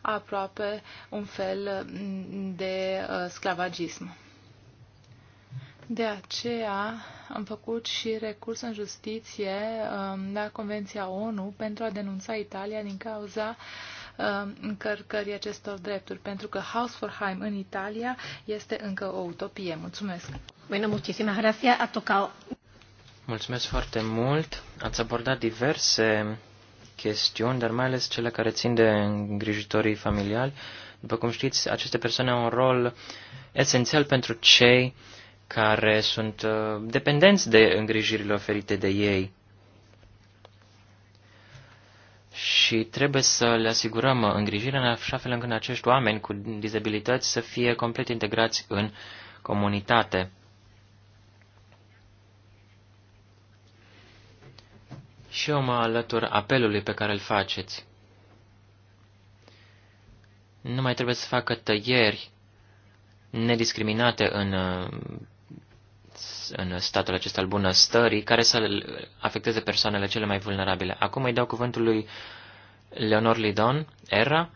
Speaker 3: aproape un fel mm, de uh, sclavagism. De aceea am făcut și recurs în justiție um, la Convenția ONU pentru a denunța Italia din cauza um, încărcării acestor drepturi, pentru că House for Heim în Italia este încă o utopie. Mulțumesc! Bueno, muchísimas gracias. Ha tocado
Speaker 2: Mulțumesc foarte mult. Ați abordat diverse chestiuni, dar mai ales cele care țin de îngrijitorii familiali. După cum știți, aceste persoane au un rol esențial pentru cei care sunt uh, dependenți de îngrijirile oferite de ei. Și trebuie să le asigurăm îngrijirea în așa fel încât acești oameni cu dizabilități să fie complet integrați în comunitate. Și eu mă alătur apelului pe care îl faceți. Nu mai trebuie să facă tăieri nediscriminate în, în statul acesta al bunăstării, care să afecteze persoanele cele mai vulnerabile. Acum îi dau cuvântul lui Leonor Lidon, ERA,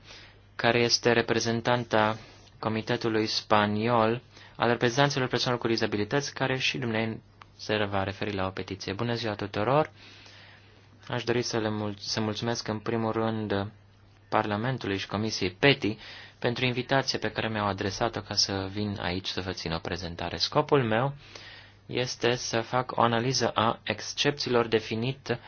Speaker 2: care este reprezentanta Comitetului Spaniol al reprezentanților persoanelor cu dizabilități, care și dumneavoastră se va referi la o petiție. Bună ziua tuturor! Aș dori să, le mul- să mulțumesc în primul rând Parlamentului și Comisiei PETI pentru invitația pe care mi-au adresat-o ca să vin aici să vă țin o prezentare. Scopul meu este să fac o analiză a excepțiilor definite,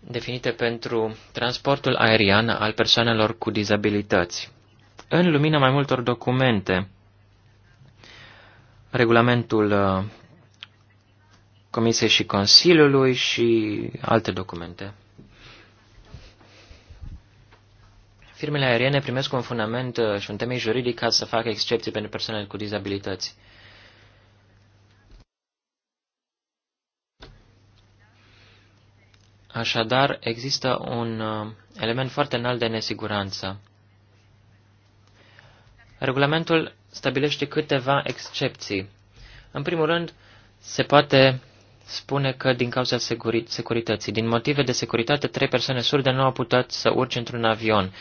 Speaker 2: definite pentru transportul aerian al persoanelor cu dizabilități. În lumina mai multor documente, regulamentul uh, Comisiei și Consiliului și alte documente. Firmele aeriene primesc un fundament uh, și un temei juridic ca să facă excepții pentru persoanele cu dizabilități. Așadar, există un uh, element foarte înalt de nesiguranță. Regulamentul stabilește câteva excepții. În primul rând, se poate spune că din cauza securi- securității, din motive de securitate, trei persoane surde nu au putut să urce într-un avion.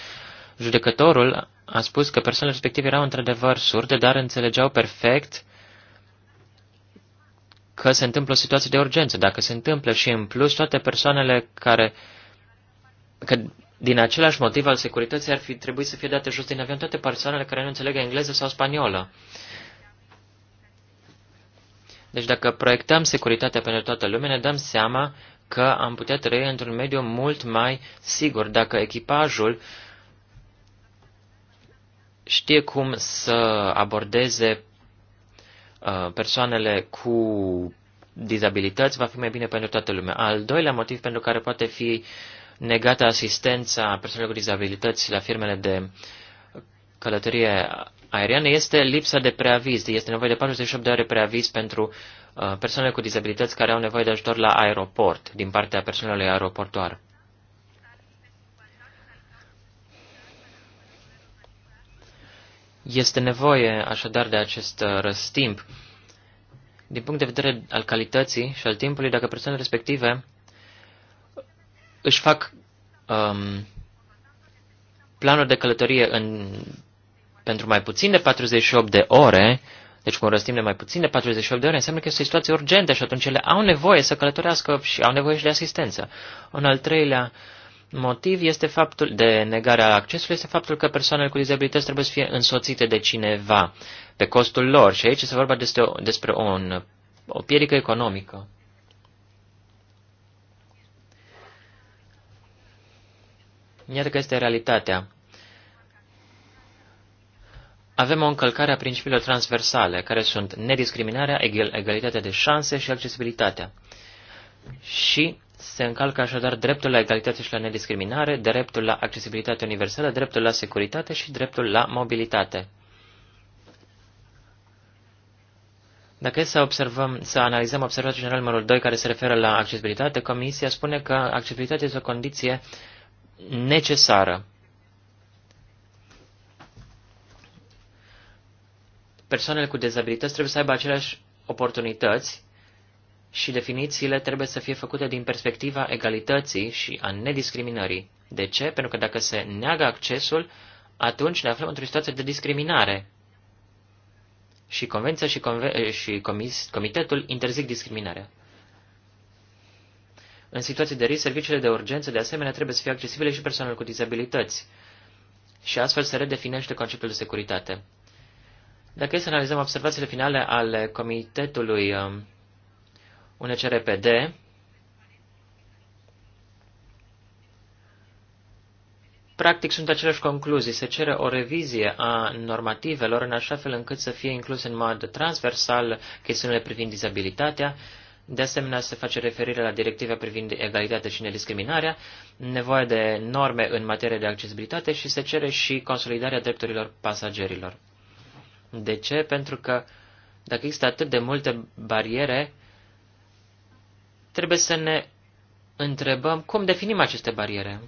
Speaker 2: Judecătorul a spus că persoanele respective erau într-adevăr surde, dar înțelegeau perfect că se întâmplă o situație de urgență. Dacă se întâmplă și în plus, toate persoanele care... Că din același motiv al securității ar fi trebuit să fie date jos din avion toate persoanele care nu înțeleg engleză sau spaniolă. Uh, deci dacă proiectăm securitatea pentru toată lumea, ne dăm seama că am putea trăi într-un mediu mult mai sigur. Dacă echipajul știe cum să abordeze uh, persoanele cu dizabilități, va fi mai bine pentru toată lumea. Al doilea motiv pentru care poate fi negată asistența persoanelor cu dizabilități la firmele de călătorie aeriană este lipsa de preaviz. Este nevoie de 48 de ore preaviz pentru uh, persoanele cu dizabilități care au nevoie de ajutor la aeroport, din partea personalului aeroportuar. Este nevoie așadar de acest uh, răstimp. Din punct de vedere al calității și al timpului, dacă persoanele respective își fac um, planuri de călătorie în pentru mai puțin de 48 de ore, deci cu un răstim de mai puțin de 48 de ore, înseamnă că este o situație urgentă și atunci ele au nevoie să călătorească și au nevoie și de asistență. Un al treilea motiv este faptul de negarea accesului este faptul că persoanele cu dizabilități trebuie să fie însoțite de cineva pe costul lor și aici se vorba despre, o, despre un, o pierică economică. Iată că este realitatea. Avem o încălcare a principiilor transversale, care sunt nediscriminarea, egalitatea de șanse și accesibilitatea. Și se încalcă așadar dreptul la egalitate și la nediscriminare, dreptul la accesibilitate universală, dreptul la securitate și dreptul la mobilitate. Dacă e să observăm, să analizăm observația generală numărul 2 care se referă la accesibilitate, Comisia spune că accesibilitatea este o condiție necesară persoanele cu dezabilități trebuie să aibă aceleași oportunități și definițiile trebuie să fie făcute din perspectiva egalității și a nediscriminării. De ce? Pentru că dacă se neagă accesul, atunci ne aflăm într-o situație de discriminare. Și Convenția și, conve- eh, și comis- Comitetul interzic discriminarea. În situații de risc, serviciile de urgență, de asemenea, trebuie să fie accesibile și persoanelor cu dizabilități. Și astfel se redefinește conceptul de securitate. Dacă e să analizăm observațiile finale ale Comitetului um, UNCRPD, practic sunt aceleași concluzii. Se cere o revizie a normativelor în așa fel încât să fie inclus în mod transversal chestiunile privind dizabilitatea, de asemenea, se face referire la directiva privind egalitatea și nediscriminarea, nevoie de norme în materie de accesibilitate și se cere și consolidarea drepturilor pasagerilor. De ce? Pentru că dacă există atât de multe bariere, trebuie să ne întrebăm cum definim aceste bariere.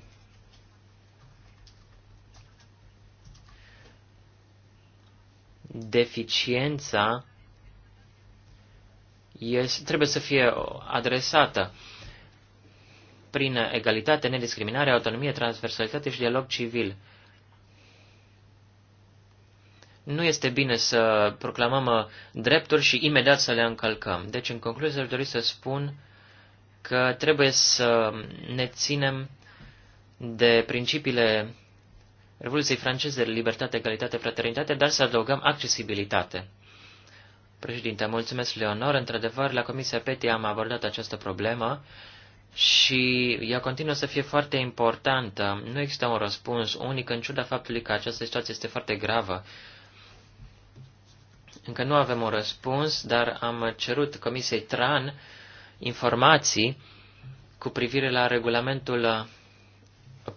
Speaker 2: Deficiența este, trebuie să fie adresată prin egalitate, nediscriminare, autonomie, transversalitate și dialog civil. Nu este bine să proclamăm uh, drepturi și imediat să le încălcăm. Deci, în concluzie, aș dori să spun că trebuie să ne ținem de principiile Revoluției franceze libertate, egalitate, fraternitate, dar să adăugăm accesibilitate. Președinte, mulțumesc, Leonor. Într-adevăr, la Comisia PETI am abordat această problemă și ea continuă să fie foarte importantă. Nu există un răspuns unic, în ciuda faptului că această situație este foarte gravă. Încă nu avem un răspuns, dar am cerut Comisiei TRAN informații cu privire la regulamentul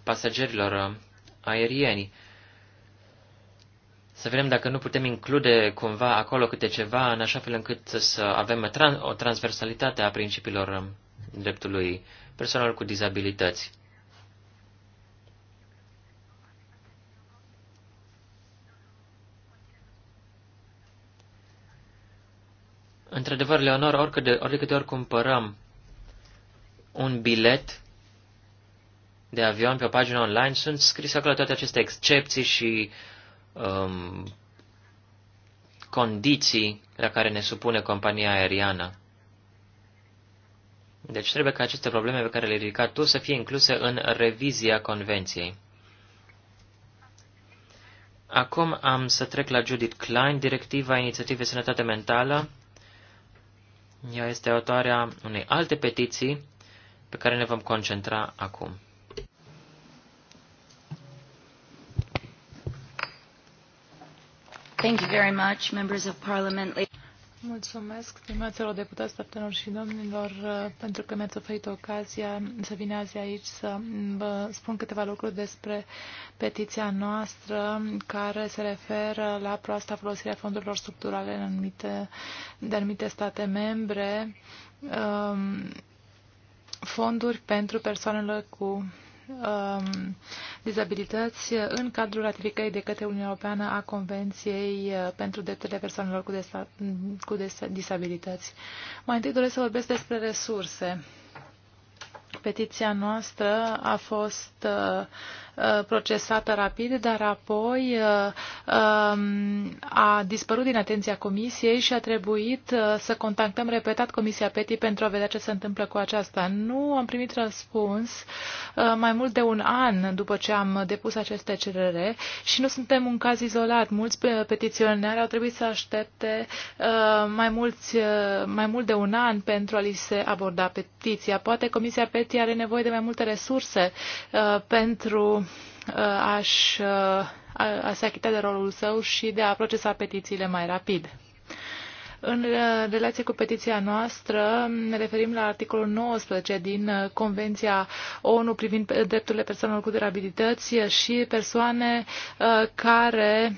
Speaker 2: pasagerilor aerieni. Să vedem dacă nu putem include cumva acolo câte ceva, în așa fel încât să avem o transversalitate a principiilor dreptului persoanelor cu dizabilități. Într-adevăr, Leonor, oricât de, ori de câte ori cumpărăm un bilet de avion pe o pagină online, sunt scrise acolo toate aceste excepții și um, condiții la care ne supune compania aeriană. Deci trebuie ca aceste probleme pe care le-ai ridicat tu să fie incluse în revizia convenției. Acum am să trec la Judith Klein, Directiva Inițiative Sănătate Mentală, ea este autoarea unei alte petiții pe care ne vom concentra acum.
Speaker 3: Thank you very much, members of parliament. Mulțumesc, stimaților deputați, doamnelor și domnilor, pentru că mi-ați oferit ocazia să vin azi aici să vă spun câteva lucruri despre petiția noastră care se referă la proasta folosirea fondurilor structurale în anumite, de anumite state membre, um, fonduri pentru persoanele cu um, dizabilități în cadrul ratificării de către Uniunea Europeană a Convenției uh, pentru drepturile persoanelor cu, cu disabilități. Mai întâi doresc să vorbesc despre resurse. Petiția noastră a fost uh, Uh, procesată rapid, dar apoi uh, um, a dispărut din atenția comisiei și a trebuit uh, să contactăm repetat Comisia PETI pentru a vedea ce se întâmplă cu aceasta. Nu am primit răspuns mai mult de un an după ce am depus aceste cerere și nu suntem un caz izolat. Mulți petiționari au trebuit să aștepte mai, mulți, mai mult de un an pentru a li se aborda petiția. Poate Comisia PETI are nevoie de mai multe resurse pentru a a se achita de rolul său și de a procesa petițiile mai rapid. În uh, relație cu petiția noastră, ne referim la articolul 19 din uh, Convenția ONU privind drepturile persoanelor cu durabilități și persoane uh, care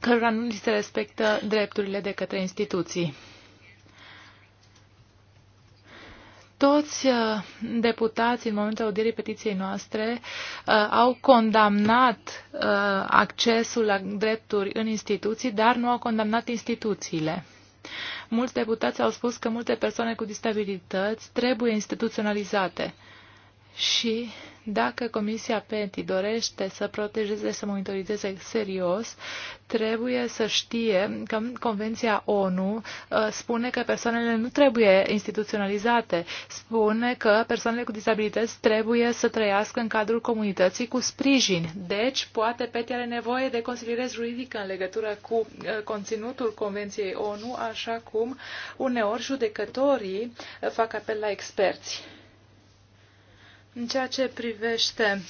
Speaker 3: cărora nu li se respectă drepturile de către instituții. toți uh, deputații în momentul audierii petiției noastre uh, au condamnat uh, accesul la drepturi în instituții, dar nu au condamnat instituțiile. Mulți deputați au spus că multe persoane cu disabilități trebuie instituționalizate și dacă Comisia PETI dorește să protejeze, să monitorizeze serios, trebuie să știe că Convenția ONU uh, spune că persoanele nu trebuie instituționalizate, spune că persoanele cu dizabilități trebuie să trăiască în cadrul comunității cu sprijin. Deci, poate PETI are nevoie de consiliere juridică în legătură cu uh, conținutul Convenției ONU, așa cum uneori judecătorii uh, fac apel la experți. În ceea ce privește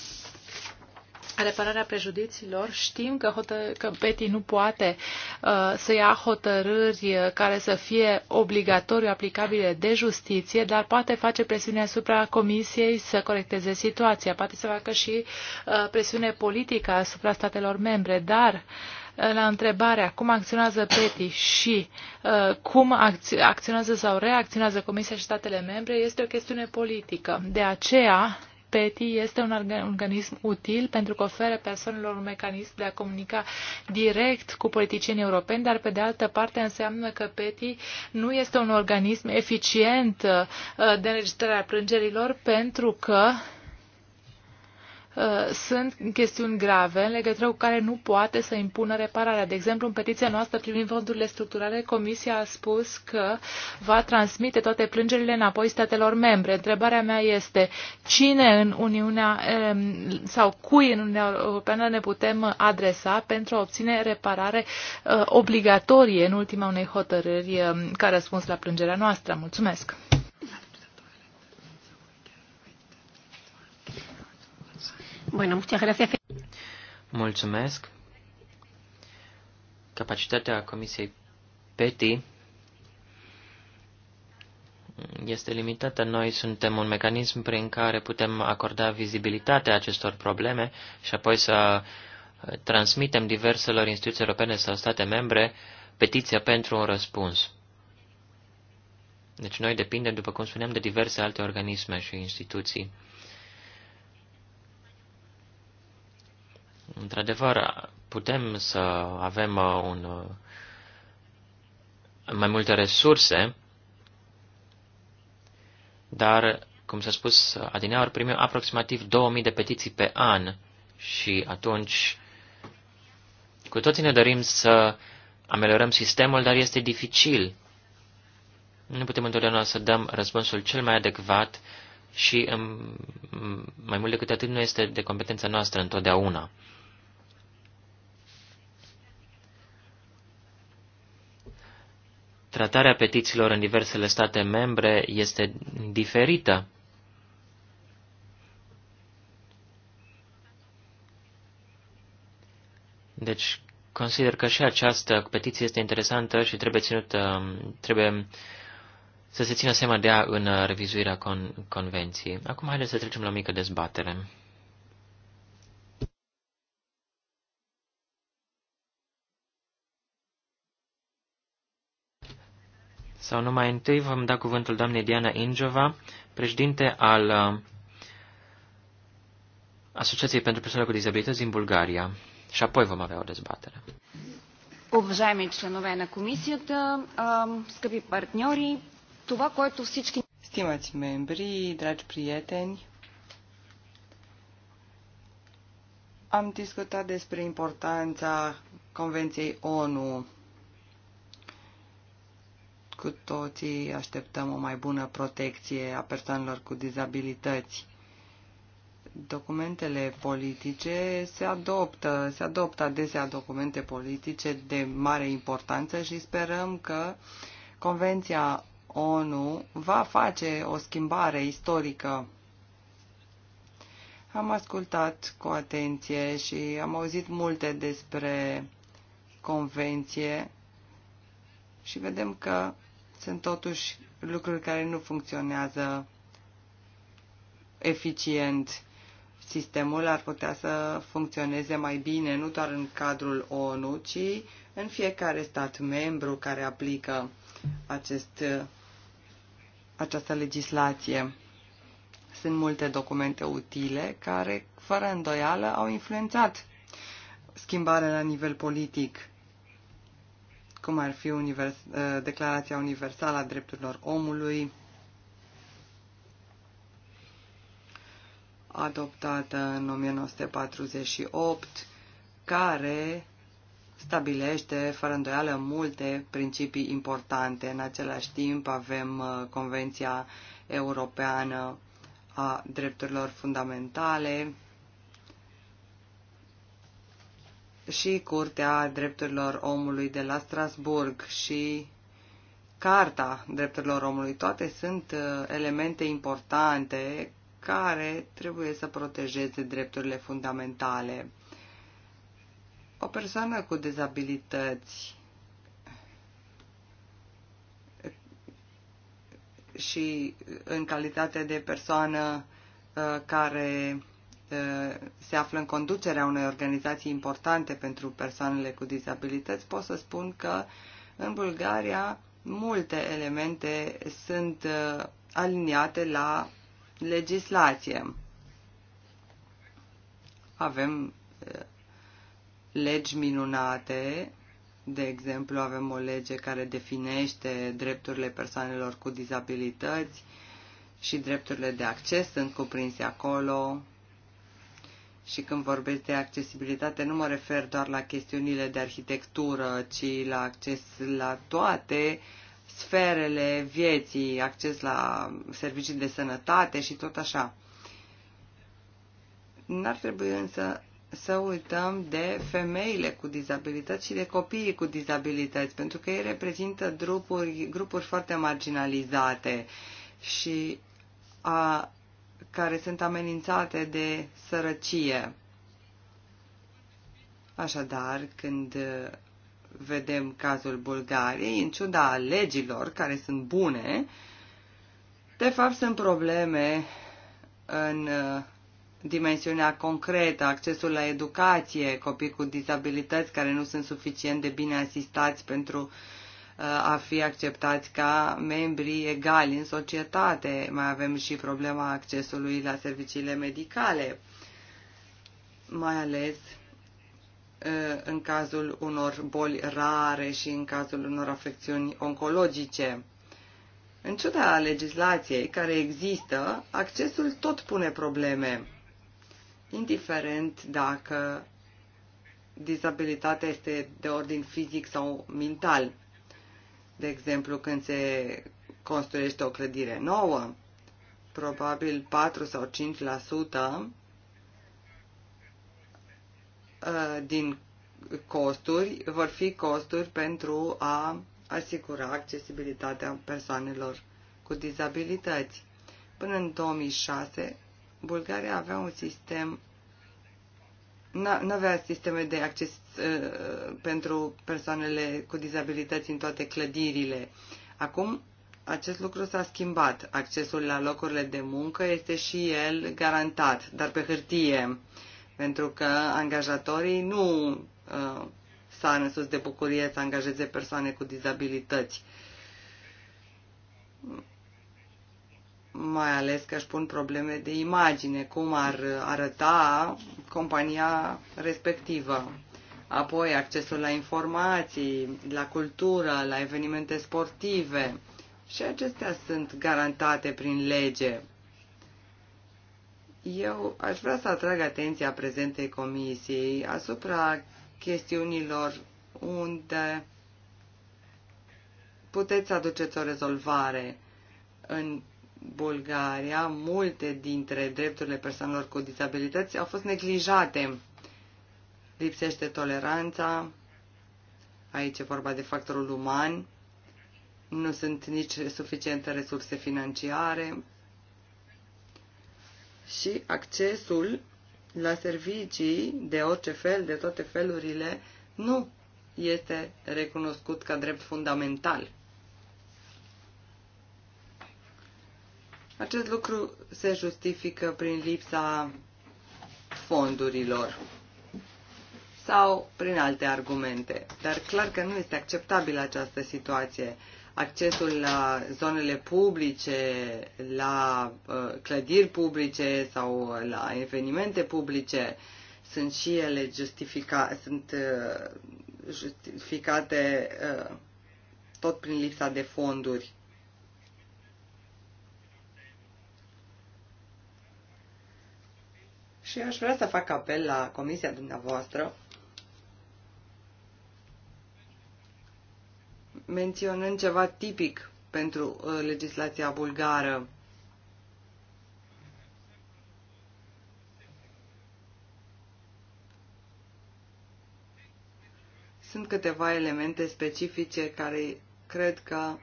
Speaker 3: repararea prejudiciilor, știm că, hotă- că PETI nu poate uh, să ia hotărâri care să fie obligatoriu aplicabile de justiție, dar poate face presiune asupra Comisiei să corecteze situația, poate să facă și uh, presiune politică asupra statelor membre, dar uh, la întrebarea cum acționează PETI și uh, cum acționează sau reacționează Comisia și statele membre este o chestiune politică. De aceea, PETI este un organism util pentru că oferă persoanelor un mecanism de a comunica direct cu politicienii europeni, dar pe de altă parte înseamnă că PETI nu este un organism eficient uh, de înregistrare a plângerilor pentru că uh, Uh, sunt chestiuni grave în legătură cu care nu poate să impună repararea. De exemplu, în petiția noastră privind fondurile structurale, Comisia a spus că va transmite toate plângerile înapoi statelor membre. Întrebarea mea este cine în Uniunea um, sau cui în Uniunea Europeană ne putem adresa pentru a obține reparare uh, obligatorie în ultima unei hotărâri um, ca răspuns la plângerea noastră. Mulțumesc!
Speaker 2: Bueno, muchas gracias. Mulțumesc. Capacitatea Comisiei PETI este limitată. Noi suntem un mecanism prin care putem acorda vizibilitatea acestor probleme și apoi să transmitem diverselor instituții europene sau state membre petiția pentru un răspuns. Deci noi depindem, după cum spuneam, de diverse alte organisme și instituții. Într-adevăr, putem să avem uh, un, uh, mai multe resurse, dar, cum s-a spus, adineaori primim aproximativ 2000 de petiții pe an și atunci cu toții ne dorim să ameliorăm sistemul, dar este dificil. Nu putem întotdeauna să dăm răspunsul cel mai adecvat și, um, mai mult decât atât, nu este de competența noastră întotdeauna. tratarea petițiilor în diversele state membre este diferită. Deci, consider că și această petiție este interesantă și trebuie ținută, um, trebuie să se țină seama de ea în revizuirea con- convenției. Acum haideți să trecem la o mică dezbatere. sau nu mai întâi vom da cuvântul doamnei Diana Injova, președinte al uh, Asociației pentru persoane cu dizabilități din Bulgaria. Și apoi vom avea o dezbatere.
Speaker 1: Уважаеми членове на комисията, uh, скъпи партньори, това, което всички... Стимați membri, dragi prieteni, am discutat despre importanța Convenției ONU cu toții așteptăm o mai bună protecție a persoanelor cu dizabilități. Documentele politice se adoptă, se adoptă adesea documente politice de mare importanță și sperăm că Convenția ONU va face o schimbare istorică. Am ascultat cu atenție și am auzit multe despre convenție și vedem că sunt totuși lucruri care nu funcționează eficient. Sistemul ar putea să funcționeze mai bine, nu doar în cadrul ONU, ci în fiecare stat membru care aplică acest, această legislație. Sunt multe documente utile care, fără îndoială, au influențat schimbarea la nivel politic cum ar fi univers, uh, Declarația Universală a Drepturilor Omului, adoptată în 1948, care stabilește, fără îndoială, multe principii importante. În același timp avem uh, Convenția Europeană a Drepturilor Fundamentale, și Curtea Drepturilor Omului de la Strasburg și Carta Drepturilor Omului, toate sunt uh, elemente importante care trebuie să protejeze drepturile fundamentale. O persoană cu dezabilități și uh, în calitate de persoană uh, care Uh, se află în conducerea unei organizații importante pentru persoanele cu dizabilități, pot să spun că în Bulgaria multe elemente sunt uh, aliniate la legislație. Avem uh, legi minunate, de exemplu avem o lege care definește drepturile persoanelor cu dizabilități și drepturile de acces sunt cuprinse acolo, și când vorbesc de accesibilitate, nu mă refer doar la chestiunile de arhitectură, ci la acces la toate sferele vieții, acces la servicii de sănătate și tot așa. N-ar trebui însă să uităm de femeile cu dizabilități și de copiii cu dizabilități, pentru că ei reprezintă grupuri, grupuri foarte marginalizate și a care sunt amenințate de sărăcie. Așadar, când vedem cazul Bulgariei, în ciuda legilor care sunt bune, de fapt sunt probleme în uh, dimensiunea concretă, accesul la educație, copii cu dizabilități care nu sunt suficient de bine asistați pentru uh, Uh, a fi acceptați ca membri egali în societate. Mai avem și problema accesului la serviciile medicale, mai ales uh, în cazul unor boli rare și în cazul unor afecțiuni oncologice. În ciuda legislației care există, accesul tot pune probleme, indiferent dacă dizabilitatea este de ordin fizic sau mental. De exemplu, când se construiește o clădire nouă, probabil 4 sau 5% uh, din costuri vor fi costuri pentru a asigura accesibilitatea persoanelor cu dizabilități. Până în 2006, Bulgaria avea un sistem, nu avea sisteme de acces, Uh, pentru persoanele cu dizabilități în toate clădirile. Acum, acest lucru s-a schimbat. Accesul la locurile de muncă este și el garantat, dar pe hârtie, pentru că angajatorii nu uh, s au sus de bucurie să angajeze persoane cu dizabilități. Mai ales că își pun probleme de imagine, cum ar arăta compania respectivă apoi accesul la informații, la cultură, la evenimente sportive. Și acestea sunt garantate prin lege. Eu aș vrea să atrag atenția prezentei comisii asupra chestiunilor unde puteți aduceți o rezolvare. În Bulgaria, multe dintre drepturile persoanelor cu dizabilități au fost neglijate lipsește toleranța, aici e vorba de factorul uman, nu sunt nici suficiente resurse financiare și accesul la servicii de orice fel, de toate felurile, nu este recunoscut ca drept fundamental. Acest lucru se justifică prin lipsa fondurilor sau prin alte argumente. Dar clar că nu este acceptabilă această situație. Accesul la zonele publice, la uh, clădiri publice sau la evenimente publice sunt și ele justifica, sunt, uh, justificate uh, tot prin lipsa de fonduri. Și aș vrea să fac apel la comisia dumneavoastră menționând ceva tipic pentru uh, legislația bulgară. Sunt câteva elemente specifice care cred că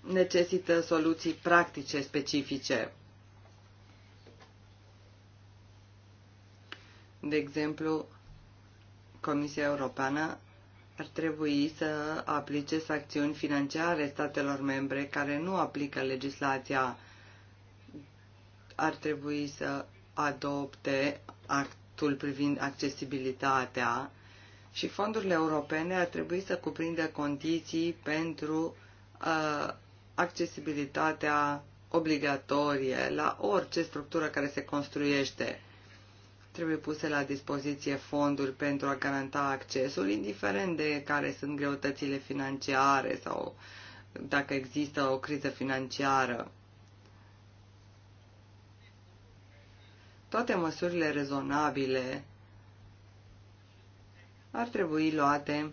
Speaker 1: necesită soluții practice specifice. De exemplu, Comisia Europeană ar trebui să aplice sancțiuni financiare statelor membre care nu aplică legislația. Ar trebui să adopte actul privind accesibilitatea și fondurile europene ar trebui să cuprindă condiții pentru uh, accesibilitatea obligatorie la orice structură care se construiește. Trebuie puse la dispoziție fonduri pentru a garanta accesul, indiferent de care sunt greutățile financiare sau dacă există o criză financiară. Toate măsurile rezonabile ar trebui luate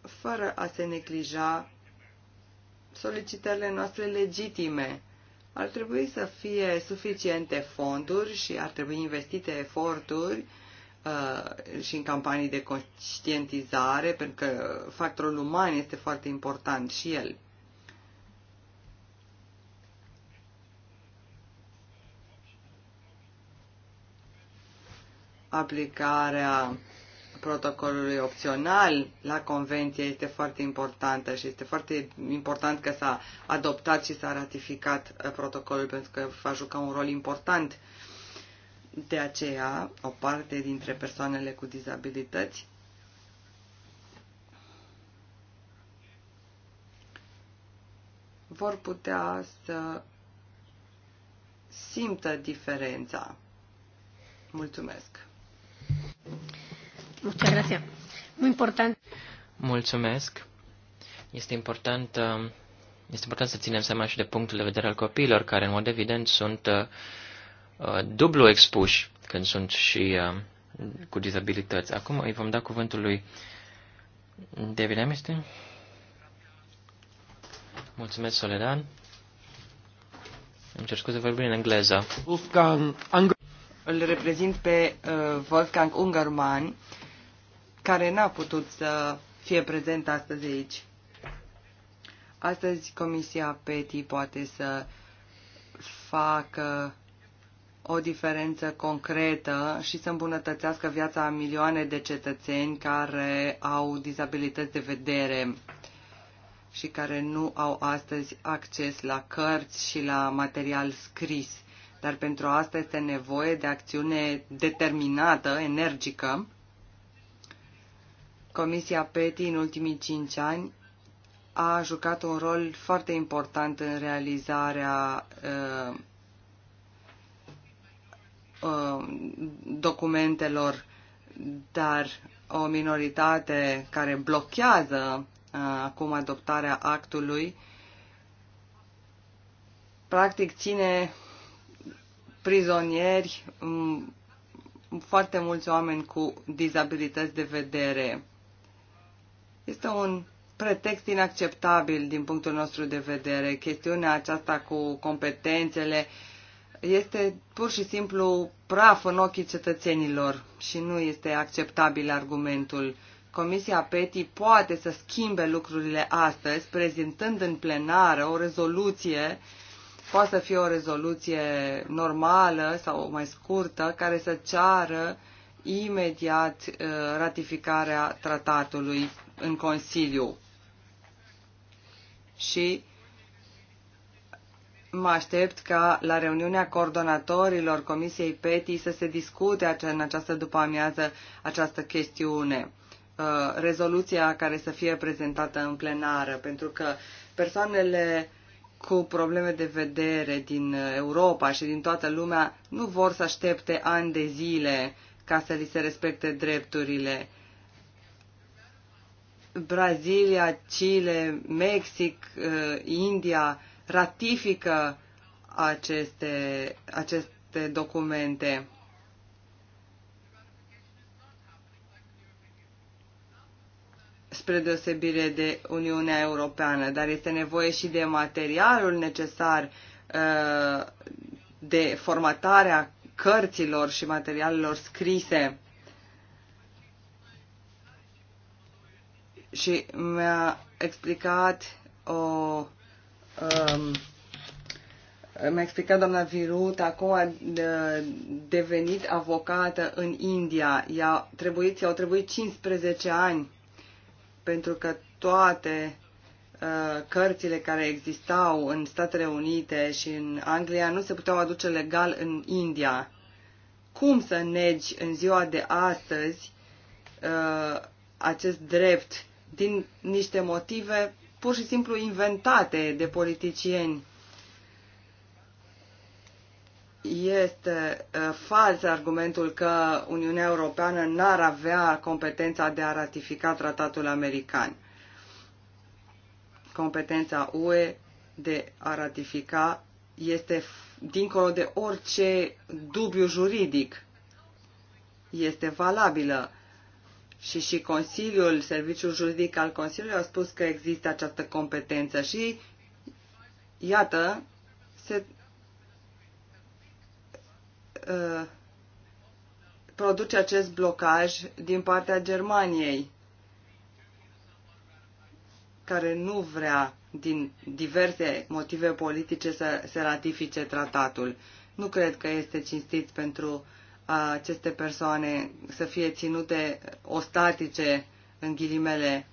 Speaker 1: fără a se neglija solicitările noastre legitime ar trebui să fie suficiente fonduri și ar trebui investite eforturi uh, și în campanii de conștientizare, pentru că factorul uman este foarte important și el. Aplicarea protocolului opțional la convenție este foarte importantă și este foarte important că s-a adoptat și s-a ratificat uh, protocolul pentru că va juca un rol important. De aceea, o parte dintre persoanele cu dizabilități vor putea să simtă diferența. Mulțumesc!
Speaker 2: Muchas gracias. Muy Mulțumesc. Este important, uh, este important să ținem seama și de punctul de vedere al copiilor, care în mod evident sunt uh, uh, dublu expuși când sunt și cu dizabilități. Acum îi vom da cuvântul lui David Amistin. Mulțumesc, Soledan. Îmi cer scuze, vorbim în engleză.
Speaker 1: Wolfgang Unger... Îl reprezint pe uh, Wolfgang Ungerman, care n-a putut să fie prezent astăzi aici. Astăzi Comisia PETI poate să facă o diferență concretă și să îmbunătățească viața a milioane de cetățeni care au dizabilități de vedere și care nu au astăzi acces la cărți și la material scris. Dar pentru asta este nevoie de acțiune determinată, energică Comisia PETI în ultimii cinci ani a jucat un rol foarte important în realizarea uh, uh, documentelor, dar o minoritate care blochează uh, acum adoptarea actului practic ține prizonieri mm, foarte mulți oameni cu dizabilități de vedere este un pretext inacceptabil din punctul nostru de vedere. Chestiunea aceasta cu competențele este pur și simplu praf în ochii cetățenilor și nu este acceptabil argumentul. Comisia PETI poate să schimbe lucrurile astăzi, prezentând în plenară o rezoluție, poate să fie o rezoluție normală sau mai scurtă, care să ceară imediat uh, ratificarea tratatului în Consiliu. Și mă aștept ca la reuniunea coordonatorilor Comisiei PETI să se discute în această după-amiază această chestiune. Uh, rezoluția care să fie prezentată în plenară, pentru că persoanele cu probleme de vedere din Europa și din toată lumea nu vor să aștepte ani de zile ca să li se respecte drepturile Brazilia, Chile, Mexic, uh, India ratifică aceste, aceste documente. spre deosebire de Uniunea Europeană, dar este nevoie și de materialul necesar uh, de formatarea cărților și materialelor scrise. și mi-a explicat o um, mi-a explicat doamna Virut, acum a devenit avocată în India. I-a trebuit, i-au trebuit 15 ani pentru că toate uh, cărțile care existau în Statele Unite și în Anglia nu se puteau aduce legal în India. Cum să negi în ziua de astăzi uh, acest drept din niște motive pur și simplu inventate de politicieni. Este uh, fals argumentul că Uniunea Europeană n-ar avea competența de a ratifica tratatul american. Competența UE de a ratifica este dincolo de orice dubiu juridic. Este valabilă și și Consiliul, Serviciul Juridic al Consiliului a spus că există această competență și iată, se uh, produce acest blocaj din partea Germaniei, care nu vrea, din diverse motive politice, să se ratifice tratatul. Nu cred că este cinstit pentru aceste persoane să fie ținute ostatice, în ghilimele.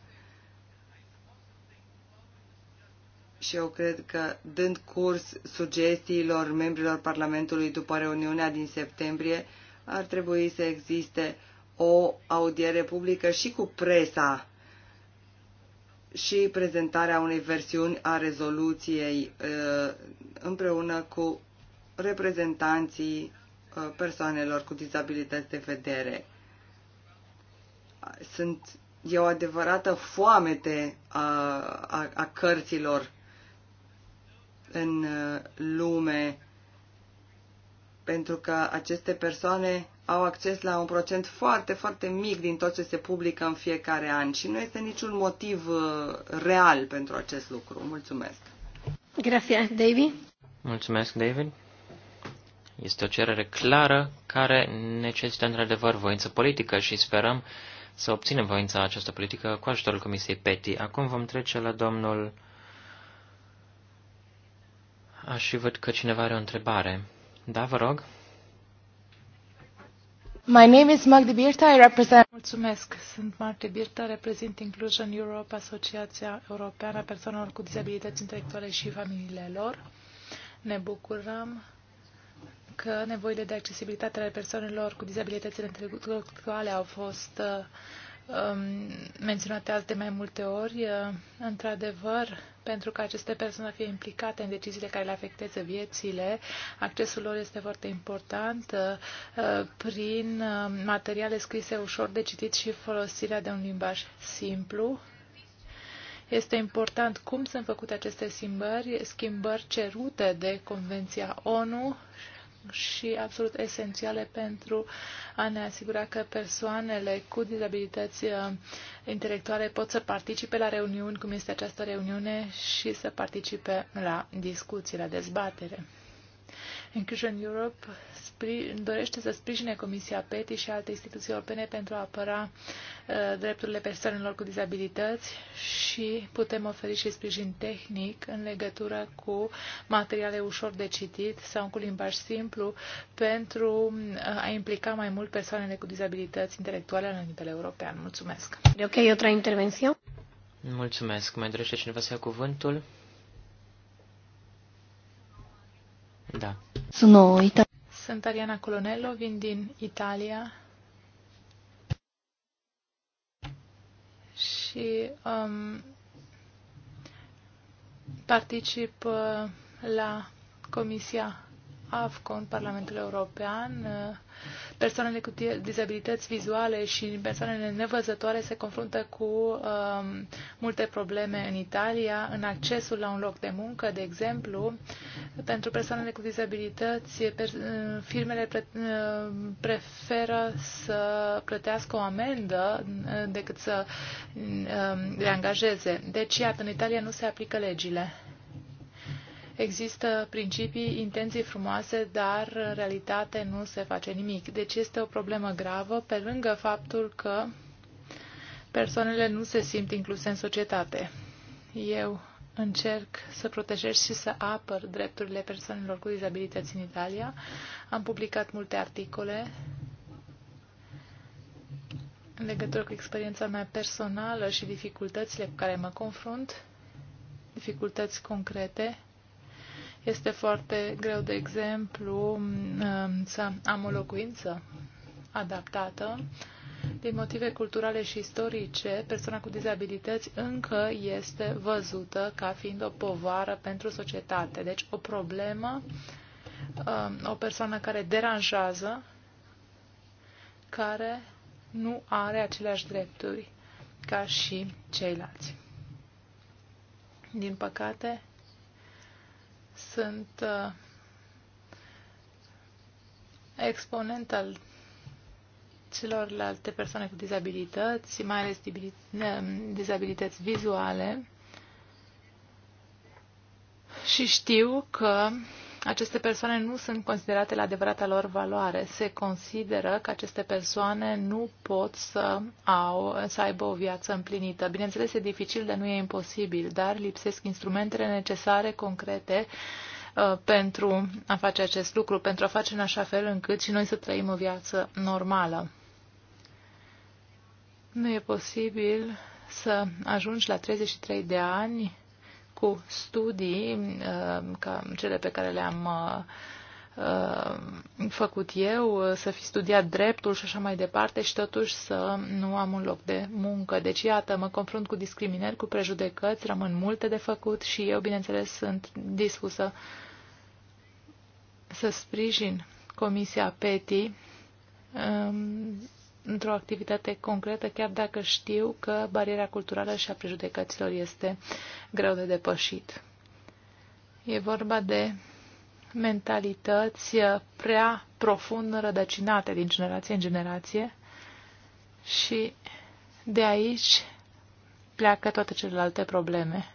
Speaker 1: Și eu cred că dând curs sugestiilor membrilor Parlamentului după reuniunea din septembrie, ar trebui să existe o audiere publică și cu presa și prezentarea unei versiuni a rezoluției uh, împreună cu reprezentanții Uh, persoanelor cu dizabilități de vedere. Sunt, e o adevărată foamete a, a, a cărților în uh, lume, pentru că aceste persoane au acces la un procent foarte, foarte mic din tot ce se publică în fiecare an și nu este niciun motiv uh, real pentru acest lucru. Mulțumesc!
Speaker 2: Gracias, David. Mulțumesc, David. Este o cerere clară care necesită într-adevăr voință politică și sperăm să obținem voința această politică cu ajutorul Comisiei PETI. Acum vom trece la domnul... Aș și văd că cineva are o întrebare. Da, vă rog.
Speaker 3: My name is Magdi Birta, I represent... Mulțumesc, sunt Magdi Birta, reprezint Inclusion Europe, Asociația Europeană a Persoanelor cu Dizabilități Intelectuale și Familiile lor. Ne bucurăm că nevoile de accesibilitate ale persoanelor cu dizabilitățile intelectuale au fost um, menționate azi de mai multe ori. Uh, într-adevăr, pentru că aceste persoane fie implicate în deciziile care le afectează viețile, accesul lor este foarte important uh, prin uh, materiale scrise ușor de citit și folosirea de un limbaj simplu, este important cum sunt făcute aceste schimbări, schimbări cerute de Convenția ONU și absolut esențiale pentru a ne asigura că persoanele cu dizabilități uh, intelectuale pot să participe la reuniuni, cum este această reuniune, și să participe la discuții, la dezbatere. Inclusion Europe dorește să sprijine Comisia PETI și alte instituții europene pentru a apăra uh, drepturile persoanelor cu dizabilități și putem oferi și sprijin tehnic în legătură cu materiale ușor de citit sau cu limbaj simplu pentru uh, a implica mai mult persoanele cu dizabilități intelectuale la nivel european. Mulțumesc. E
Speaker 2: ok, otra intervenție? Mulțumesc. Mai dorește cineva să ia cuvântul? Da.
Speaker 1: Sunt, Ita-
Speaker 3: Sunt Ariana Colonello, vin din Italia. Și um, particip uh, la Comisia AFCO în Parlamentul European. Uh, persoanele cu dizabilități vizuale și persoanele nevăzătoare se confruntă cu um, multe probleme în Italia, în accesul la un loc de muncă, de exemplu. Pentru persoanele cu dizabilități, per, firmele pre, preferă să plătească o amendă uh, decât să um, le angajeze. Deci, iată, în Italia nu se aplică legile. Există principii, intenții frumoase, dar în realitate nu se face nimic. Deci este o problemă gravă, pe lângă faptul că persoanele nu se simt incluse în societate. Eu încerc să protejez și să apăr drepturile persoanelor cu dizabilități în Italia. Am publicat multe articole în legătură cu experiența mea personală și dificultățile cu care mă confrunt, dificultăți concrete este foarte greu, de exemplu, um, să am o locuință adaptată. Din motive culturale și istorice, persoana cu dizabilități încă este văzută ca fiind o povară pentru societate. Deci o problemă, um, o persoană care deranjează, care nu are aceleași drepturi ca și ceilalți. Din păcate, sunt uh, exponent al celorlalte persoane cu dizabilități, mai ales dizabilități vizuale, și știu că aceste persoane nu sunt considerate la adevărata lor valoare. Se consideră că aceste persoane nu pot să, au, să aibă o viață împlinită. Bineînțeles, e dificil, dar nu e imposibil, dar lipsesc instrumentele necesare, concrete, uh, pentru a face acest lucru, pentru a face în așa fel încât și noi să trăim o viață normală. Nu e posibil să ajungi la 33 de ani cu studii uh, ca cele pe care le-am uh, făcut eu, uh, să fi studiat dreptul și așa mai departe și totuși să nu am un loc de muncă. Deci, iată, mă confrunt cu discriminări, cu prejudecăți, rămân multe de făcut și eu, bineînțeles, sunt dispusă să sprijin Comisia PETI um, într-o activitate concretă, chiar dacă știu că bariera culturală și a prejudecăților este greu de depășit. E vorba de mentalități prea profund rădăcinate din generație în generație și de aici pleacă toate celelalte probleme.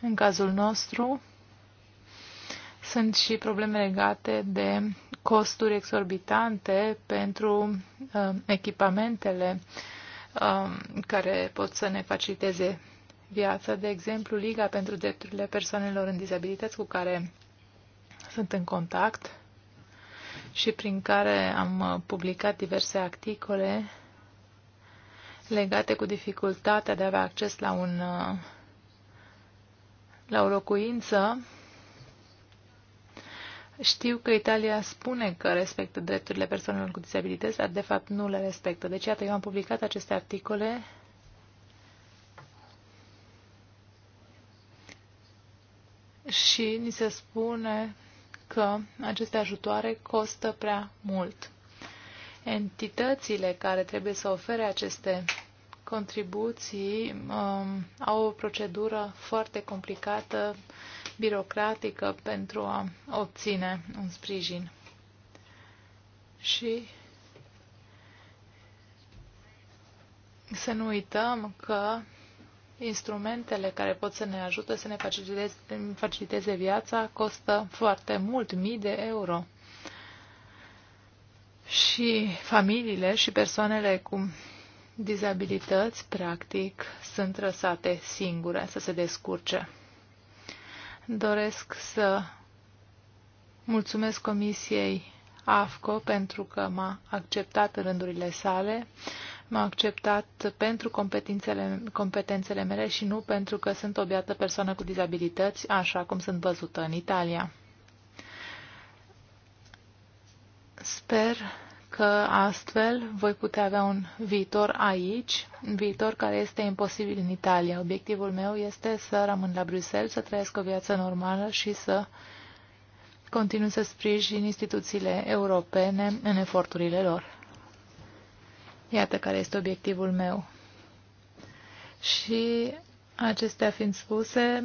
Speaker 3: În cazul nostru, sunt și probleme legate de costuri exorbitante pentru uh, echipamentele uh, care pot să ne faciliteze viața. De exemplu, Liga pentru Drepturile Persoanelor în Dizabilități cu care sunt în contact și prin care am uh, publicat diverse articole legate cu dificultatea de a avea acces la, un, uh, la o locuință știu că Italia spune că respectă drepturile persoanelor cu dizabilități, dar de fapt nu le respectă. Deci, iată, eu am publicat aceste articole și ni se spune că aceste ajutoare costă prea mult. Entitățile care trebuie să ofere aceste contribuții um, au o procedură foarte complicată uh, birocratică pentru a obține un sprijin. Și să nu uităm că instrumentele care pot să ne ajute să ne faciliteze, faciliteze viața costă foarte mult, mii de euro. Și familiile și persoanele cu dizabilități, practic, sunt răsate singure să se descurce. Doresc să mulțumesc Comisiei AFCO pentru că m-a acceptat în rândurile sale, m-a acceptat pentru competențele, competențele mele și nu pentru că sunt o beată persoană cu dizabilități, așa cum sunt văzută în Italia. Sper că astfel voi putea avea un viitor aici, un viitor care este imposibil în Italia. Obiectivul meu este să rămân la Bruxelles, să trăiesc o viață normală și să continui să sprijin instituțiile europene în eforturile lor. Iată care este obiectivul meu. Și Acestea fiind spuse,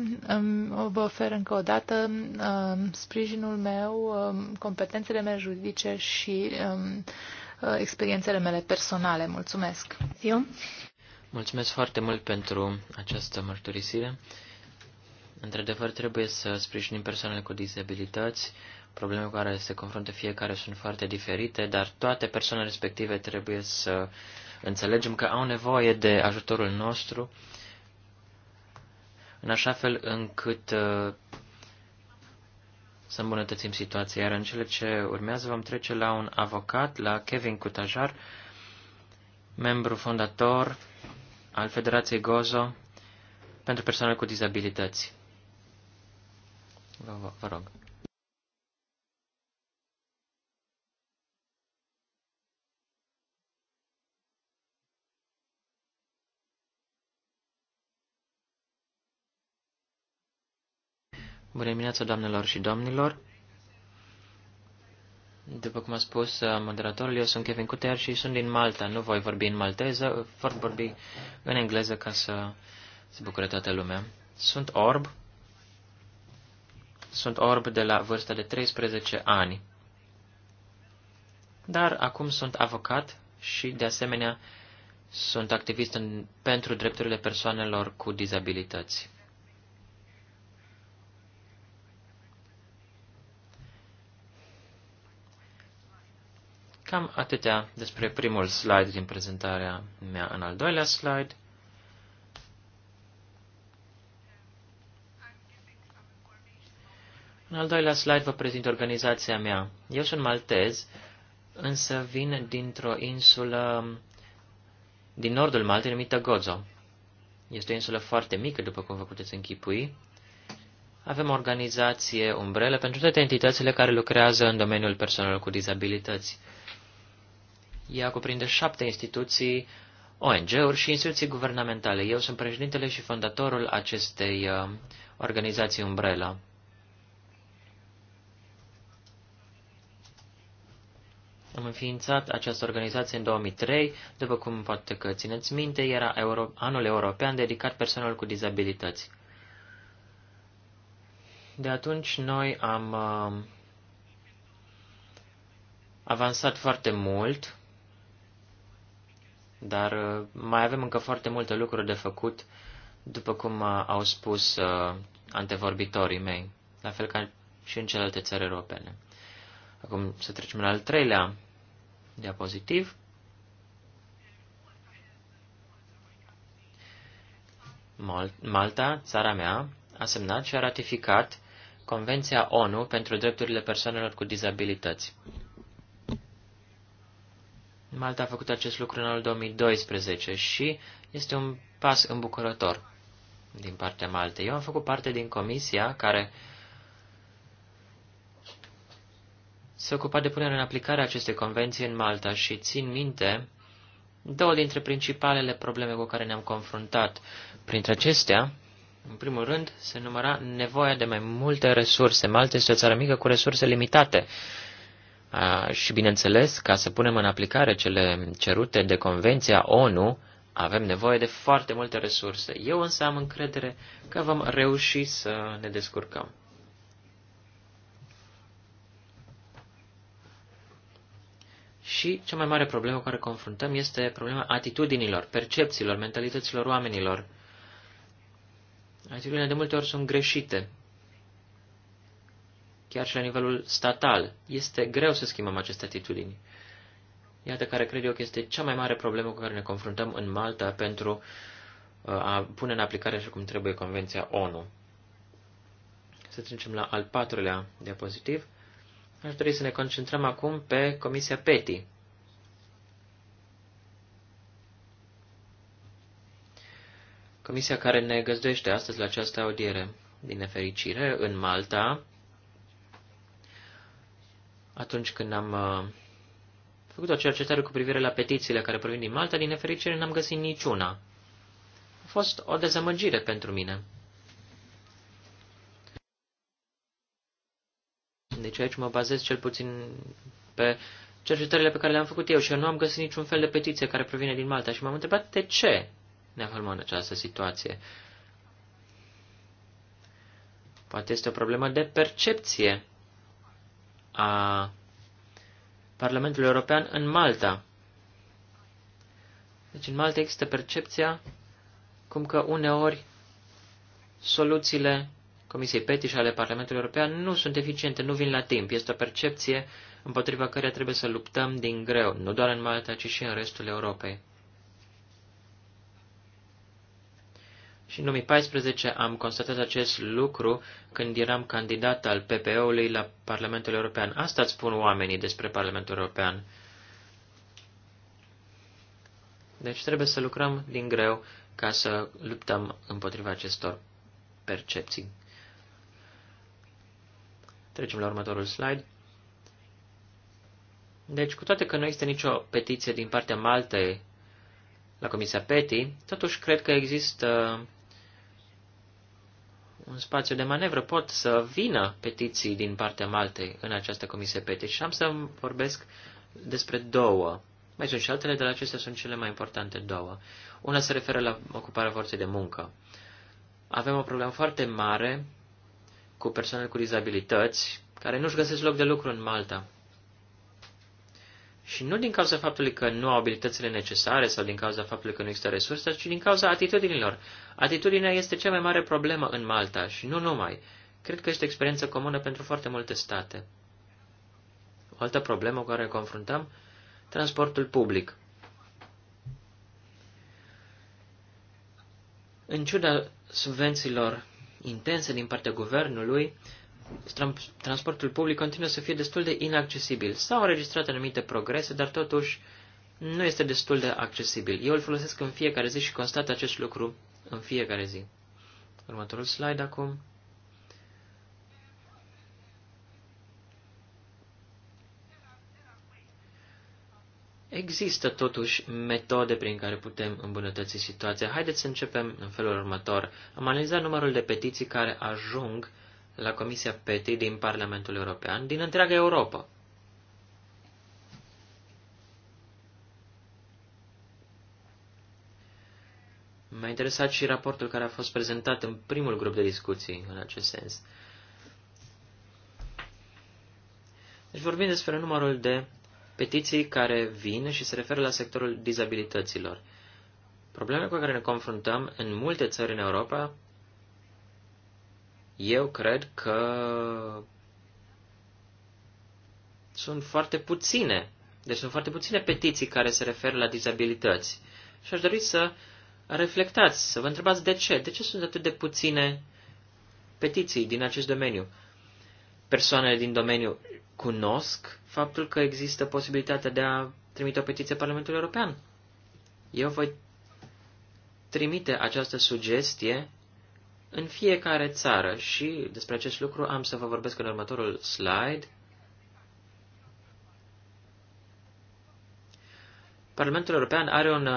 Speaker 3: vă ofer încă o dată um, sprijinul meu, um, competențele mele juridice și um, uh, experiențele mele personale. Mulțumesc! Eu?
Speaker 2: Mulțumesc foarte mult pentru această mărturisire. Într-adevăr, trebuie să sprijinim persoanele cu dizabilități. Problemele cu care se confruntă fiecare sunt foarte diferite, dar toate persoanele respective trebuie să înțelegem că au nevoie de ajutorul nostru în așa fel încât uh, să îmbunătățim situația. Iar în cele ce urmează vom trece la un avocat, la Kevin Cutajar, membru fondator al Federației Gozo pentru persoane cu dizabilități. Vă, vă rog. Bună dimineața, doamnelor și domnilor! După cum a spus uh, moderatorul, eu sunt Kevin Cuter și sunt din Malta. Nu voi vorbi în malteză, vor vorbi în engleză ca să se bucure toată lumea. Sunt orb. Sunt orb de la vârsta de 13 ani. Dar acum sunt avocat și, de asemenea, sunt activist în, pentru drepturile persoanelor cu dizabilități. Cam atâtea despre primul slide din prezentarea mea. În al doilea slide În al doilea slide vă prezint organizația mea. Eu sunt maltez, însă vin dintr-o insulă din nordul Maltei numită Gozo. Este o insulă foarte mică, după cum vă puteți închipui. Avem o organizație umbrelă pentru toate entitățile care lucrează în domeniul persoanelor cu dizabilități. Ea cuprinde șapte instituții, ONG-uri și instituții guvernamentale. Eu sunt președintele și fondatorul acestei uh, organizații Umbrella. Am înființat această organizație în 2003, după cum poate că țineți minte, era Euro- anul european dedicat persoanelor cu dizabilități. De atunci noi am uh, avansat foarte mult dar uh, mai avem încă foarte multe lucruri de făcut, după cum uh, au spus uh, antevorbitorii mei, la fel ca și în celelalte țări europene. Acum să trecem la al treilea diapozitiv. Malta, țara mea, a semnat și a ratificat Convenția ONU pentru drepturile persoanelor cu dizabilități. Malta a făcut acest lucru în anul 2012 și este un pas îmbucurător din partea Maltei. Eu am făcut parte din comisia care se ocupa de punerea în aplicare a acestei convenții în Malta și țin minte două dintre principalele probleme cu care ne-am confruntat. Printre acestea, în primul rând, se număra nevoia de mai multe resurse. Malta este o țară mică cu resurse limitate și, bineînțeles, ca să punem în aplicare cele cerute de Convenția ONU, avem nevoie de foarte multe resurse. Eu însă am încredere că vom reuși să ne descurcăm. Și cea mai mare problemă cu care confruntăm este problema atitudinilor, percepțiilor, mentalităților oamenilor. Atitudinile de multe ori sunt greșite chiar și la nivelul statal. Este greu să schimbăm aceste atitudini. Iată care cred eu că este cea mai mare problemă cu care ne confruntăm în Malta pentru uh, a pune în aplicare așa cum trebuie Convenția ONU. Să trecem la al patrulea diapozitiv. Aș dori să ne concentrăm acum pe Comisia PETI. Comisia care ne găzduiește astăzi la această audiere. Din nefericire, în Malta, atunci când am uh, făcut o cercetare cu privire la petițiile care provin din Malta, din nefericire n-am găsit niciuna. A fost o dezamăgire pentru mine. Deci aici mă bazez cel puțin pe cercetările pe care le-am făcut eu și eu nu am găsit niciun fel de petiție care provine din Malta și m-am întrebat de ce ne aflăm în această situație. Poate este o problemă de percepție a Parlamentului European în Malta. Deci în Malta există percepția cum că uneori soluțiile Comisiei Peti și ale Parlamentului European nu sunt eficiente, nu vin la timp. Este o percepție împotriva căreia trebuie să luptăm din greu, nu doar în Malta, ci și în restul Europei. Și în 2014 am constatat acest lucru când eram candidat al PPE-ului la Parlamentul European. Asta îți spun oamenii despre Parlamentul European. Deci trebuie să lucrăm din greu ca să luptăm împotriva acestor percepții. Trecem la următorul slide. Deci, cu toate că nu este nicio petiție din partea Maltei la Comisia PETI, totuși cred că există un spațiu de manevră. Pot să vină petiții din partea Maltei în această comisie petiții și am să vorbesc despre două. Mai sunt și altele, dar acestea sunt cele mai importante două. Una se referă la ocuparea forței de muncă. Avem o problemă foarte mare cu persoane cu dizabilități care nu-și găsesc loc de lucru în Malta. Și nu din cauza faptului că nu au abilitățile necesare sau din cauza faptului că nu există resurse, ci din cauza atitudinilor. Atitudinea este cea mai mare problemă în Malta și nu numai. Cred că este o experiență comună pentru foarte multe state. O altă problemă cu care ne confruntăm, transportul public. În ciuda subvențiilor intense din partea guvernului, transportul public continuă să fie destul de inaccesibil. S-au înregistrat anumite progrese, dar totuși nu este destul de accesibil. Eu îl folosesc în fiecare zi și constat acest lucru în fiecare zi. Următorul slide acum. Există totuși metode prin care putem îmbunătăți situația. Haideți să începem în felul următor. Am analizat numărul de petiții care ajung uh, la Comisia PETI din Parlamentul European, din întreaga Europa. M-a interesat și raportul care a fost prezentat în primul grup de discuții în acest sens. Deci vorbim despre numărul de petiții care vin și se referă la sectorul dizabilităților. Problemele cu care ne confruntăm în multe țări în Europa eu cred că sunt foarte puține, deci sunt foarte puține petiții care se referă la dizabilități. Și aș dori să reflectați, să vă întrebați de ce. De ce sunt atât de puține petiții din acest domeniu? Persoanele din domeniu cunosc faptul că există posibilitatea de a trimite o petiție Parlamentului European. Eu voi trimite această sugestie în fiecare țară și despre acest lucru am să vă vorbesc în următorul slide. Parlamentul European are, un,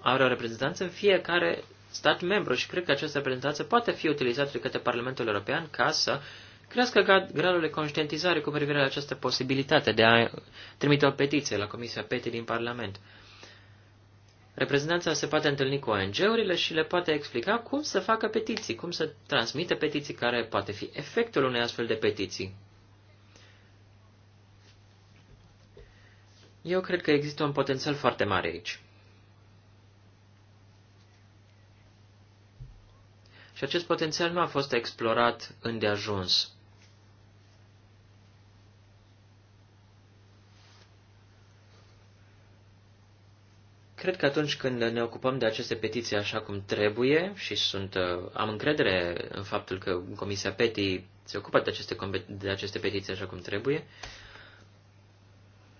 Speaker 2: are o reprezentanță în fiecare stat membru și cred că această reprezentanță poate fi utilizată de către Parlamentul European ca să crească gradul de conștientizare cu privire la această posibilitate de a trimite o petiție la Comisia PETI din Parlament. Reprezentanța se poate întâlni cu ONG-urile și le poate explica cum să facă petiții, cum să transmită petiții, care poate fi efectul unei astfel de petiții. Eu cred că există un potențial foarte mare aici. Și acest potențial nu a fost explorat îndeajuns. Cred că atunci când ne ocupăm de aceste petiții așa cum trebuie și sunt, uh, am încredere în faptul că Comisia PETI se ocupă de aceste, de aceste petiții așa cum trebuie,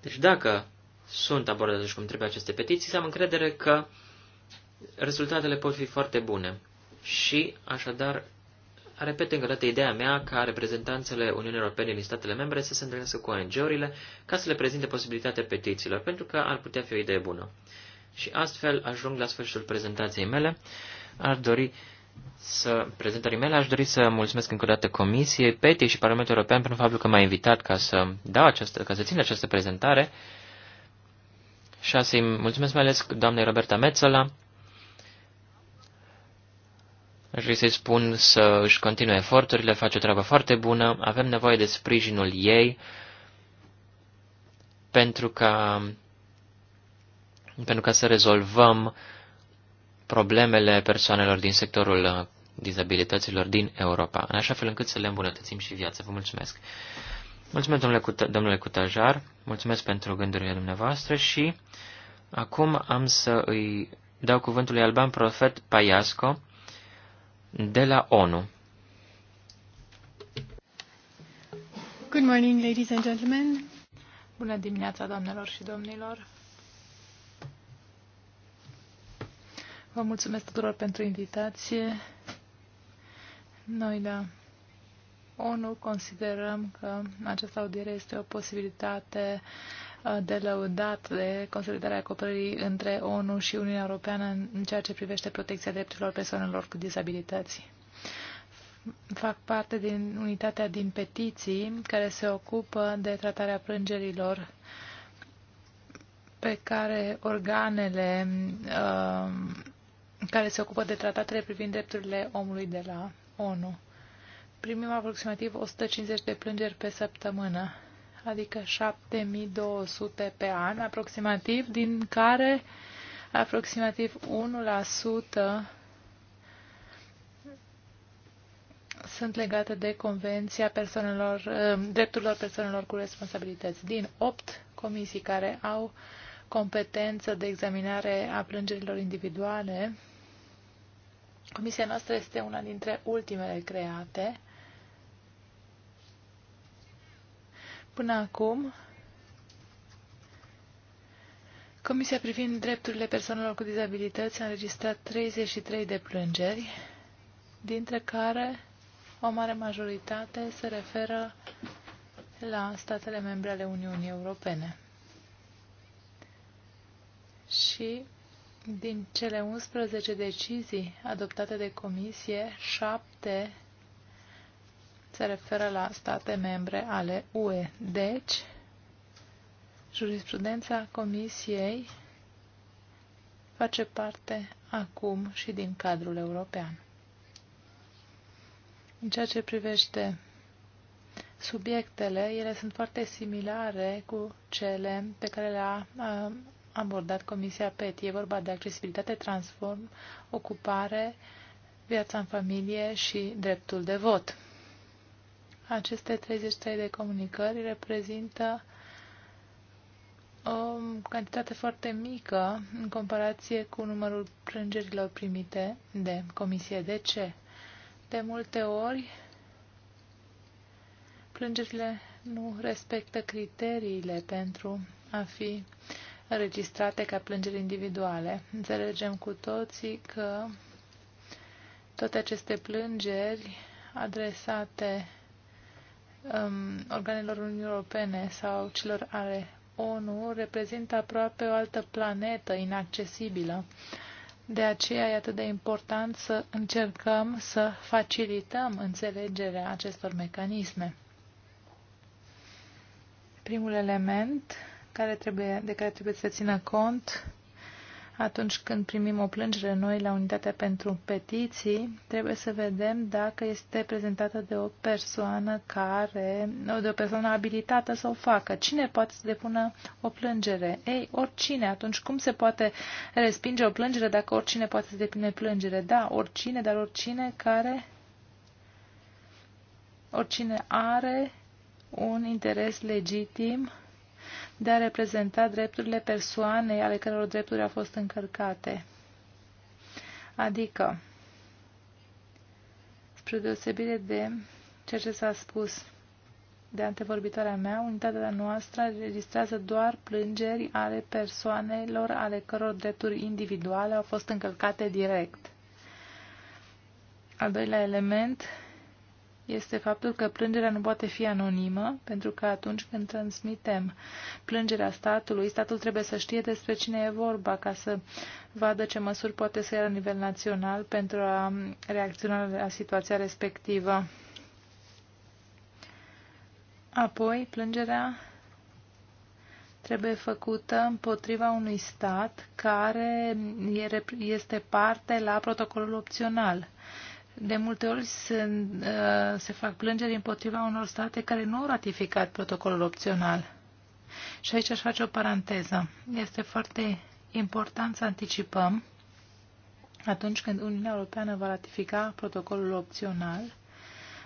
Speaker 2: deci dacă sunt abordate așa cum trebuie aceste petiții, am încredere că rezultatele pot fi foarte bune. Și, așadar, repet încă o dată ideea mea ca reprezentanțele Uniunii Europene din statele membre să se întâlnească cu ONG-urile ca să le prezinte posibilitatea petițiilor, pentru că ar putea fi o idee bună. Și astfel ajung la sfârșitul prezentației mele. Ar dori să, prezentării mele, aș dori să mulțumesc încă o dată Comisiei, PETI și Parlamentul European pentru faptul că m-a invitat ca să, dau această, ca să țin această prezentare și să mulțumesc mai ales doamnei Roberta Metzola. Aș vrea să-i spun să își continue eforturile, face o treabă foarte bună, avem nevoie de sprijinul ei pentru ca pentru ca să rezolvăm problemele persoanelor din sectorul uh, dizabilităților din Europa, în așa fel încât să le îmbunătățim și viața. Vă mulțumesc! Mulțumesc, domnule, Cuta, domnule Cutajar, mulțumesc pentru gândurile dumneavoastră și acum am să îi dau cuvântul lui Alban Profet Paiasco de la ONU.
Speaker 3: Good morning, ladies and gentlemen. Bună dimineața, doamnelor și domnilor. Vă mulțumesc tuturor pentru invitație. Noi, la da, ONU considerăm că această audiere este o posibilitate uh, de lăudat de consolidarea acoperirii între ONU și Uniunea Europeană în ceea ce privește protecția drepturilor persoanelor cu dizabilități. Fac parte din unitatea din petiții care se ocupă de tratarea plângerilor pe care organele uh, care se ocupă de tratatele privind drepturile omului de la ONU. Primim aproximativ 150 de plângeri pe săptămână, adică 7200 pe an aproximativ, din care aproximativ 1% sunt legate de Convenția persoanelor, uh, drepturilor persoanelor cu responsabilități. Din 8 comisii care au competență de examinare a plângerilor individuale, Comisia noastră este una dintre ultimele create. Până acum, Comisia privind drepturile persoanelor cu dizabilități a înregistrat 33 de plângeri, dintre care o mare majoritate se referă la statele membre ale Uniunii Europene. Și din cele 11 decizii adoptate de comisie, 7 se referă la state membre ale UE. Deci, jurisprudența comisiei face parte acum și din cadrul european. În ceea ce privește subiectele, ele sunt foarte similare cu cele pe care le-a abordat Comisia PET. E vorba de accesibilitate, transform, ocupare, viața în familie și dreptul de vot. Aceste 33 de comunicări reprezintă o cantitate foarte mică în comparație cu numărul plângerilor primite de comisie. De ce? De multe ori, plângerile nu respectă criteriile pentru a fi uh, înregistrate ca plângeri individuale. Înțelegem cu toții că toate aceste plângeri adresate um, organelor Uniunii Europene sau celor ale ONU reprezintă aproape o altă planetă inaccesibilă. De aceea e atât de important să încercăm să facilităm înțelegerea acestor mecanisme. Primul element care trebuie, de care trebuie să țină cont atunci când primim o plângere noi la unitatea pentru petiții, trebuie să vedem dacă este prezentată de o persoană care, de o persoană abilitată să o facă. Cine poate să depună o plângere? Ei, oricine. Atunci cum se poate respinge o plângere dacă oricine poate să depune plângere? Da, oricine, dar oricine care oricine are un interes legitim de a reprezenta drepturile persoanei ale căror drepturi au fost încărcate. Adică, spre deosebire de ceea ce s-a spus de antevorbitoarea mea, unitatea noastră registrează doar plângeri ale persoanelor ale căror drepturi individuale au fost încălcate direct. Al doilea element este faptul că plângerea nu poate fi anonimă, pentru că atunci când transmitem plângerea statului, statul trebuie să știe despre cine e vorba, ca să vadă ce măsuri poate să ia la nivel național pentru a reacționa la situația respectivă. Apoi, plângerea trebuie făcută împotriva unui stat care este parte la protocolul opțional. De multe ori se, uh, se fac plângeri împotriva unor state care nu au ratificat protocolul opțional. Și aici aș face o paranteză. Este foarte important să anticipăm atunci când Uniunea Europeană va ratifica protocolul opțional,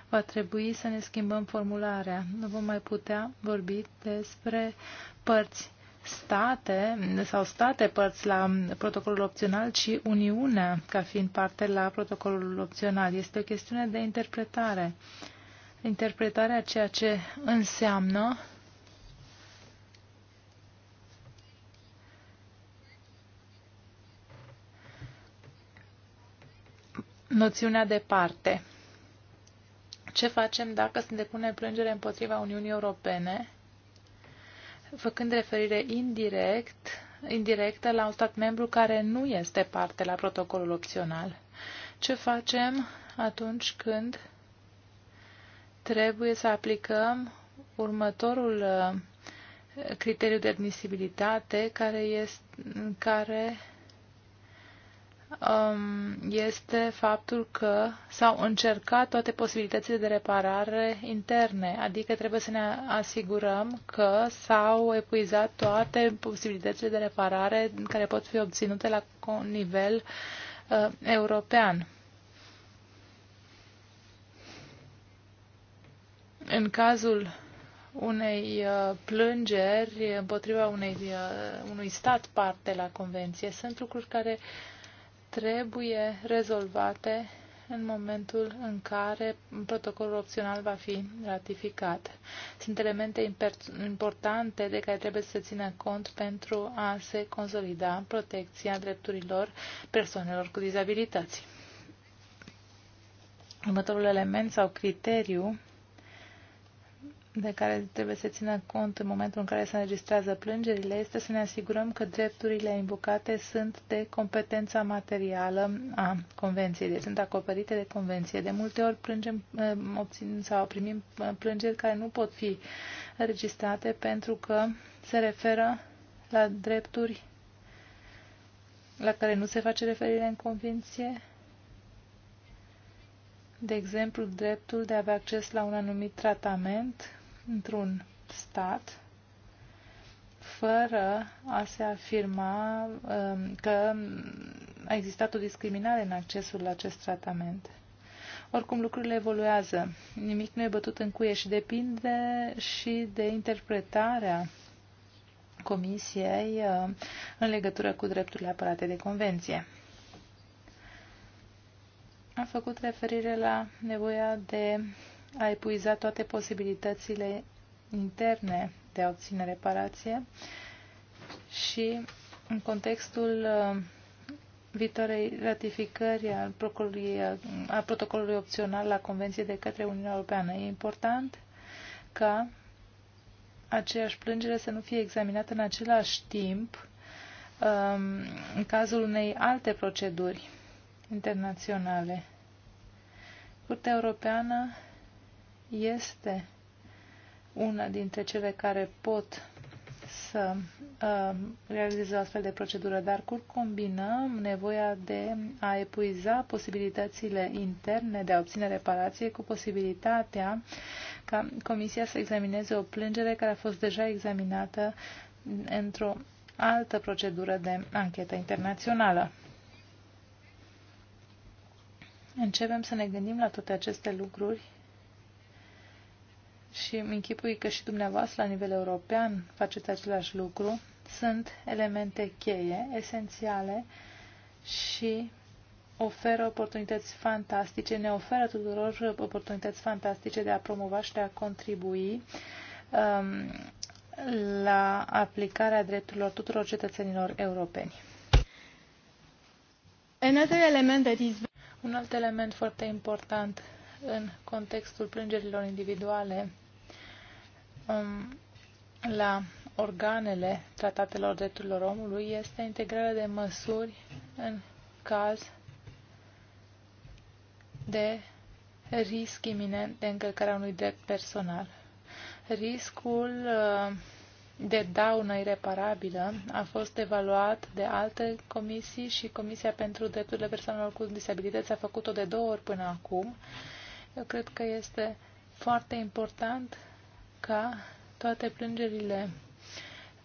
Speaker 3: va trebui să ne schimbăm formularea. Nu vom mai putea vorbi despre părți state sau state părți la protocolul opțional, ci Uniunea ca fiind parte la protocolul opțional. Este o chestiune de interpretare. Interpretarea ceea ce înseamnă noțiunea de parte. Ce facem dacă se depune plângere împotriva Uniunii Europene făcând referire indirect, indirectă la un stat membru care nu este parte la protocolul opțional. Ce facem atunci când trebuie să aplicăm următorul uh, criteriu de admisibilitate care, este, care Um, este faptul că s-au încercat toate posibilitățile de reparare interne, adică trebuie să ne asigurăm că s-au epuizat toate posibilitățile de reparare care pot fi obținute la nivel uh, european. În cazul unei uh, plângeri împotriva unei, uh, unui stat parte la convenție. Sunt lucruri care uh, trebuie rezolvate în momentul în care protocolul opțional va fi ratificat. Sunt elemente importante de care trebuie să se țină cont pentru a se consolida protecția drepturilor persoanelor cu dizabilități. Următorul element sau criteriu de care trebuie să țină cont în momentul în care se înregistrează plângerile este să ne asigurăm că drepturile invocate sunt de competența materială a Convenției, deci sunt acoperite de Convenție. De multe ori plângem, eh, obțin, sau primim eh, plângeri care nu pot fi înregistrate pentru că se referă la drepturi la care nu se face referire în Convenție, de exemplu, dreptul de a avea acces la un anumit tratament într-un stat fără a se afirma um, că a existat o discriminare în accesul la acest tratament. Oricum, lucrurile evoluează. Nimic nu e bătut în cuie și depinde și de interpretarea Comisiei uh, în legătură cu drepturile apărate de convenție. Am făcut referire la nevoia de a epuizat toate posibilitățile interne de a obține reparație și în contextul uh, viitorei ratificări a, uh, a protocolului opțional la Convenție de către Uniunea Europeană. E important ca aceeași plângere să nu fie examinată în același timp um, în cazul unei alte proceduri internaționale. Curtea Europeană este una dintre cele care pot să uh, realizeze o astfel de procedură, dar cum combinăm nevoia de a epuiza posibilitățile interne de a obține reparație cu posibilitatea ca Comisia să examineze o plângere care a fost deja examinată într-o altă procedură de anchetă internațională. Începem să ne gândim la toate aceste lucruri și îmi închipui că și dumneavoastră la nivel european faceți același lucru, sunt elemente cheie, esențiale și oferă oportunități fantastice, ne oferă tuturor oportunități fantastice de a promova și de a contribui um, la aplicarea drepturilor tuturor cetățenilor europeni. Un alt element foarte important în contextul plângerilor individuale Um, la organele tratatelor drepturilor omului este integrarea de măsuri în caz de risc iminent de încălcarea unui drept personal. Riscul uh, de daună ireparabilă a fost evaluat de alte comisii și Comisia pentru Drepturile Persoanelor cu Disabilități a făcut-o de două ori până acum. Eu cred că este foarte important ca toate plângerile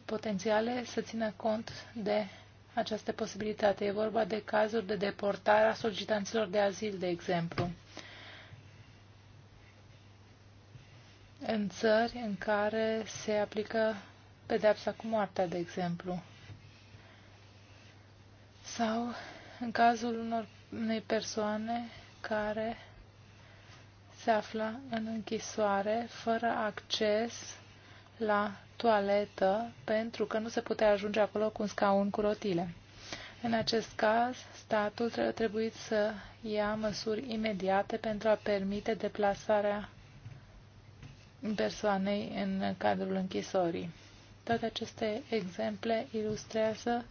Speaker 3: potențiale să țină cont de această posibilitate. E vorba de cazuri de deportare a solicitanților de azil, de exemplu. În țări în care se aplică pedepsa cu moartea, de exemplu. Sau în cazul unor unei persoane care se află în închisoare fără acces la toaletă pentru că nu se putea ajunge acolo cu un scaun cu rotile. În acest caz, statul trebuie să ia măsuri imediate pentru a permite deplasarea persoanei în cadrul închisorii. Toate aceste exemple ilustrează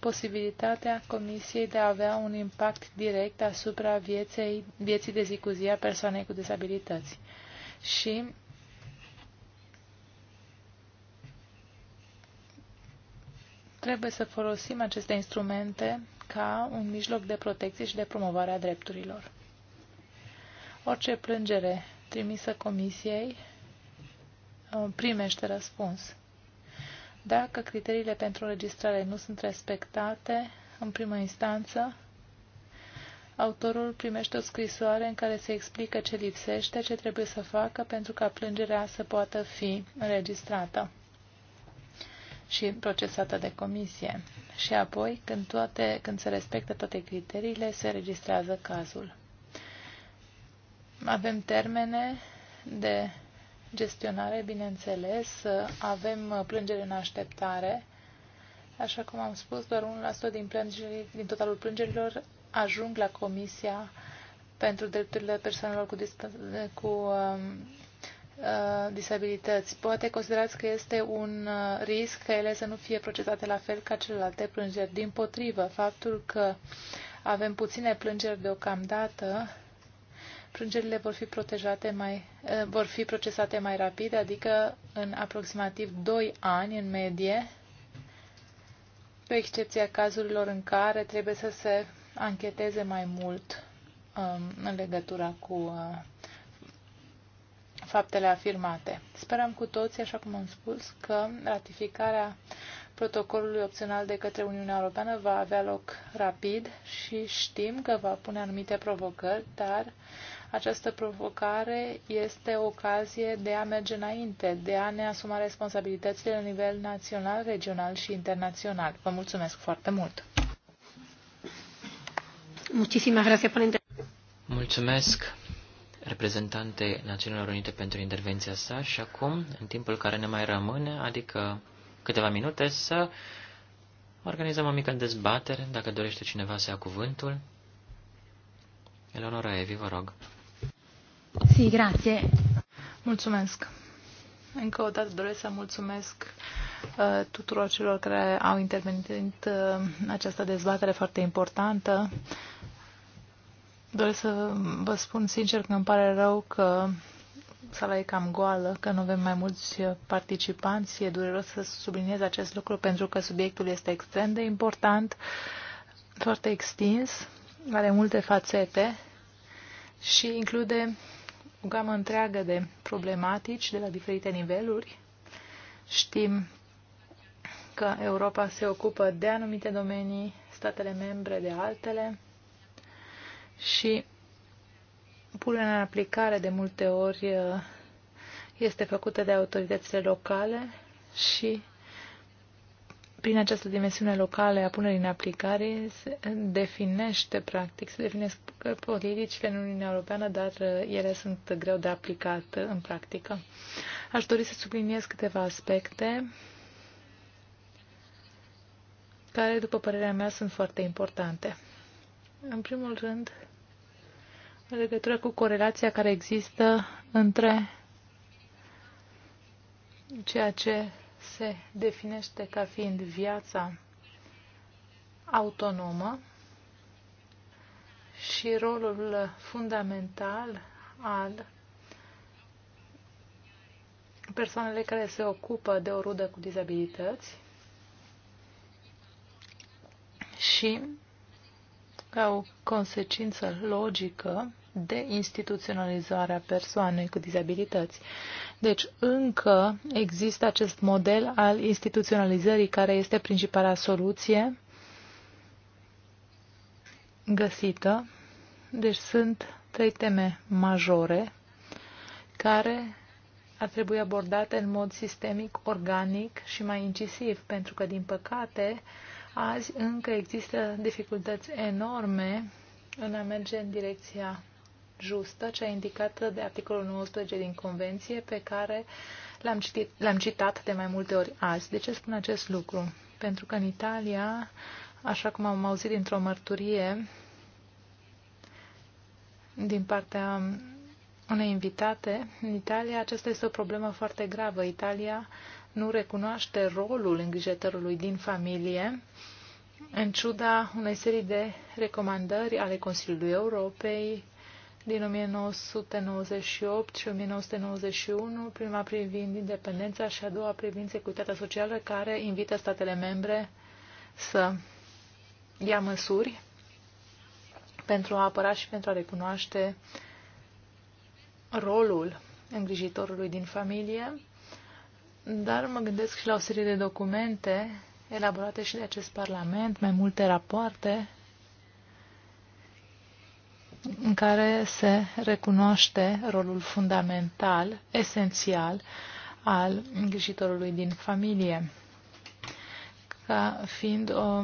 Speaker 3: posibilitatea Comisiei de a avea un impact direct asupra vieței, vieții de zi cu zi a persoanei cu dizabilități. Și trebuie să folosim aceste instrumente ca un mijloc de protecție și de promovare a drepturilor. Orice plângere trimisă Comisiei uh, primește răspuns. Dacă criteriile pentru registrare nu sunt respectate, în prima instanță, autorul primește o scrisoare în care se explică ce lipsește, ce trebuie să facă pentru ca plângerea să poată fi înregistrată și procesată de comisie. Și apoi, când, toate, când se respectă toate criteriile, se registrează cazul. Avem termene de gestionare, bineînțeles, avem plângeri în așteptare. Așa cum am spus, doar 1% din, plângeri, din totalul plângerilor ajung la Comisia pentru drepturile persoanelor cu, cu uh, uh, disabilități. Poate considerați că este un uh, risc că ele să nu fie procesate la fel ca celelalte plângeri. Din potrivă, faptul că avem puține plângeri deocamdată plângerile vor fi, protejate mai, eh, vor fi procesate mai rapid, adică în aproximativ 2 ani în medie, cu excepția cazurilor în care trebuie să se ancheteze mai mult um, în legătura cu uh, faptele afirmate. Sperăm cu toții, așa cum am spus, că ratificarea protocolului opțional de către Uniunea Europeană va avea loc rapid și știm că va pune anumite provocări, dar această provocare este o ocazie de a merge înainte, de a ne asuma responsabilitățile la nivel național, regional și internațional. Vă mulțumesc foarte mult!
Speaker 2: Mulțumesc reprezentante Națiunilor Unite pentru intervenția sa și acum, în timpul care ne mai rămâne, adică câteva minute, să organizăm o mică dezbatere, dacă dorește cineva să ia cuvântul. Eleonora Evi, vă rog.
Speaker 3: Si, Mulțumesc. Încă o dată doresc să mulțumesc uh, tuturor celor care au intervenit în uh, această dezbatere foarte importantă. Doresc să vă spun sincer că îmi pare rău că sala e cam goală, că nu avem mai mulți participanți. E dureros să subliniez acest lucru pentru că subiectul este extrem de important, foarte extins, are multe fațete și include o gamă întreagă de problematici de la diferite niveluri. Știm că Europa se ocupă de anumite domenii, statele membre de altele și punerea în aplicare de multe ori uh, este făcută de autoritățile locale și prin această dimensiune locală a punerii în aplicare se definește, practic, se definesc politicile în Uniunea Europeană, dar uh, ele sunt greu de aplicat în practică. Aș dori să subliniez câteva aspecte care, după părerea mea, sunt foarte importante. În primul rând, în legătură cu corelația care există între ceea ce se definește ca fiind viața autonomă și rolul fundamental al persoanele care se ocupă de o rudă cu dizabilități și ca o consecință logică de instituționalizare a persoanei cu dizabilități. Deci încă există acest model al instituționalizării care este principala soluție găsită. Deci sunt trei teme majore care ar trebui abordate în mod sistemic, organic și mai incisiv, pentru că, din păcate, azi încă există dificultăți enorme în a merge în direcția justă, cea indicată de articolul 19 din Convenție, pe care l-am, citat de mai multe ori azi. De ce spun acest lucru? Pentru că în Italia, așa cum am auzit dintr-o mărturie din partea unei invitate, în Italia aceasta este o problemă foarte gravă. Italia nu recunoaște rolul îngrijitorului din familie, în ciuda unei serii de recomandări ale Consiliului Europei, din 1998 și 1991, prima privind independența și a doua privind securitatea socială, care invită statele membre să ia măsuri pentru a apăra și pentru a recunoaște rolul îngrijitorului din familie, dar mă gândesc și la o serie de documente elaborate și de acest Parlament, mai multe rapoarte în care se recunoaște rolul fundamental, esențial, al îngrijitorului din familie, ca fiind o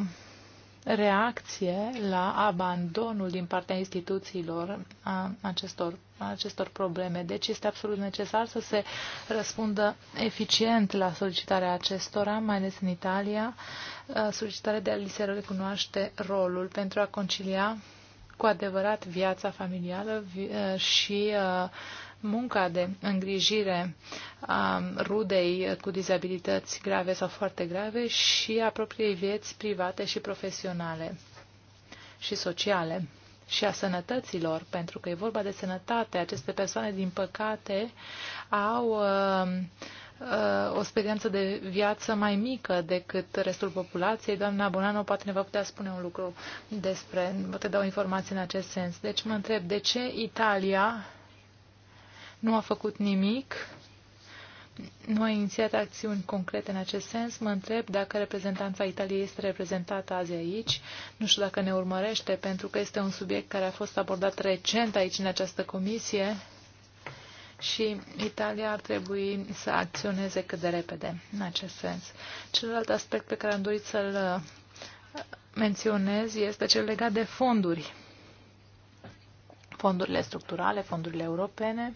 Speaker 3: reacție la abandonul din partea instituțiilor a acestor, a acestor probleme. Deci este absolut necesar să se răspundă eficient la solicitarea acestora, mai ales în Italia, solicitarea de a li se recunoaște rolul pentru a concilia cu adevărat viața familială și munca de îngrijire a rudei cu dizabilități grave sau foarte grave și a propriei vieți private și profesionale și sociale și a sănătăților, pentru că e vorba de sănătate. Aceste persoane, din păcate, au uh, Uh, o experiență de viață mai mică decât restul populației. Doamna Bonano poate ne va putea spune un lucru despre, vă te dau informații în acest sens. Deci mă întreb, de ce Italia nu a făcut nimic, nu a inițiat acțiuni concrete în acest sens. Mă întreb dacă reprezentanța Italiei este reprezentată azi aici. Nu știu dacă ne urmărește, pentru că este un subiect care a fost abordat recent aici în această comisie și Italia ar trebui să acționeze cât de repede în acest sens. Celălalt aspect pe care am dorit să-l uh, menționez este cel legat de fonduri. Fondurile structurale, fondurile europene.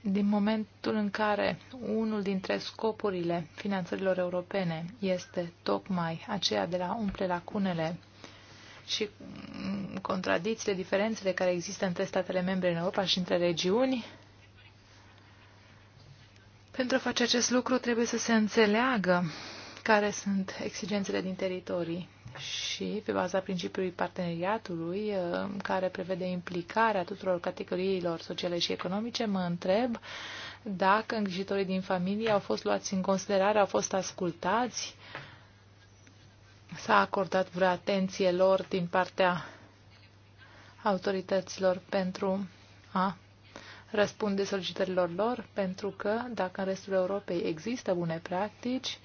Speaker 3: Din momentul în care unul dintre scopurile finanțărilor europene este tocmai aceea de a umple lacunele și contradicțiile, diferențele care există între statele membre în Europa și între regiuni. Pentru a face acest lucru trebuie să se înțeleagă care sunt exigențele din teritorii și pe baza principiului parteneriatului, uh, care prevede implicarea tuturor categoriilor sociale și economice, mă întreb dacă îngrijitorii din familie au fost luați în considerare, au fost ascultați, uh, s-a acordat vreo atenție lor din partea autorităților pentru a răspunde solicitărilor lor, pentru că dacă în restul Europei există bune practici,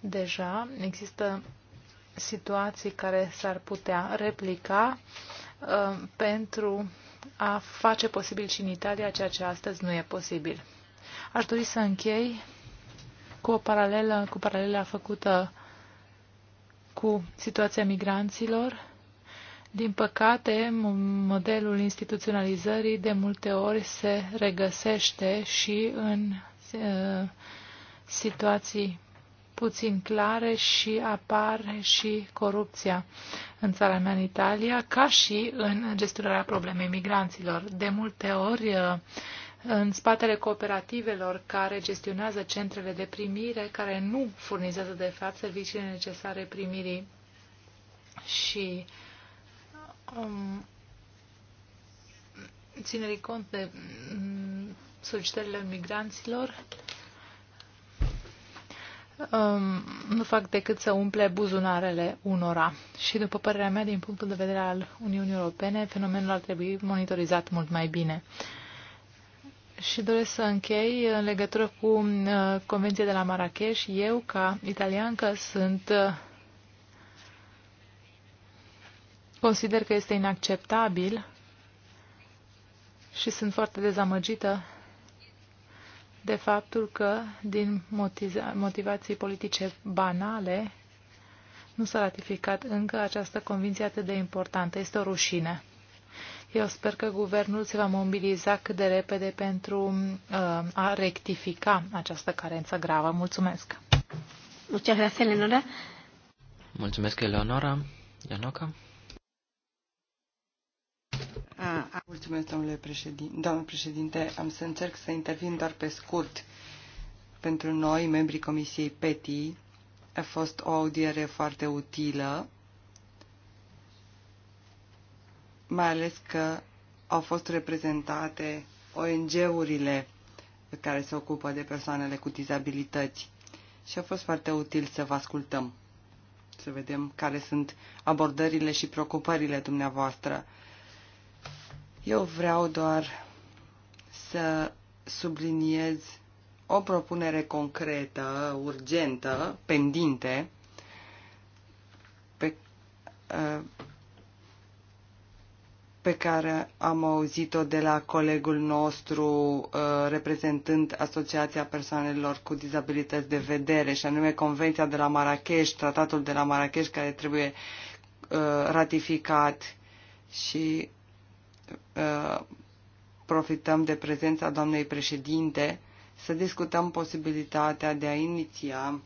Speaker 3: deja există situații care s-ar putea replica uh, pentru a face posibil și în Italia ceea ce astăzi nu e posibil. Aș dori să închei cu o paralelă, cu paralela făcută cu situația migranților. Din păcate, modelul instituționalizării de multe ori se regăsește și în uh, situații puțin clare și apare și corupția în țara mea, în Italia, ca și în gestionarea problemei migranților. De multe ori, uh, în spatele cooperativelor care gestionează centrele de primire, care nu furnizează, de fapt, serviciile necesare primirii și um, ținerii cont de um, solicitările migranților, um, nu fac decât să umple buzunarele unora. Și, după părerea mea, din punctul de vedere al Uniunii Europene, fenomenul ar trebui monitorizat mult mai bine. Uh, și doresc să închei în legătură cu uh, Convenția de la Marrakech. Eu, ca italiancă, sunt uh, consider că este inacceptabil și sunt foarte dezamăgită de faptul că, din motiza, motivații politice banale, nu s-a ratificat încă această convinție atât de importantă. Este o rușine. Eu sper că guvernul se va mobiliza cât de repede pentru uh, a rectifica această carență gravă. Mulțumesc!
Speaker 2: Mulțumesc, Eleonora. Mulțumesc, Eleonora. Ianoca.
Speaker 1: Mulțumesc, domnule președinte. Domnule președinte, am să încerc să intervin doar pe scurt. Pentru noi, membrii Comisiei PETI, a fost o audiere foarte utilă mai ales că au fost reprezentate ONG-urile care se ocupă de persoanele cu dizabilități și a fost foarte util să vă ascultăm, să vedem care sunt abordările și preocupările dumneavoastră. Eu vreau doar să subliniez o propunere concretă, urgentă, pendinte, pe, uh, pe care am auzit-o de la colegul nostru uh, reprezentând Asociația Persoanelor cu Dizabilități de Vedere, și anume Convenția de la Marrakesh, Tratatul de la Marrakesh care trebuie uh, ratificat și uh, profităm de prezența doamnei președinte să discutăm posibilitatea de a iniția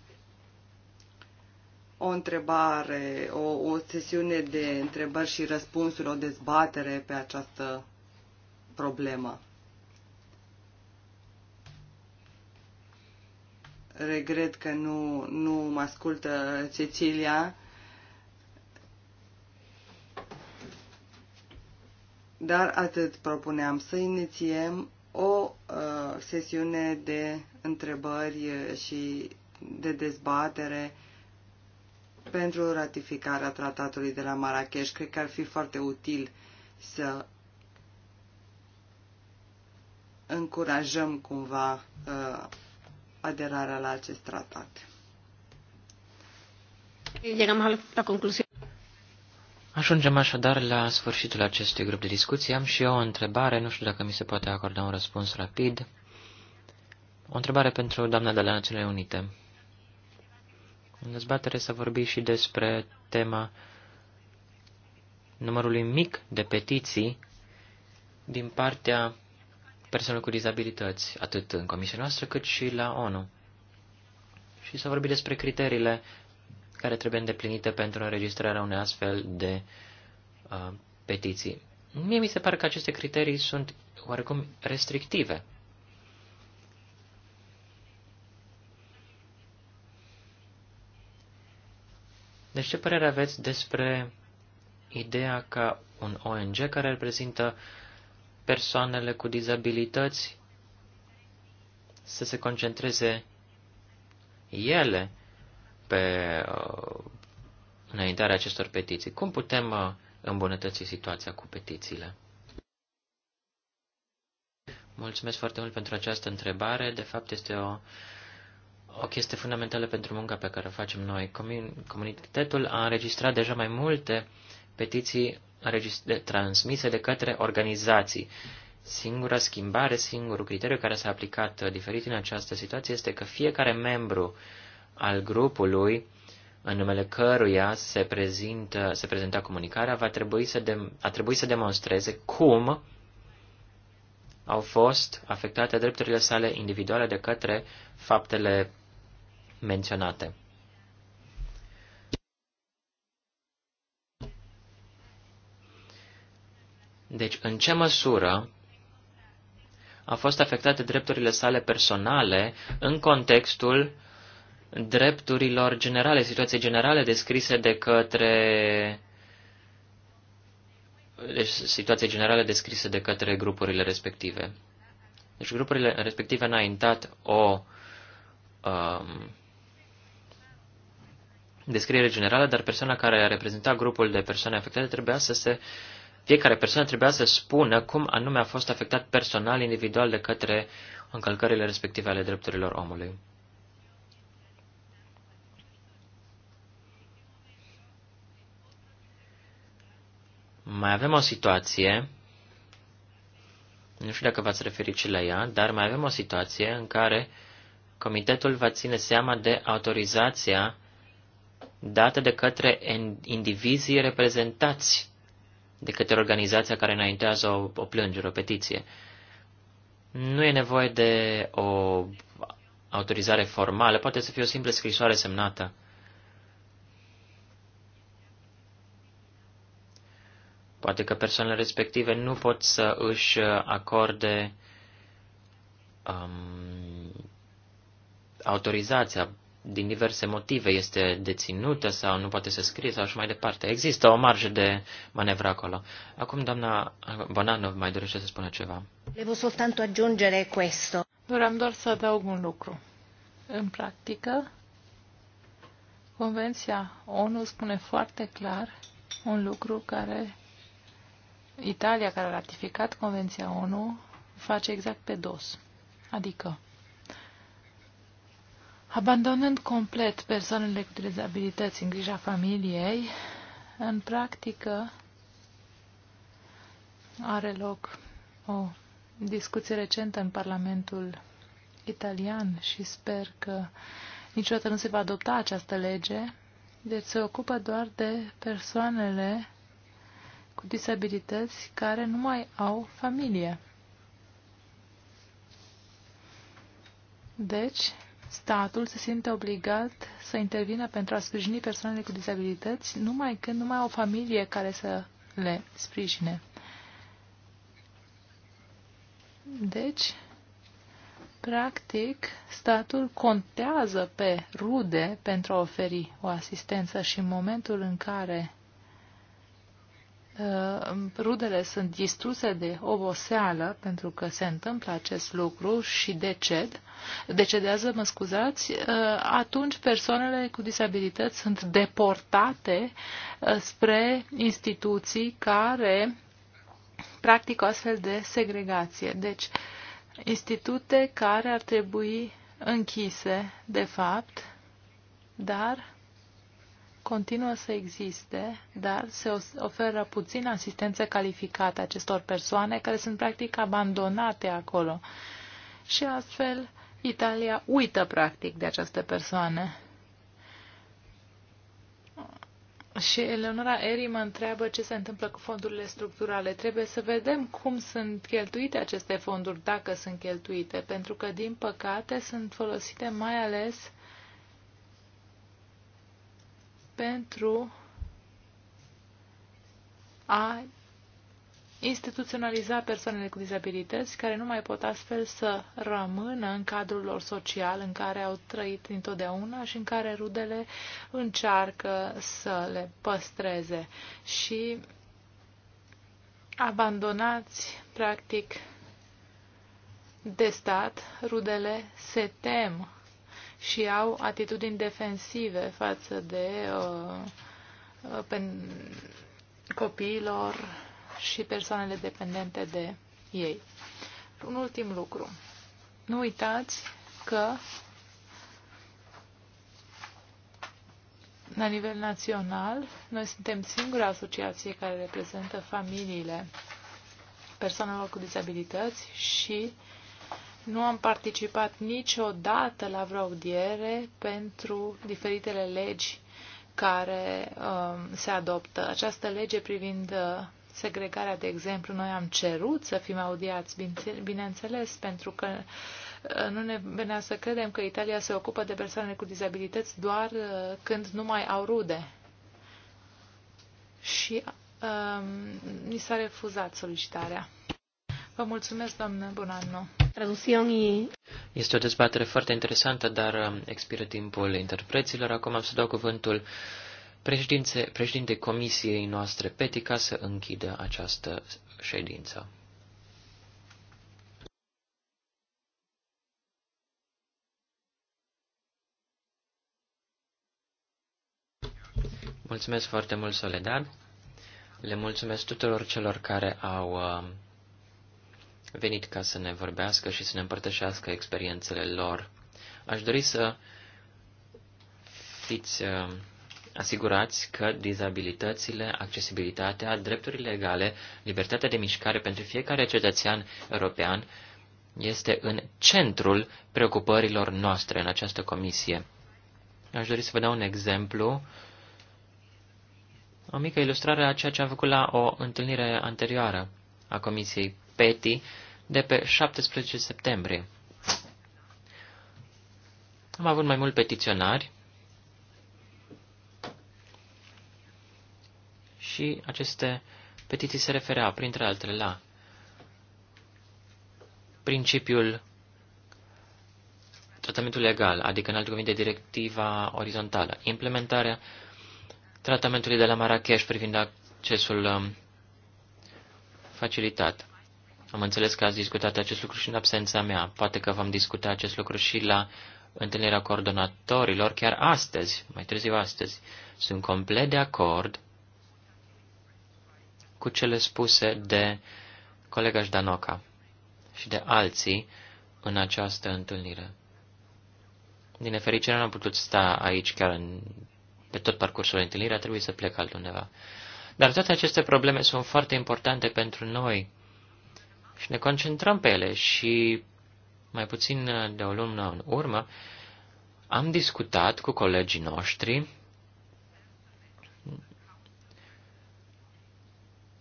Speaker 1: o întrebare, o, o sesiune de întrebări și răspunsuri, o dezbatere pe această problemă. Regret că nu, nu mă ascultă Cecilia. Dar atât propuneam să inițiem o uh, sesiune de întrebări și de dezbatere pentru ratificarea tratatului de la Marrakesh. Cred că ar fi foarte util să încurajăm cumva uh, aderarea la acest tratat.
Speaker 2: la concluzie. Ajungem așadar la sfârșitul acestui grup de discuții. Am și eu o întrebare, nu știu dacă mi se poate acorda un răspuns rapid. O întrebare pentru doamna de la Națiunile Unite. În dezbatere s-a vorbit și despre tema numărului mic de petiții din partea persoanelor cu dizabilități, atât în comisia noastră cât și la ONU. Și s-a vorbit despre criteriile care trebuie îndeplinite pentru înregistrarea unei astfel de uh, petiții. Mie mi se pare că aceste criterii sunt oarecum restrictive. Deci ce părere aveți despre ideea ca un ONG care reprezintă persoanele cu dizabilități să se concentreze ele pe uh, înaintarea acestor petiții. Cum putem uh, îmbunătăți situația cu petițiile? Mulțumesc foarte mult pentru această întrebare. De fapt, este o o chestie fundamentală pentru munca pe care o facem noi. Comunitatul a înregistrat deja mai multe petiții transmise de către organizații. Singura schimbare, singurul criteriu care s-a aplicat diferit în această situație este că fiecare membru al grupului în numele căruia se, prezintă, se prezenta comunicarea va trebui să de, a trebui să demonstreze cum au fost afectate drepturile sale individuale de către faptele menționate. Deci, în ce măsură a fost afectate drepturile sale personale în contextul drepturilor generale, situații generale descrise de către deci situații generale descrise de către grupurile respective. Deci grupurile respective au înaintat o um, descriere generală, dar persoana care a reprezentat grupul de persoane afectate trebuia să se fiecare persoană trebuia să spună cum anume a fost afectat personal, individual, de către încălcările respective ale drepturilor omului. Mai avem o situație, nu știu dacă v-ați referit și la ea, dar mai avem o situație în care comitetul va ține seama de autorizația dată de către indivizii reprezentați de către organizația care înaintează o, o plângere, o petiție. Nu e nevoie de o autorizare formală, poate să fie o simplă scrisoare semnată. Poate că persoanele respective nu pot să își acorde um, autorizația, din diverse motive este deținută sau nu poate să scrie sau și mai departe. Există o marjă de manevră acolo. Acum doamna Bonanov mai dorește să spună ceva.
Speaker 3: Le vă soltanto aggiungere questo. Vreau doar să adaug un lucru. În practică, Convenția ONU spune foarte clar un lucru care Italia, care a ratificat Convenția ONU, face exact pe dos. Adică, Abandonând complet persoanele cu dizabilități în grija familiei, în practică are loc o discuție recentă în Parlamentul italian și sper că niciodată nu se va adopta această lege. Deci se ocupă doar de persoanele cu disabilități care nu mai au familie. Deci, statul se simte obligat să intervină pentru a sprijini persoanele cu dizabilități numai când numai o familie care să le sprijine. Deci, practic, statul contează pe rude pentru a oferi o asistență și în momentul în care Uh, rudele sunt distruse de oboseală pentru că se întâmplă acest lucru și deced, decedează, mă scuzați, uh, atunci persoanele cu disabilități sunt deportate uh, spre instituții care practică astfel de segregație. Deci, institute care ar trebui închise, de fapt, dar continuă să existe, dar se oferă puțină asistență calificată acestor persoane care sunt practic abandonate acolo. Și astfel Italia uită practic de aceste persoane. Și Eleonora Eri mă întreabă ce se întâmplă cu fondurile structurale. Trebuie să vedem cum sunt cheltuite aceste fonduri, dacă sunt cheltuite, pentru că, din păcate, sunt folosite mai ales uh, pentru a instituționaliza persoanele cu dizabilități care nu mai pot astfel să rămână în cadrul lor social în care au trăit întotdeauna și în care rudele încearcă să le păstreze și abandonați practic de stat, rudele se tem și au atitudini defensive față de uh, pen, copiilor și persoanele dependente de ei. Un ultim lucru. Nu uitați că la nivel național noi suntem singura asociație care reprezintă familiile persoanelor cu dizabilități și uh, nu am participat niciodată la vreo audiere pentru diferitele legi care uh, se adoptă. Această lege privind uh, segregarea, de exemplu, noi am cerut să fim audiați, bineînțeles, pentru că uh, nu ne venea să credem că Italia se ocupă de persoane cu dizabilități doar uh, când nu mai au rude. Și uh, ni s-a refuzat solicitarea. Vă mulțumesc, doamnă Bonanno.
Speaker 2: Este o dezbatere foarte interesantă, dar um, expiră timpul interpreților. Acum am să dau cuvântul președinte, președinte comisiei noastre, Peti, ca să închidă această ședință. Mulțumesc foarte mult, Soledad. Le mulțumesc tuturor celor care au um, venit ca să ne vorbească și să ne împărtășească experiențele lor. Aș dori să fiți uh, asigurați că dizabilitățile, accesibilitatea, drepturile legale, libertatea de mișcare pentru fiecare cetățean european este în centrul preocupărilor noastre în această comisie. Aș dori să vă dau un exemplu, o mică ilustrare a ceea ce am făcut la o întâlnire anterioară a Comisiei PETI de pe 17 septembrie. Am avut mai mulți petiționari și aceste petiții se referea, printre altele, la principiul tratamentul legal, adică în alte cuvinte directiva orizontală, implementarea tratamentului de la Marrakesh privind accesul um, facilitat, am înțeles că ați discutat acest lucru și în absența mea. Poate că vom discuta acest lucru și la întâlnirea coordonatorilor chiar astăzi, mai târziu astăzi. Sunt complet de acord cu cele spuse de colega Danoca și de alții în această întâlnire. Din nefericire, n-am putut sta aici chiar în, pe tot parcursul întâlnirii, a trebuit să plec altundeva. Dar toate aceste probleme sunt foarte importante pentru noi, și ne concentrăm pe ele și mai puțin de o lună în urmă am discutat cu colegii noștri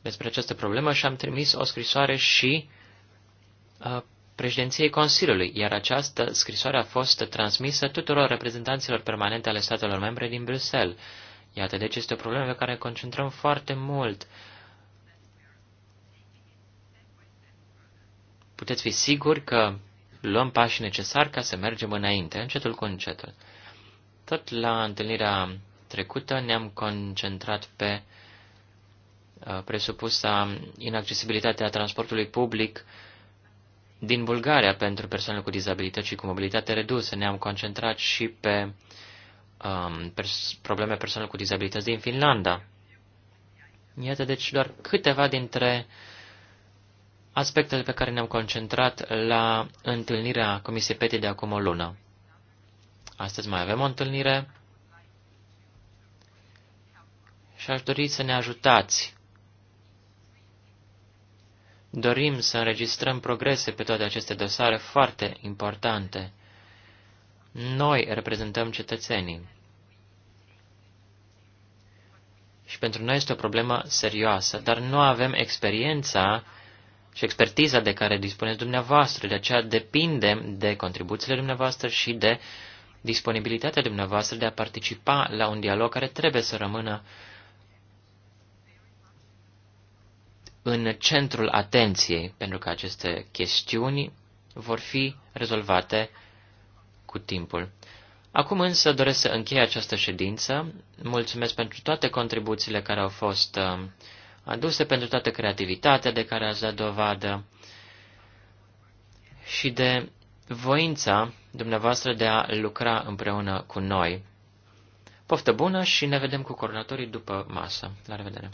Speaker 2: despre această problemă și am trimis o scrisoare și președinției Consiliului, iar această scrisoare a fost transmisă tuturor reprezentanților permanente ale statelor membre din Bruxelles. Iată, deci este o problemă pe care ne concentrăm foarte mult. Uh, Puteți fi siguri că luăm pașii necesari ca să mergem înainte, încetul cu încetul. Tot la întâlnirea trecută ne-am concentrat pe uh, presupusa inaccesibilitatea transportului public din Bulgaria pentru persoanele cu dizabilități și cu mobilitate redusă. Ne-am concentrat și pe um, pers- probleme persoanelor cu dizabilități din Finlanda. Iată deci doar câteva dintre uh, aspectele pe care ne-am concentrat la întâlnirea Comisiei PETI de acum o lună. Astăzi mai avem o întâlnire și aș dori să ne ajutați. Dorim să înregistrăm progrese pe toate aceste dosare foarte importante. Noi reprezentăm cetățenii. Și pentru noi este o problemă serioasă, dar nu avem experiența și expertiza de care dispuneți dumneavoastră. De aceea depindem de contribuțiile dumneavoastră și de disponibilitatea dumneavoastră de a participa la un dialog care trebuie să rămână în centrul atenției, pentru că aceste chestiuni vor fi rezolvate cu timpul. Acum însă doresc să închei această ședință. Mulțumesc pentru toate contribuțiile care au fost uh, aduse, pentru toată creativitatea de care ați dat dovadă și de voința dumneavoastră de a lucra împreună cu noi. Poftă bună și ne vedem cu coordonatorii după masă. La revedere!